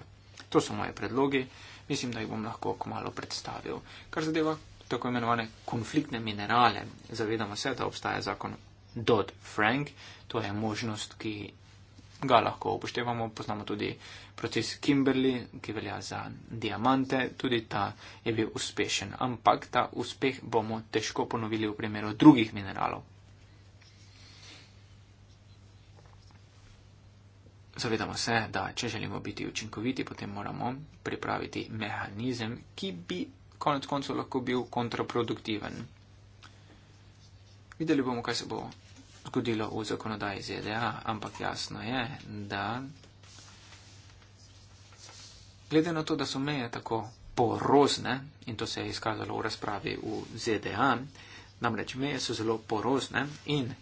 To so moje predlogi, mislim, da jih bom lahko kmalo predstavil. Kar zadeva tako imenovane konfliktne minerale, zavedamo se, da obstaja zakon Dodd-Frank, to je možnost, ki ga lahko upoštevamo. Poznamo tudi proces Kimberly, ki velja za diamante, tudi ta je bil uspešen, ampak ta uspeh bomo težko ponovili v primeru drugih mineralov. Zavedamo se, da če želimo biti učinkoviti, potem moramo pripraviti mehanizem, ki bi konec koncev lahko bil kontraproduktiven. Videli bomo, kaj se bo zgodilo v zakonodaji ZDA, ampak jasno je, da glede na to, da so meje tako porozne, in to se je izkazalo v razpravi v ZDA, namreč meje so zelo porozne in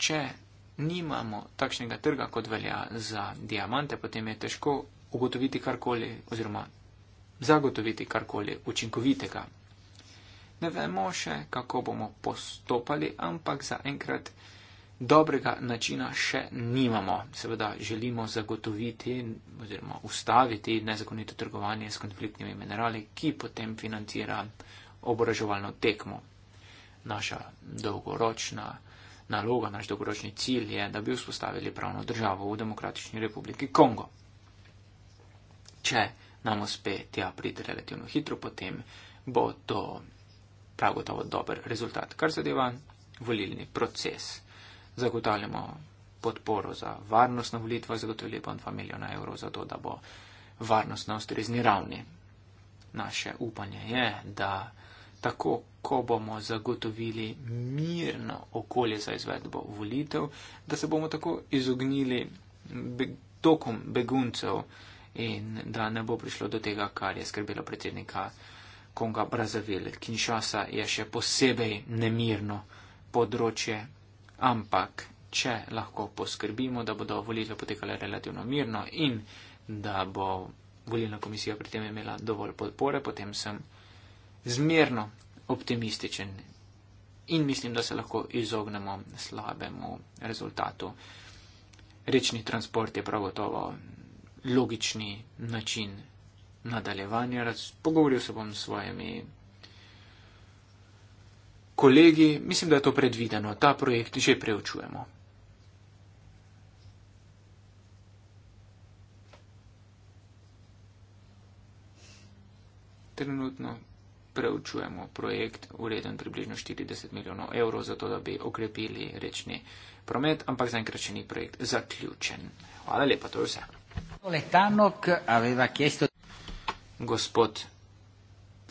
če nimamo takšnega trga, kot velja za diamante, potem je težko ugotoviti karkoli oziroma zagotoviti karkoli učinkovitega Ne vemo še, kako bomo postopali, ampak zaenkrat dobrega načina še nimamo. Seveda želimo zagotoviti oziroma ustaviti nezakonito trgovanje s konfliktnimi minerali, ki potem financira oboraževalno tekmo. Naša dolgoročna naloga, naš dolgoročni cilj je, da bi vzpostavili pravno državo v Demokratični republiki Kongo. Če nam uspe tja priti relativno hitro, potem bo to prav gotovo dober rezultat. Kar zadeva volilni proces, zagotavljamo podporo za varnost na volitvah, zagotovljamo 2 milijona evrov za to, da bo varnost na ustrezni ravni. Naše upanje je, da tako, ko bomo zagotovili mirno okolje za izvedbo volitev, da se bomo tako izognili beg tokom beguncev in da ne bo prišlo do tega, kar je skrbelo predsednika. Konga Brazavil. Kinshasa je še posebej nemirno področje, ampak če lahko poskrbimo, da bodo volitve potekale relativno mirno in da bo volilna komisija pri tem imela dovolj podpore, potem sem zmerno optimističen in mislim, da se lahko izognemo slabemu rezultatu. Rečni transport je prav gotovo logični način nadaljevanje. Pogovoril se bom s svojimi kolegi. Mislim, da je to predvideno. Ta projekt že preučujemo. Trenutno preučujemo projekt, ureden približno 40 milijonov evrov, zato da bi okrepili rečni promet, ampak zaenkrat še ni projekt zaključen. Hvala lepa, to je vse. Letanok torej, aveva chiesto gospod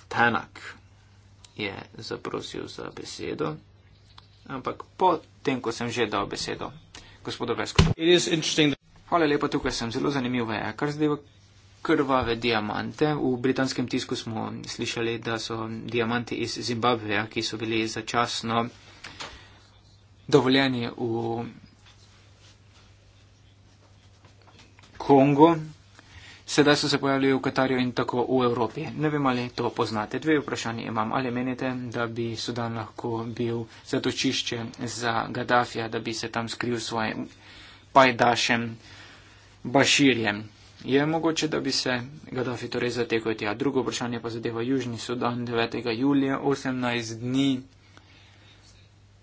Tanak je zaprosil za besedo, ampak potem, ko sem že dal besedo gospodu Vesku. Hvala lepa, tukaj sem zelo zanimiv, je kar zdaj v krvave diamante. V britanskem tisku smo slišali, da so diamanti iz Zimbabveja, ki so bili začasno dovoljeni v Kongo, Sedaj so se pojavljali v Katarju in tako v Evropi. Ne vem, ali to poznate. Dve vprašanje imam. Ali menite, da bi Sudan lahko bil zatočišče za Gaddafija, da bi se tam skril svojim pajdašem Baširjem? Je mogoče, da bi se Gaddafi torej zatekel tja. Drugo vprašanje pa zadeva Južni Sudan 9. julija, 18 dni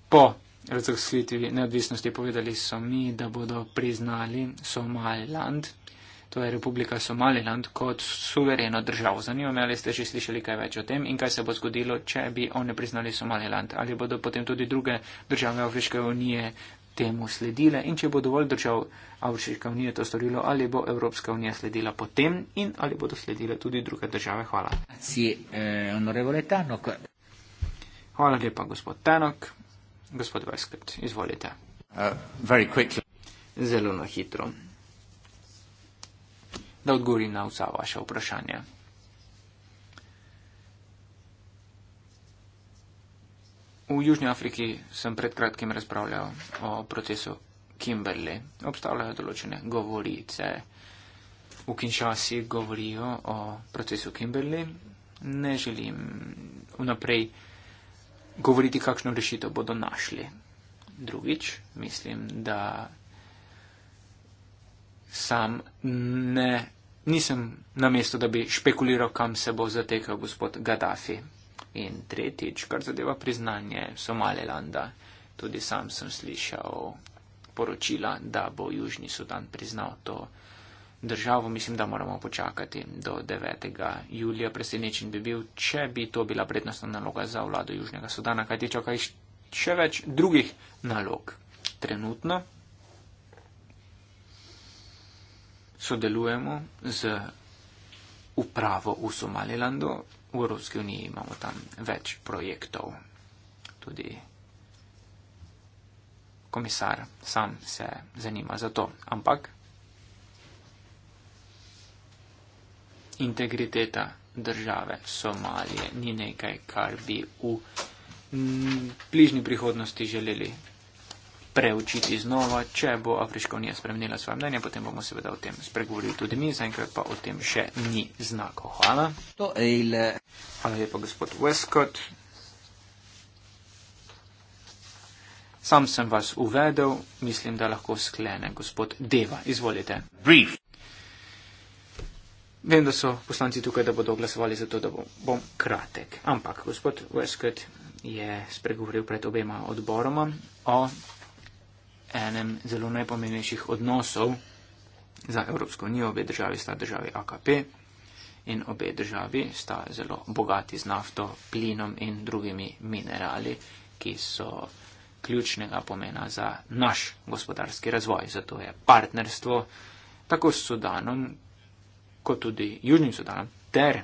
po razglasitvi neodvisnosti. Povedali so mi, da bodo priznali Somaliland to je Republika Somaliland, kot suvereno državo. Zanima me, ali ste že slišali kaj več o tem in kaj se bo zgodilo, če bi oni priznali Somaliland. Ali bodo potem tudi druge države Afriške unije temu sledile in če bo dovolj držav Afriške unije to storilo, ali bo Evropska unija sledila potem in ali bodo sledile tudi druge države. Hvala. Si, eh, Hvala lepa, gospod Tanok. Gospod Veskrt, izvolite. Uh, Zelo na hitro da odgovori na vsa vaša vprašanja. V Južnji Afriki sem pred kratkim razpravljal o procesu Kimberley. Obstavljajo določene govorice. V Kinshasi govorijo o procesu Kimberley. Ne želim vnaprej govoriti, kakšno rešitev bodo našli. Drugič, mislim, da sam ne, nisem na mestu, da bi špekuliral, kam se bo zatekal gospod Gaddafi. In tretjič, kar zadeva priznanje Somalilanda, tudi sam sem slišal poročila, da bo Južni Sudan priznal to državo. Mislim, da moramo počakati do 9. julija. Presenečen bi bil, če bi to bila prednostna naloga za vlado Južnega Sudana, kaj tiče kaj še več drugih nalog trenutno. sodelujemo z upravo v Somalilandu. V Evropski uniji imamo tam več projektov. Tudi komisar sam se zanima za to. Ampak integriteta države Somalije ni nekaj, kar bi v bližnji prihodnosti želeli preučiti znova. Če bo Afriška unija spremenila svoje mnenje, potem bomo seveda o tem spregovorili tudi mi, zaenkrat pa o tem še ni znako. Hvala. Hvala lepa, gospod Westcott. Sam sem vas uvedel, mislim, da lahko sklene gospod Deva. Izvolite. Brief. Vem, da so poslanci tukaj, da bodo glasovali za to, da bom, bom kratek. Ampak gospod Westcott je spregovoril pred obema odboroma o enem zelo najpomembnejših odnosov za Evropsko unijo. Obe državi sta državi AKP in obe državi sta zelo bogati z nafto, plinom in drugimi minerali, ki so ključnega pomena za naš gospodarski razvoj. Zato je partnerstvo tako s Sudanom, kot tudi Južnim Sudanom ter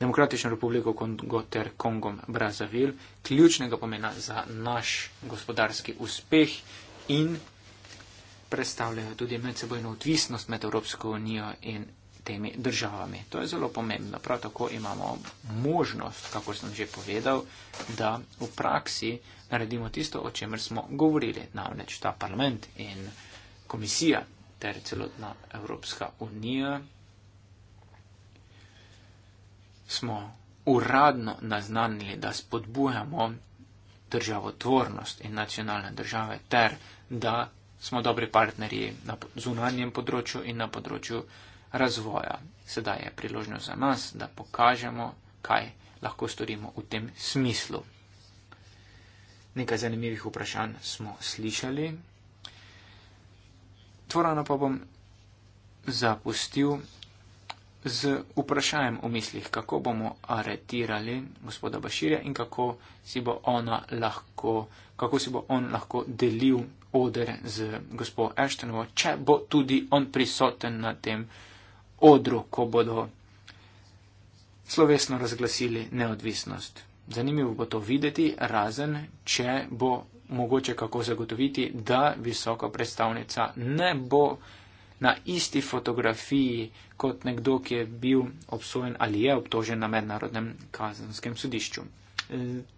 Demokratično republiko Kongo ter Kongom Brazavil, ključnega pomena za naš gospodarski uspeh in predstavljajo tudi medsebojno odvisnost med Evropsko unijo in temi državami. To je zelo pomembno. Prav tako imamo možnost, kako sem že povedal, da v praksi naredimo tisto, o čemer smo govorili, namreč ta parlament in komisija ter celotna Evropska unija smo uradno naznanili, da spodbujamo državotvornost in nacionalne države ter da smo dobri partnerji na zunanjem področju in na področju razvoja. Sedaj je priložnost za nas, da pokažemo, kaj lahko storimo v tem smislu. Nekaj zanimivih vprašanj smo slišali. Tvorano pa bom zapustil z vprašanjem v mislih, kako bomo aretirali gospoda Baširja in kako si bo, lahko, kako si bo on lahko delil oder z gospodom Ashtonovo, če bo tudi on prisoten na tem odru, ko bodo slovesno razglasili neodvisnost. Zanimivo bo to videti, razen če bo mogoče kako zagotoviti, da visoka predstavnica ne bo na isti fotografiji kot nekdo, ki je bil obsojen ali je obtožen na mednarodnem kazenskem sodišču.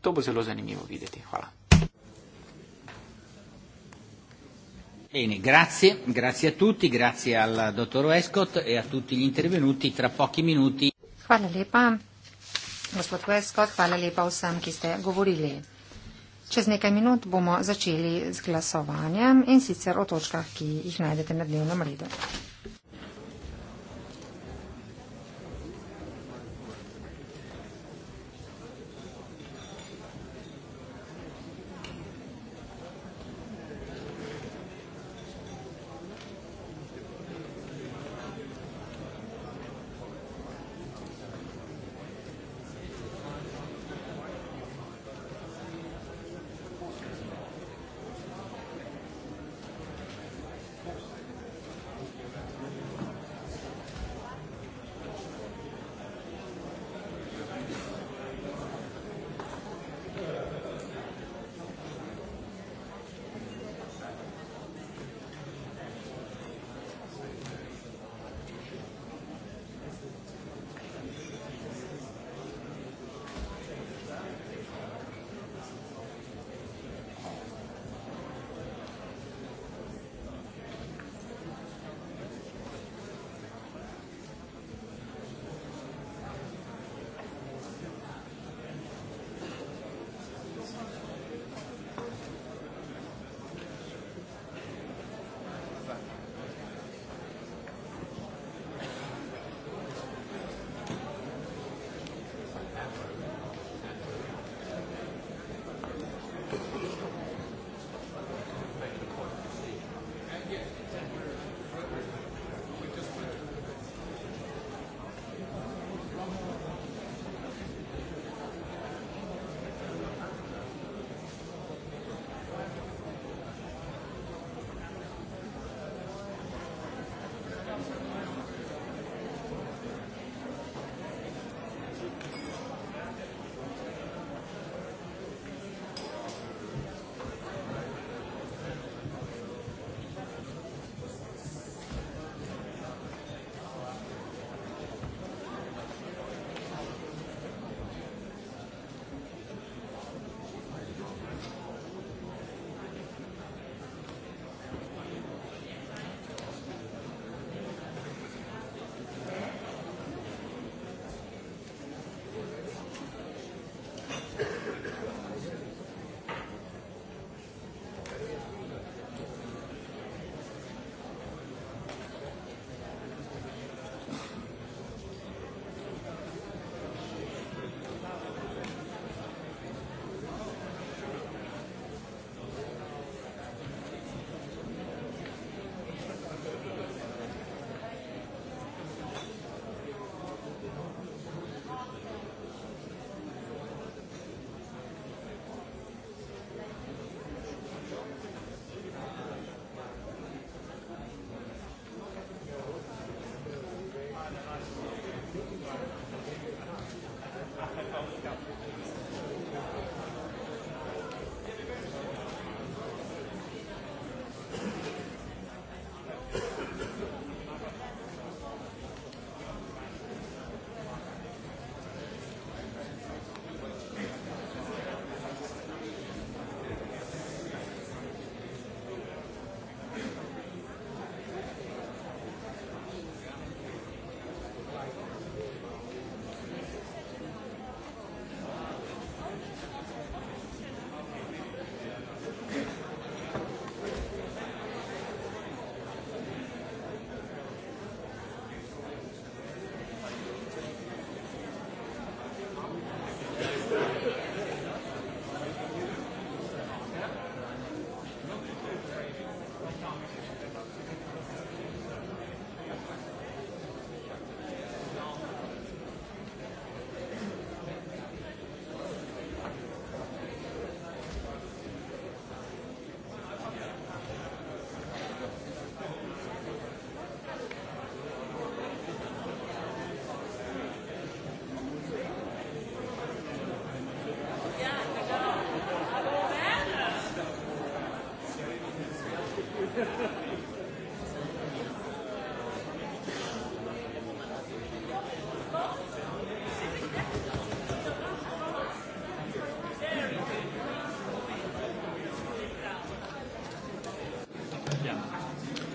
To bo zelo zanimivo videti. Hvala. Bene, grazie, grazie a tutti, grazie al dottor Escott e a tutti gli intervenuti tra pochi minuti. Hvala lepa, gospod Escott, hvala lepa vsem, ki ste govorili. Čez nekaj minut bomo začeli z glasovanjem in sicer o točkah, ki jih najdete na dnevnem redu.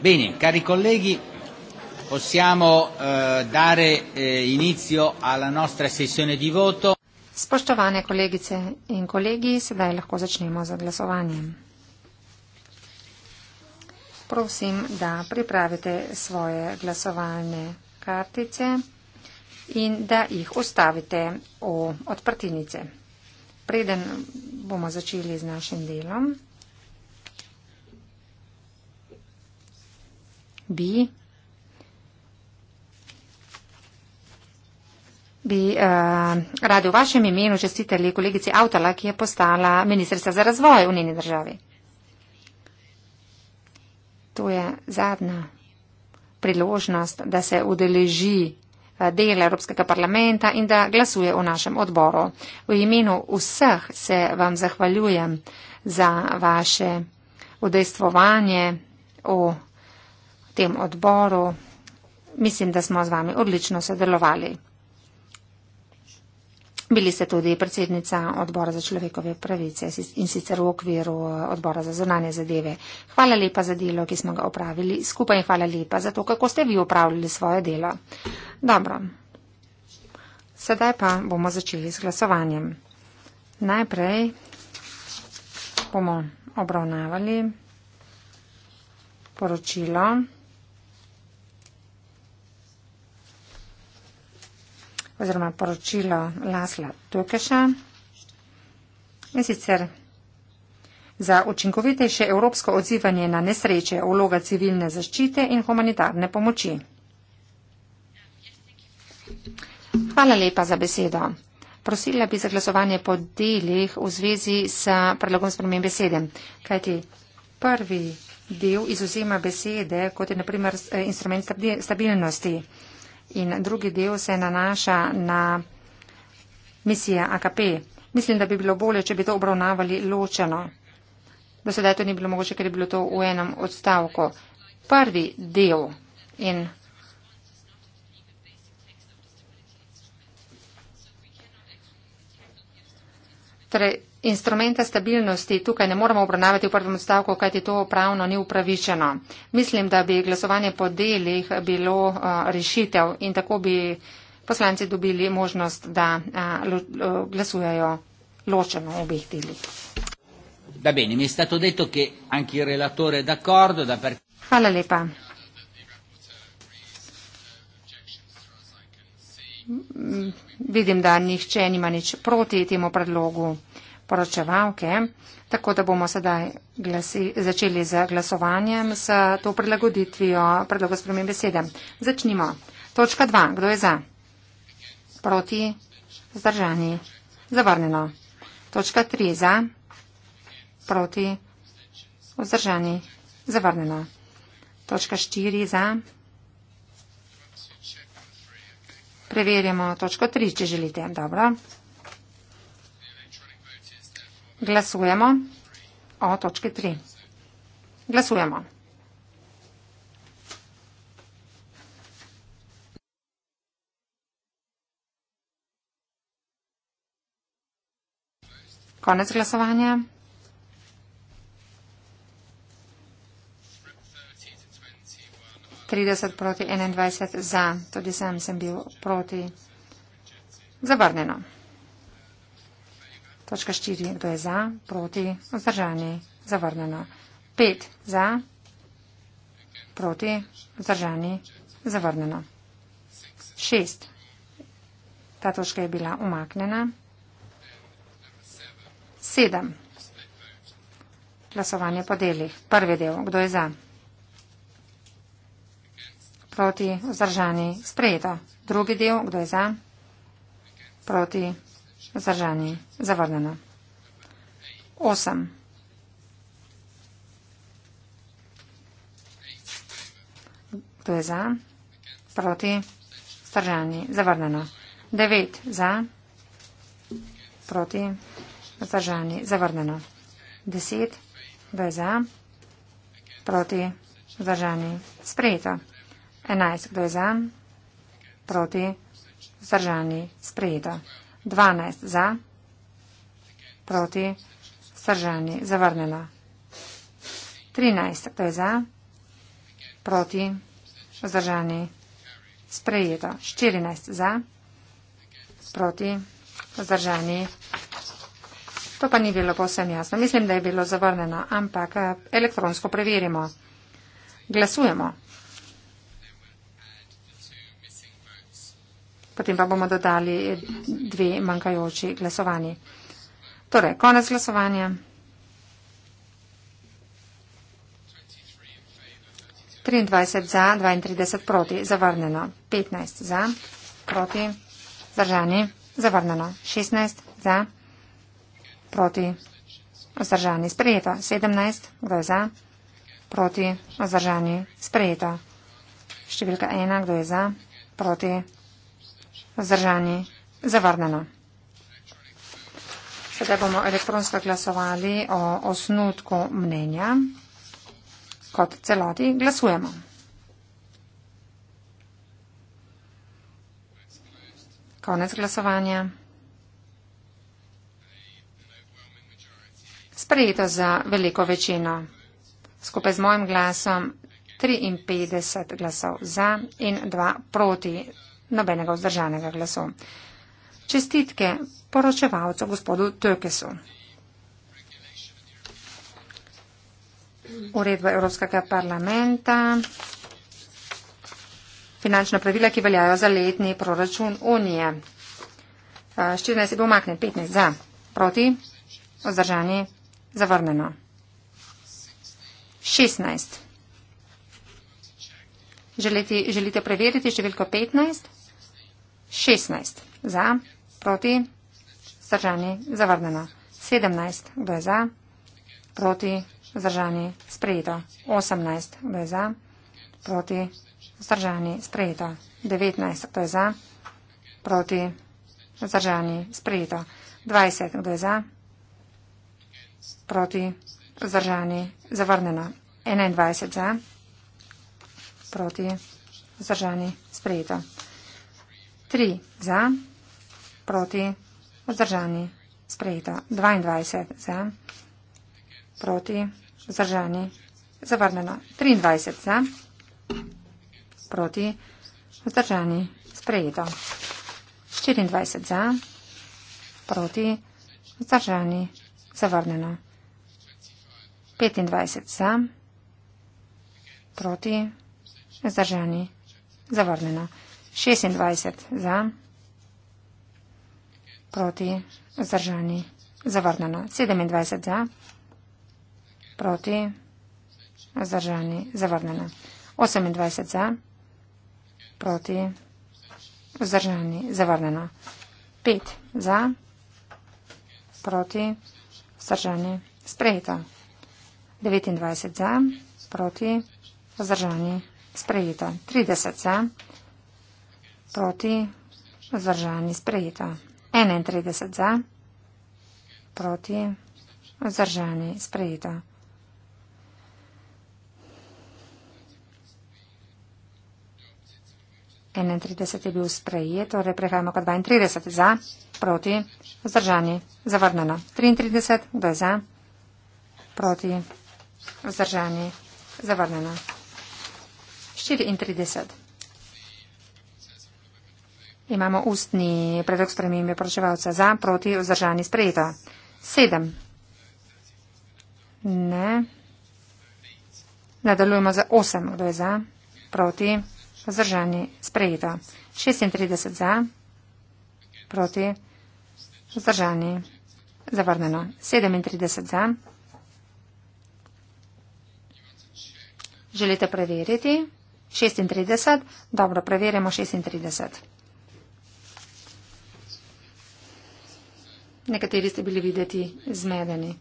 Bene, cari colleghi, possiamo eh, dare eh, inizio alla nostra sessione di voto. Spoštovane kolegice in kolegi, sedaj lahko začnemo z glasovanjem prosim, da pripravite svoje glasovalne kartice in da jih ustavite v odprtinice. Preden bomo začeli z našim delom, bi, bi uh, radi v vašem imenu čestitali kolegici Avtala, ki je postala ministrica za razvoj v njeni državi to je zadnja priložnost, da se udeleži eh, dela Evropskega parlamenta in da glasuje v našem odboru. V imenu vseh se vam zahvaljujem za vaše udejstvovanje v tem odboru. Mislim, da smo z vami odlično sodelovali. Bili ste tudi predsednica odbora za človekove pravice in sicer v okviru eh, odbora za zonanje zadeve. Hvala lepa za delo, ki smo ga opravili skupaj in hvala lepa za to, kako ste vi upravljali svoje delo. Dobro. Sedaj pa bomo začeli s glasovanjem. Najprej bomo obravnavali poročilo. oziroma poročilo Lasla Tukeša. In sicer za učinkovitejše evropsko odzivanje na nesreče vloga civilne zaščite in humanitarne pomoči. Hvala lepa za besedo. Prosila bi za glasovanje po delih v zvezi s predlogom spremem besede, kajti prvi del izuzema besede, kot je naprimer eh, instrument stabilnosti in drugi del se nanaša na misije AKP. Mislim, da bi bilo bolje, če bi to obravnavali ločeno. Do sedaj to ni bilo mogoče, ker je bilo to v enem odstavku. Prvi del in torej, Instrumenta stabilnosti tukaj ne moremo obravnavati v prvem odstavku, kajti to pravno ni upravičeno. Mislim, da bi glasovanje po delih bilo uh, rešitev in tako bi poslanci dobili možnost, da uh, lo, uh, glasujejo ločeno v obih delih. Hvala lepa. Mm, vidim, da nihče nima nič proti temu predlogu poročevalke. Tako da bomo sedaj glasi, začeli z glasovanjem s to prilagoditvijo predlogo spremembe 7. Začnimo. Točka 2. Kdo je za? Proti? Zdržani? Zavrnjeno. Točka 3. Za? Proti? Vzdržani? Zavrnjeno. Točka 4. Za? Preverjamo točko 3, če želite. Dobro. Glasujemo o točki 3. Glasujemo. Konec glasovanja. Trideset proti enaindvajset za, tudi sam sem bil proti. Zavrnjeno. Točka 4. Kdo je za? Proti? Vzdržani? Zavrnjeno. 5. Za? Proti? Vzdržani? Zavrnjeno. 6. Ta točka je bila umaknjena. 7. Glasovanje po delih. Prvi del. Kdo je za? Proti? Vzdržani? Sprejeto. Drugi del. Kdo je za? Proti? Zdržani. Zavrnjeno. Osem. Kdo je za? Proti. Zdržani. Zavrnjeno. Devet. Za. Proti. Zdržani. Zavrnjeno. Deset. Kdo je za? Proti. Zdržani. Sprejeto. Enajst. Kdo je za? Proti. Zdržani. Sprejeto. 12 za, proti, stržani, zavrnjeno. 13, to je za, proti, stržani, sprejeto. 14 za, proti, stržani, to pa ni bilo posebno jasno. Mislim, da je bilo zavrnjeno, ampak eh, elektronsko preverimo. Glasujemo. Potem pa bomo dodali dve manjkajoči glasovanji. Torej, konec glasovanja. 23 za, 32 proti, zavrnjeno. 15 za, proti, zdržani, zavrnjeno. 16 za, proti, zdržani, sprejeto. 17, kdo je za, proti, zdržani, sprejeto. Številka 1, kdo je za, proti, zdržani. Zdržani. Zavrneno. Sedaj bomo elektronsko glasovali o osnutku mnenja. Kot celoti glasujemo. Konec glasovanja. Sprejeto za veliko večino. Skupaj z mojim glasom 53 glasov za in 2 proti nobenega vzdržanega glasu. Čestitke poročevalcu gospodu Tökesu. Uredba Evropskega parlamenta. Finančna pravila, ki veljajo za letni proračun Unije. 14 eh, je bil maknen, 15 za. Proti? Vzdržanje zavrneno. 16. Želite, želite preveriti številko 15? 16 za, proti, zdržani, zavrnjeno. 17, kdo je za, proti, zdržani, sprejeto. 18, kdo je za, proti, zdržani, sprejeto. 19, kdo je za, proti, zdržani, sprejeto. 20, kdo je za, proti, zdržani, zavrnjeno. 21 za, proti, zdržani, sprejeto. 3 za, proti, vzdržani, sprejeto. 22 za, proti, vzdržani, zavrneno. 23 za, proti, vzdržani, sprejeto. 24 za, proti, vzdržani, zavrneno. 25 za, proti, vzdržani, zavrneno. 26 za, proti, vzdržani, zavrneno. 26 za proti zdržani zavrnjeno. 27 za proti zdržani zavrnjeno. 28 za proti zdržani zavrnjeno. 5 za proti zdržani sprejeto. 29 za proti zdržani sprejeto. 30 za proti zdržani sprejeto proti, vzdržani sprejeto. 31 za, proti, vzdržani sprejeto. Enaintrideset je bil sprejet, torej prehajamo kot dvaintrideset za, proti, vzdržani, zavrnjeno. Triintrideset, kdo je za, proti, vzdržani, zavrnjeno. Štiriintrideset. Imamo ustni predlog spremembe poročevalca za, proti, vzdržani, sprejeta. Sedem. Ne. Nadaljujemo za osem, kdo je za, proti, vzdržani, sprejeta. 36 za, proti, vzdržani, zavrneno. 37 za. Želite preveriti? 36. Dobro, preverimo 36. Nekateri ste bili videti zmedeni.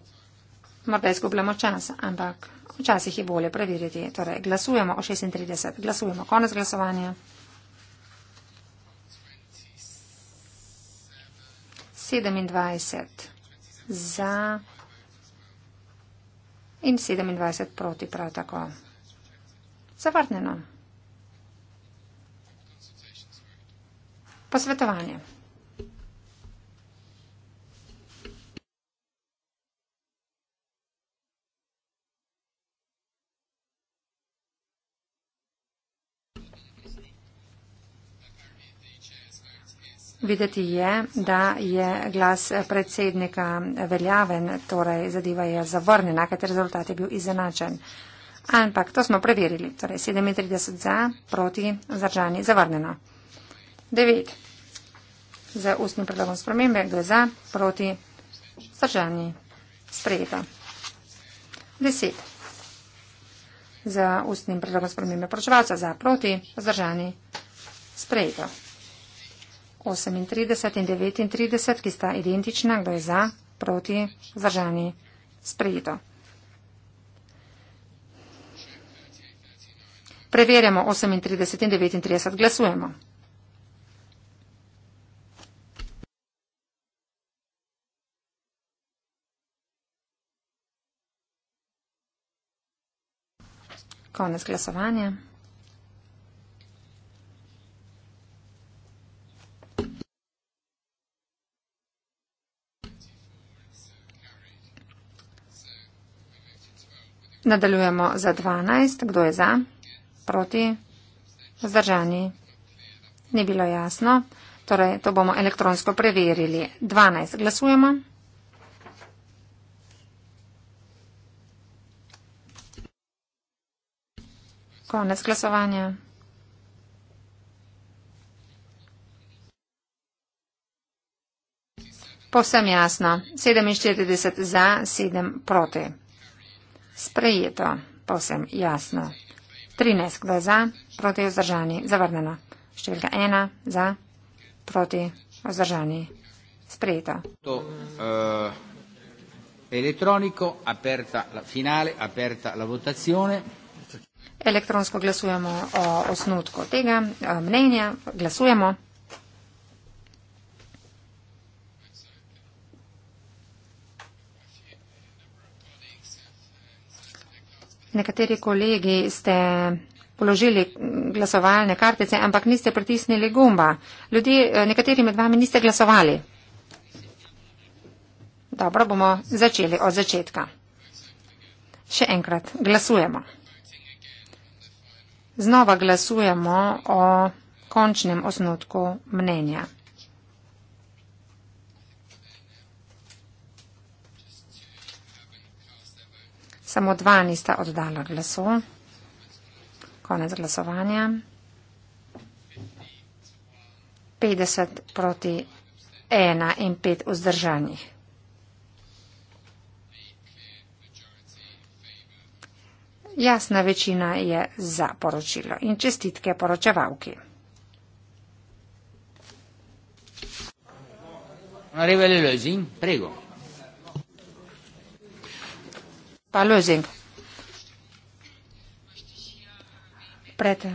Morda izgubljamo čas, ampak včasih je bolje preveriti. Torej, glasujemo o 36. Glasujemo konec glasovanja. 27 za in 27 proti prav tako. Zavrnjeno. Posvetovanje. Videti je, da je glas predsednika veljaven, torej zadeva je zavrnjena, kater rezultat je bil izenačen. Ampak to smo preverili, torej 37 za, proti, zdržani, zavrnjeno. 9. Za ustni predlogom spremembe, kdo je za, proti, zdržani, sprejeto. 10. Za ustnim predlogom spremembe proračunavca, za, proti, zdržani, sprejeto. 38 in 39, ki sta identična, kdo je za, proti, zdržani, sprejeto. Preverjamo 38 in 39, glasujemo. Konec glasovanja. Nadaljujemo za 12. Kdo je za? Proti? Zdržani? Ni bilo jasno. Torej, to bomo elektronsko preverili. 12. Glasujemo. Konec glasovanja. Povsem jasno. 47 za, 7 proti. Sprejeto. Povsem jasno. 13. Kdo je za? Proti vzdržani. Zavrnjeno. Številka 1. Za. Proti vzdržani. Sprejeto. To, uh... Eh, Elektroniko, aperta la finale, aperta la votazione. Elektronsko glasujemo o osnutku tega eh, mnenja. Glasujemo. Nekateri kolegi ste položili glasovalne kartice, ampak niste pritisnili gumba. Ljudje, eh, nekateri med vami niste glasovali. Dobro, bomo začeli od začetka. Še enkrat, glasujemo. Znova glasujemo o končnem osnutku mnenja. Samo dva nista oddala glasu. Konec glasovanja. 50 proti 1 in 5 vzdržanih. Jasna večina je za poročilo in čestitke poročevalki. Arriva le leggi, prego. par lösung. Pred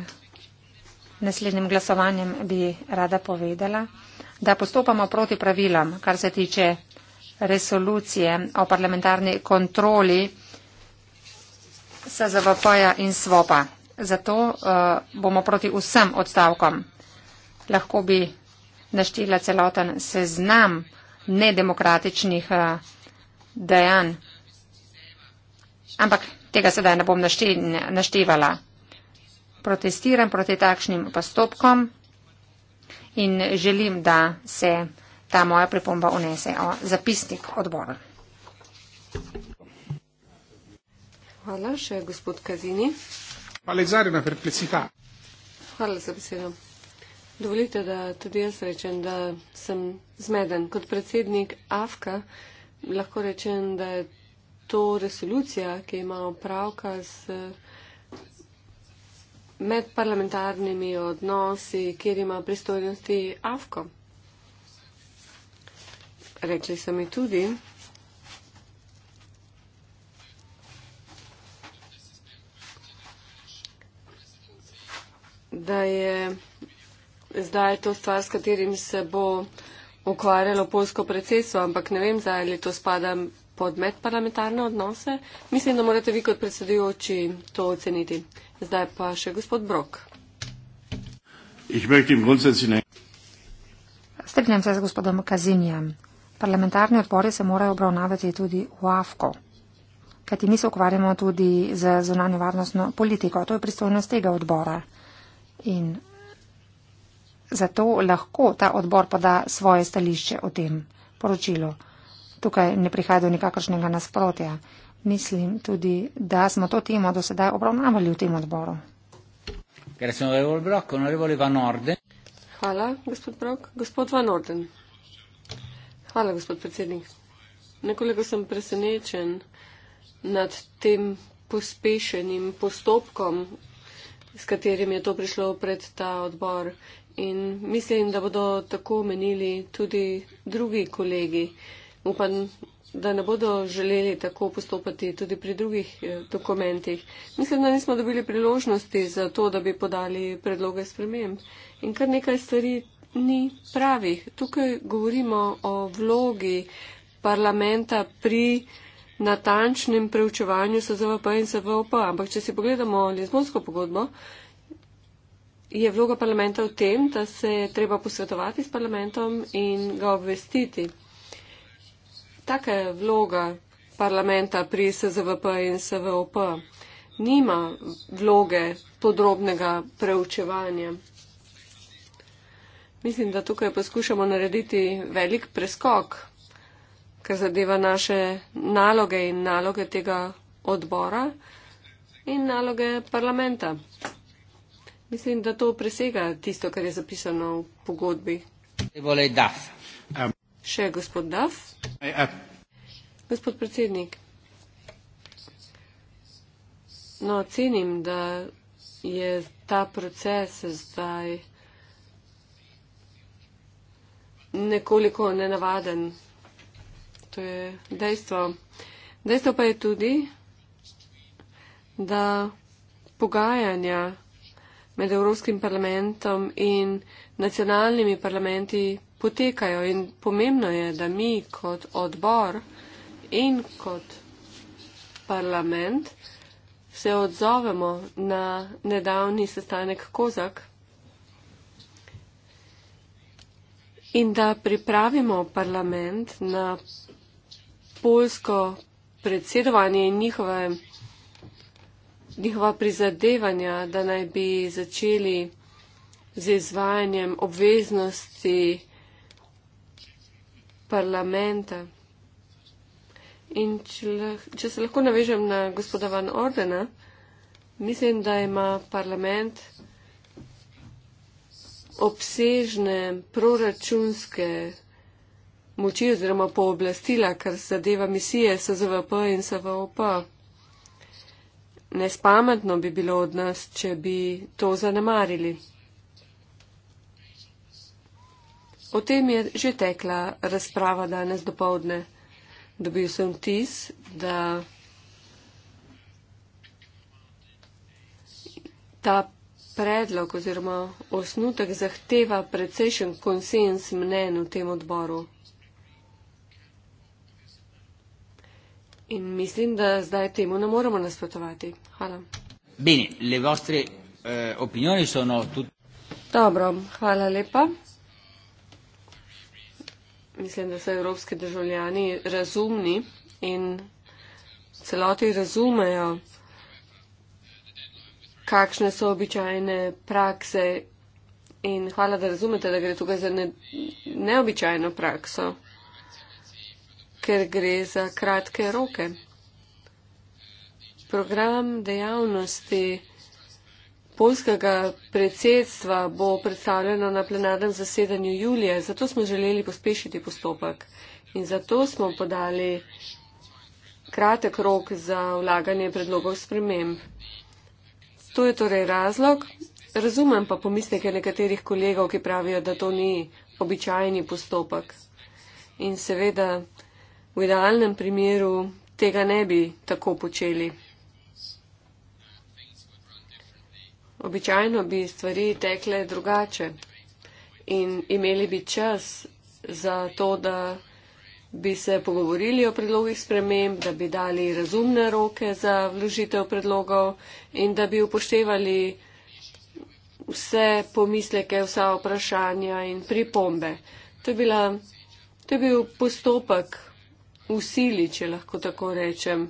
naslednjim glasovanjem bi rada povedala, da postopamo proti pravilam, kar se tiče resolucije o parlamentarni kontroli SZVP-ja in SVOP-a. Zato uh, bomo proti vsem odstavkom. Lahko bi naštila celoten seznam nedemokratičnih uh, dejanj ampak tega sedaj ne bom naštevala. Protestiram proti takšnim postopkom in želim, da se ta moja pripomba unese o zapisnik odbora. Hvala še gospod Kazini. Hvala za rejno perplexita. Hvala za besedo. Dovolite, da tudi jaz rečem, da sem zmeden. Kot predsednik AFK lahko rečem, da je to resolucija, ki ima opravka z medparlamentarnimi odnosi, kjer ima pristojnosti AFKO. Rekli so mi tudi, da je zdaj to stvar, s katerim se bo ukvarjalo polsko predsedstvo, ampak ne vem, zdaj ali to spada pod medparlamentarne odnose. Mislim, da morate vi kot predsedujoči to oceniti. Zdaj pa še gospod Brok. Strinjam se z gospodom Kazinjem. Parlamentarne odbore se morajo obravnavati tudi v AFKO, kajti mi se ukvarjamo tudi z zunanjo varnostno politiko. To je pristojnost tega odbora. In zato lahko ta odbor poda svoje stališče o tem poročilu tukaj ne prihaja do nikakršnega nasprotja. Mislim tudi, da smo to temo do sedaj obravnavali v tem odboru. Hvala, gospod Brok. Gospod Van Orden. Hvala, gospod predsednik. Nekoliko sem presenečen nad tem pospešenim postopkom, s katerim je to prišlo pred ta odbor. In mislim, da bodo tako menili tudi drugi kolegi. Uh, upam, da ne bodo želeli tako postopati tudi pri drugih eh, dokumentih. Mislim, da nismo dobili priložnosti za to, da bi podali predloge sprememb. In kar nekaj stvari ni pravih. Tukaj govorimo o vlogi parlamenta pri natančnem preučevanju SZVP in SVP. Ampak če si pogledamo Lizbonsko pogodbo, je vloga parlamenta v tem, da se treba posvetovati s parlamentom in ga obvestiti taka je vloga parlamenta pri SZVP in SVOP. Nima vloge podrobnega preučevanja. Mislim, da tukaj poskušamo narediti velik preskok, kar zadeva naše naloge in naloge tega odbora in naloge parlamenta. Mislim, da to presega tisto, kar je zapisano v pogodbi. Um. Še gospod Dav. Gospod predsednik. No, cenim, da je ta proces zdaj nekoliko nenavaden. To je dejstvo. Dejstvo pa je tudi, da pogajanja med Evropskim parlamentom in nacionalnimi parlamenti potekajo in pomembno je, da mi kot odbor in kot parlament se odzovemo na nedavni sestanek Kozak in da pripravimo parlament na polsko predsedovanje in njihove, njihova prizadevanja, da naj bi začeli z izvajanjem obveznosti parlamenta. In če, če se lahko navežem na gospoda Van Ordena, mislim, da ima parlament obsežne proračunske moči oziroma pooblastila, kar zadeva misije SZVP in SVOP. Nespametno bi bilo od nas, če bi to zanemarili. O tem je že tekla razprava danes dopovdne. Dobil sem tis, da ta predlog oziroma osnutek zahteva precejšen konsens mnen v tem odboru. In mislim, da zdaj temu ne moremo nasprotovati. Hvala. Bene, le vostre eh, opinioni so tudi. Dobro, hvala lepa mislim, da so evropski državljani razumni in celoti razumejo, kakšne so običajne prakse in hvala, da razumete, da gre tukaj za ne, neobičajno prakso, ker gre za kratke roke. Program dejavnosti polskega predsedstva bo predstavljeno na plenarnem zasedanju julija, zato smo želeli pospešiti postopek in zato smo podali kratek rok za vlaganje predlogov sprememb. To je torej razlog. Razumem pa pomisleke nekaterih kolegov, ki pravijo, da to ni običajni postopek. In seveda v idealnem primeru tega ne bi tako počeli. Običajno bi stvari tekle drugače in imeli bi čas za to, da bi se pogovorili o predlogih sprememb, da bi dali razumne roke za vložitev predlogov in da bi upoštevali vse pomisleke, vsa vprašanja in pripombe. To je, bila, to je bil postopek usili, če lahko tako rečem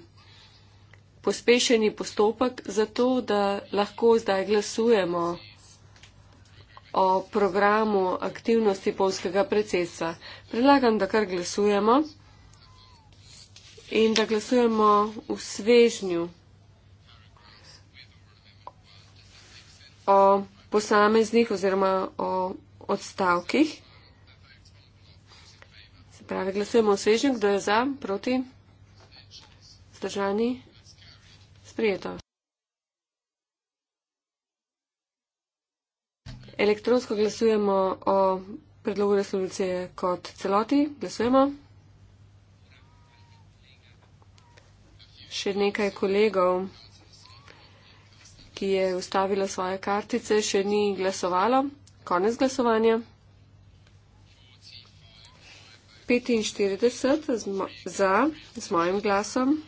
pospešeni postopek, zato da lahko zdaj glasujemo o programu aktivnosti polskega predsedstva. Predlagam, da kar glasujemo in da glasujemo v svežnju o posameznih oziroma o odstavkih. Se pravi, glasujemo v svežnju, kdo je za, proti, zdržani sprejeta. Elektronsko glasujemo o predlogu resolucije kot celoti. Glasujemo. Še nekaj kolegov, ki je ustavilo svoje kartice, še ni glasovalo. Konec glasovanja. 45 za, z mojim glasom,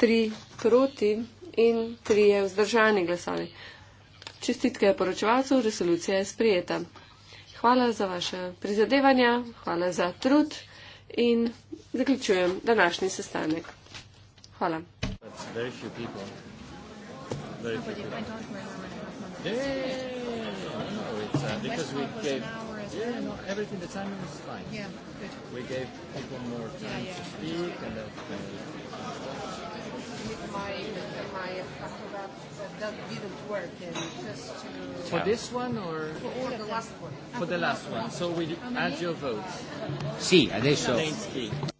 3 proti in trije vzdržani glasovi. Čestitke poročevalcu, resolucija je sprijeta. Hvala za vaše prizadevanja, hvala za trud in zaključujem današnji sestanek. Hvala. Yeah, no, uh, no, everything, the timing was fine. Yeah, good. We gave people more time yeah, yeah. to speak and that's uh, my that didn't work and just to yeah. for this one or for the last one for the last one so we add your votes see sí, adesso Thanks.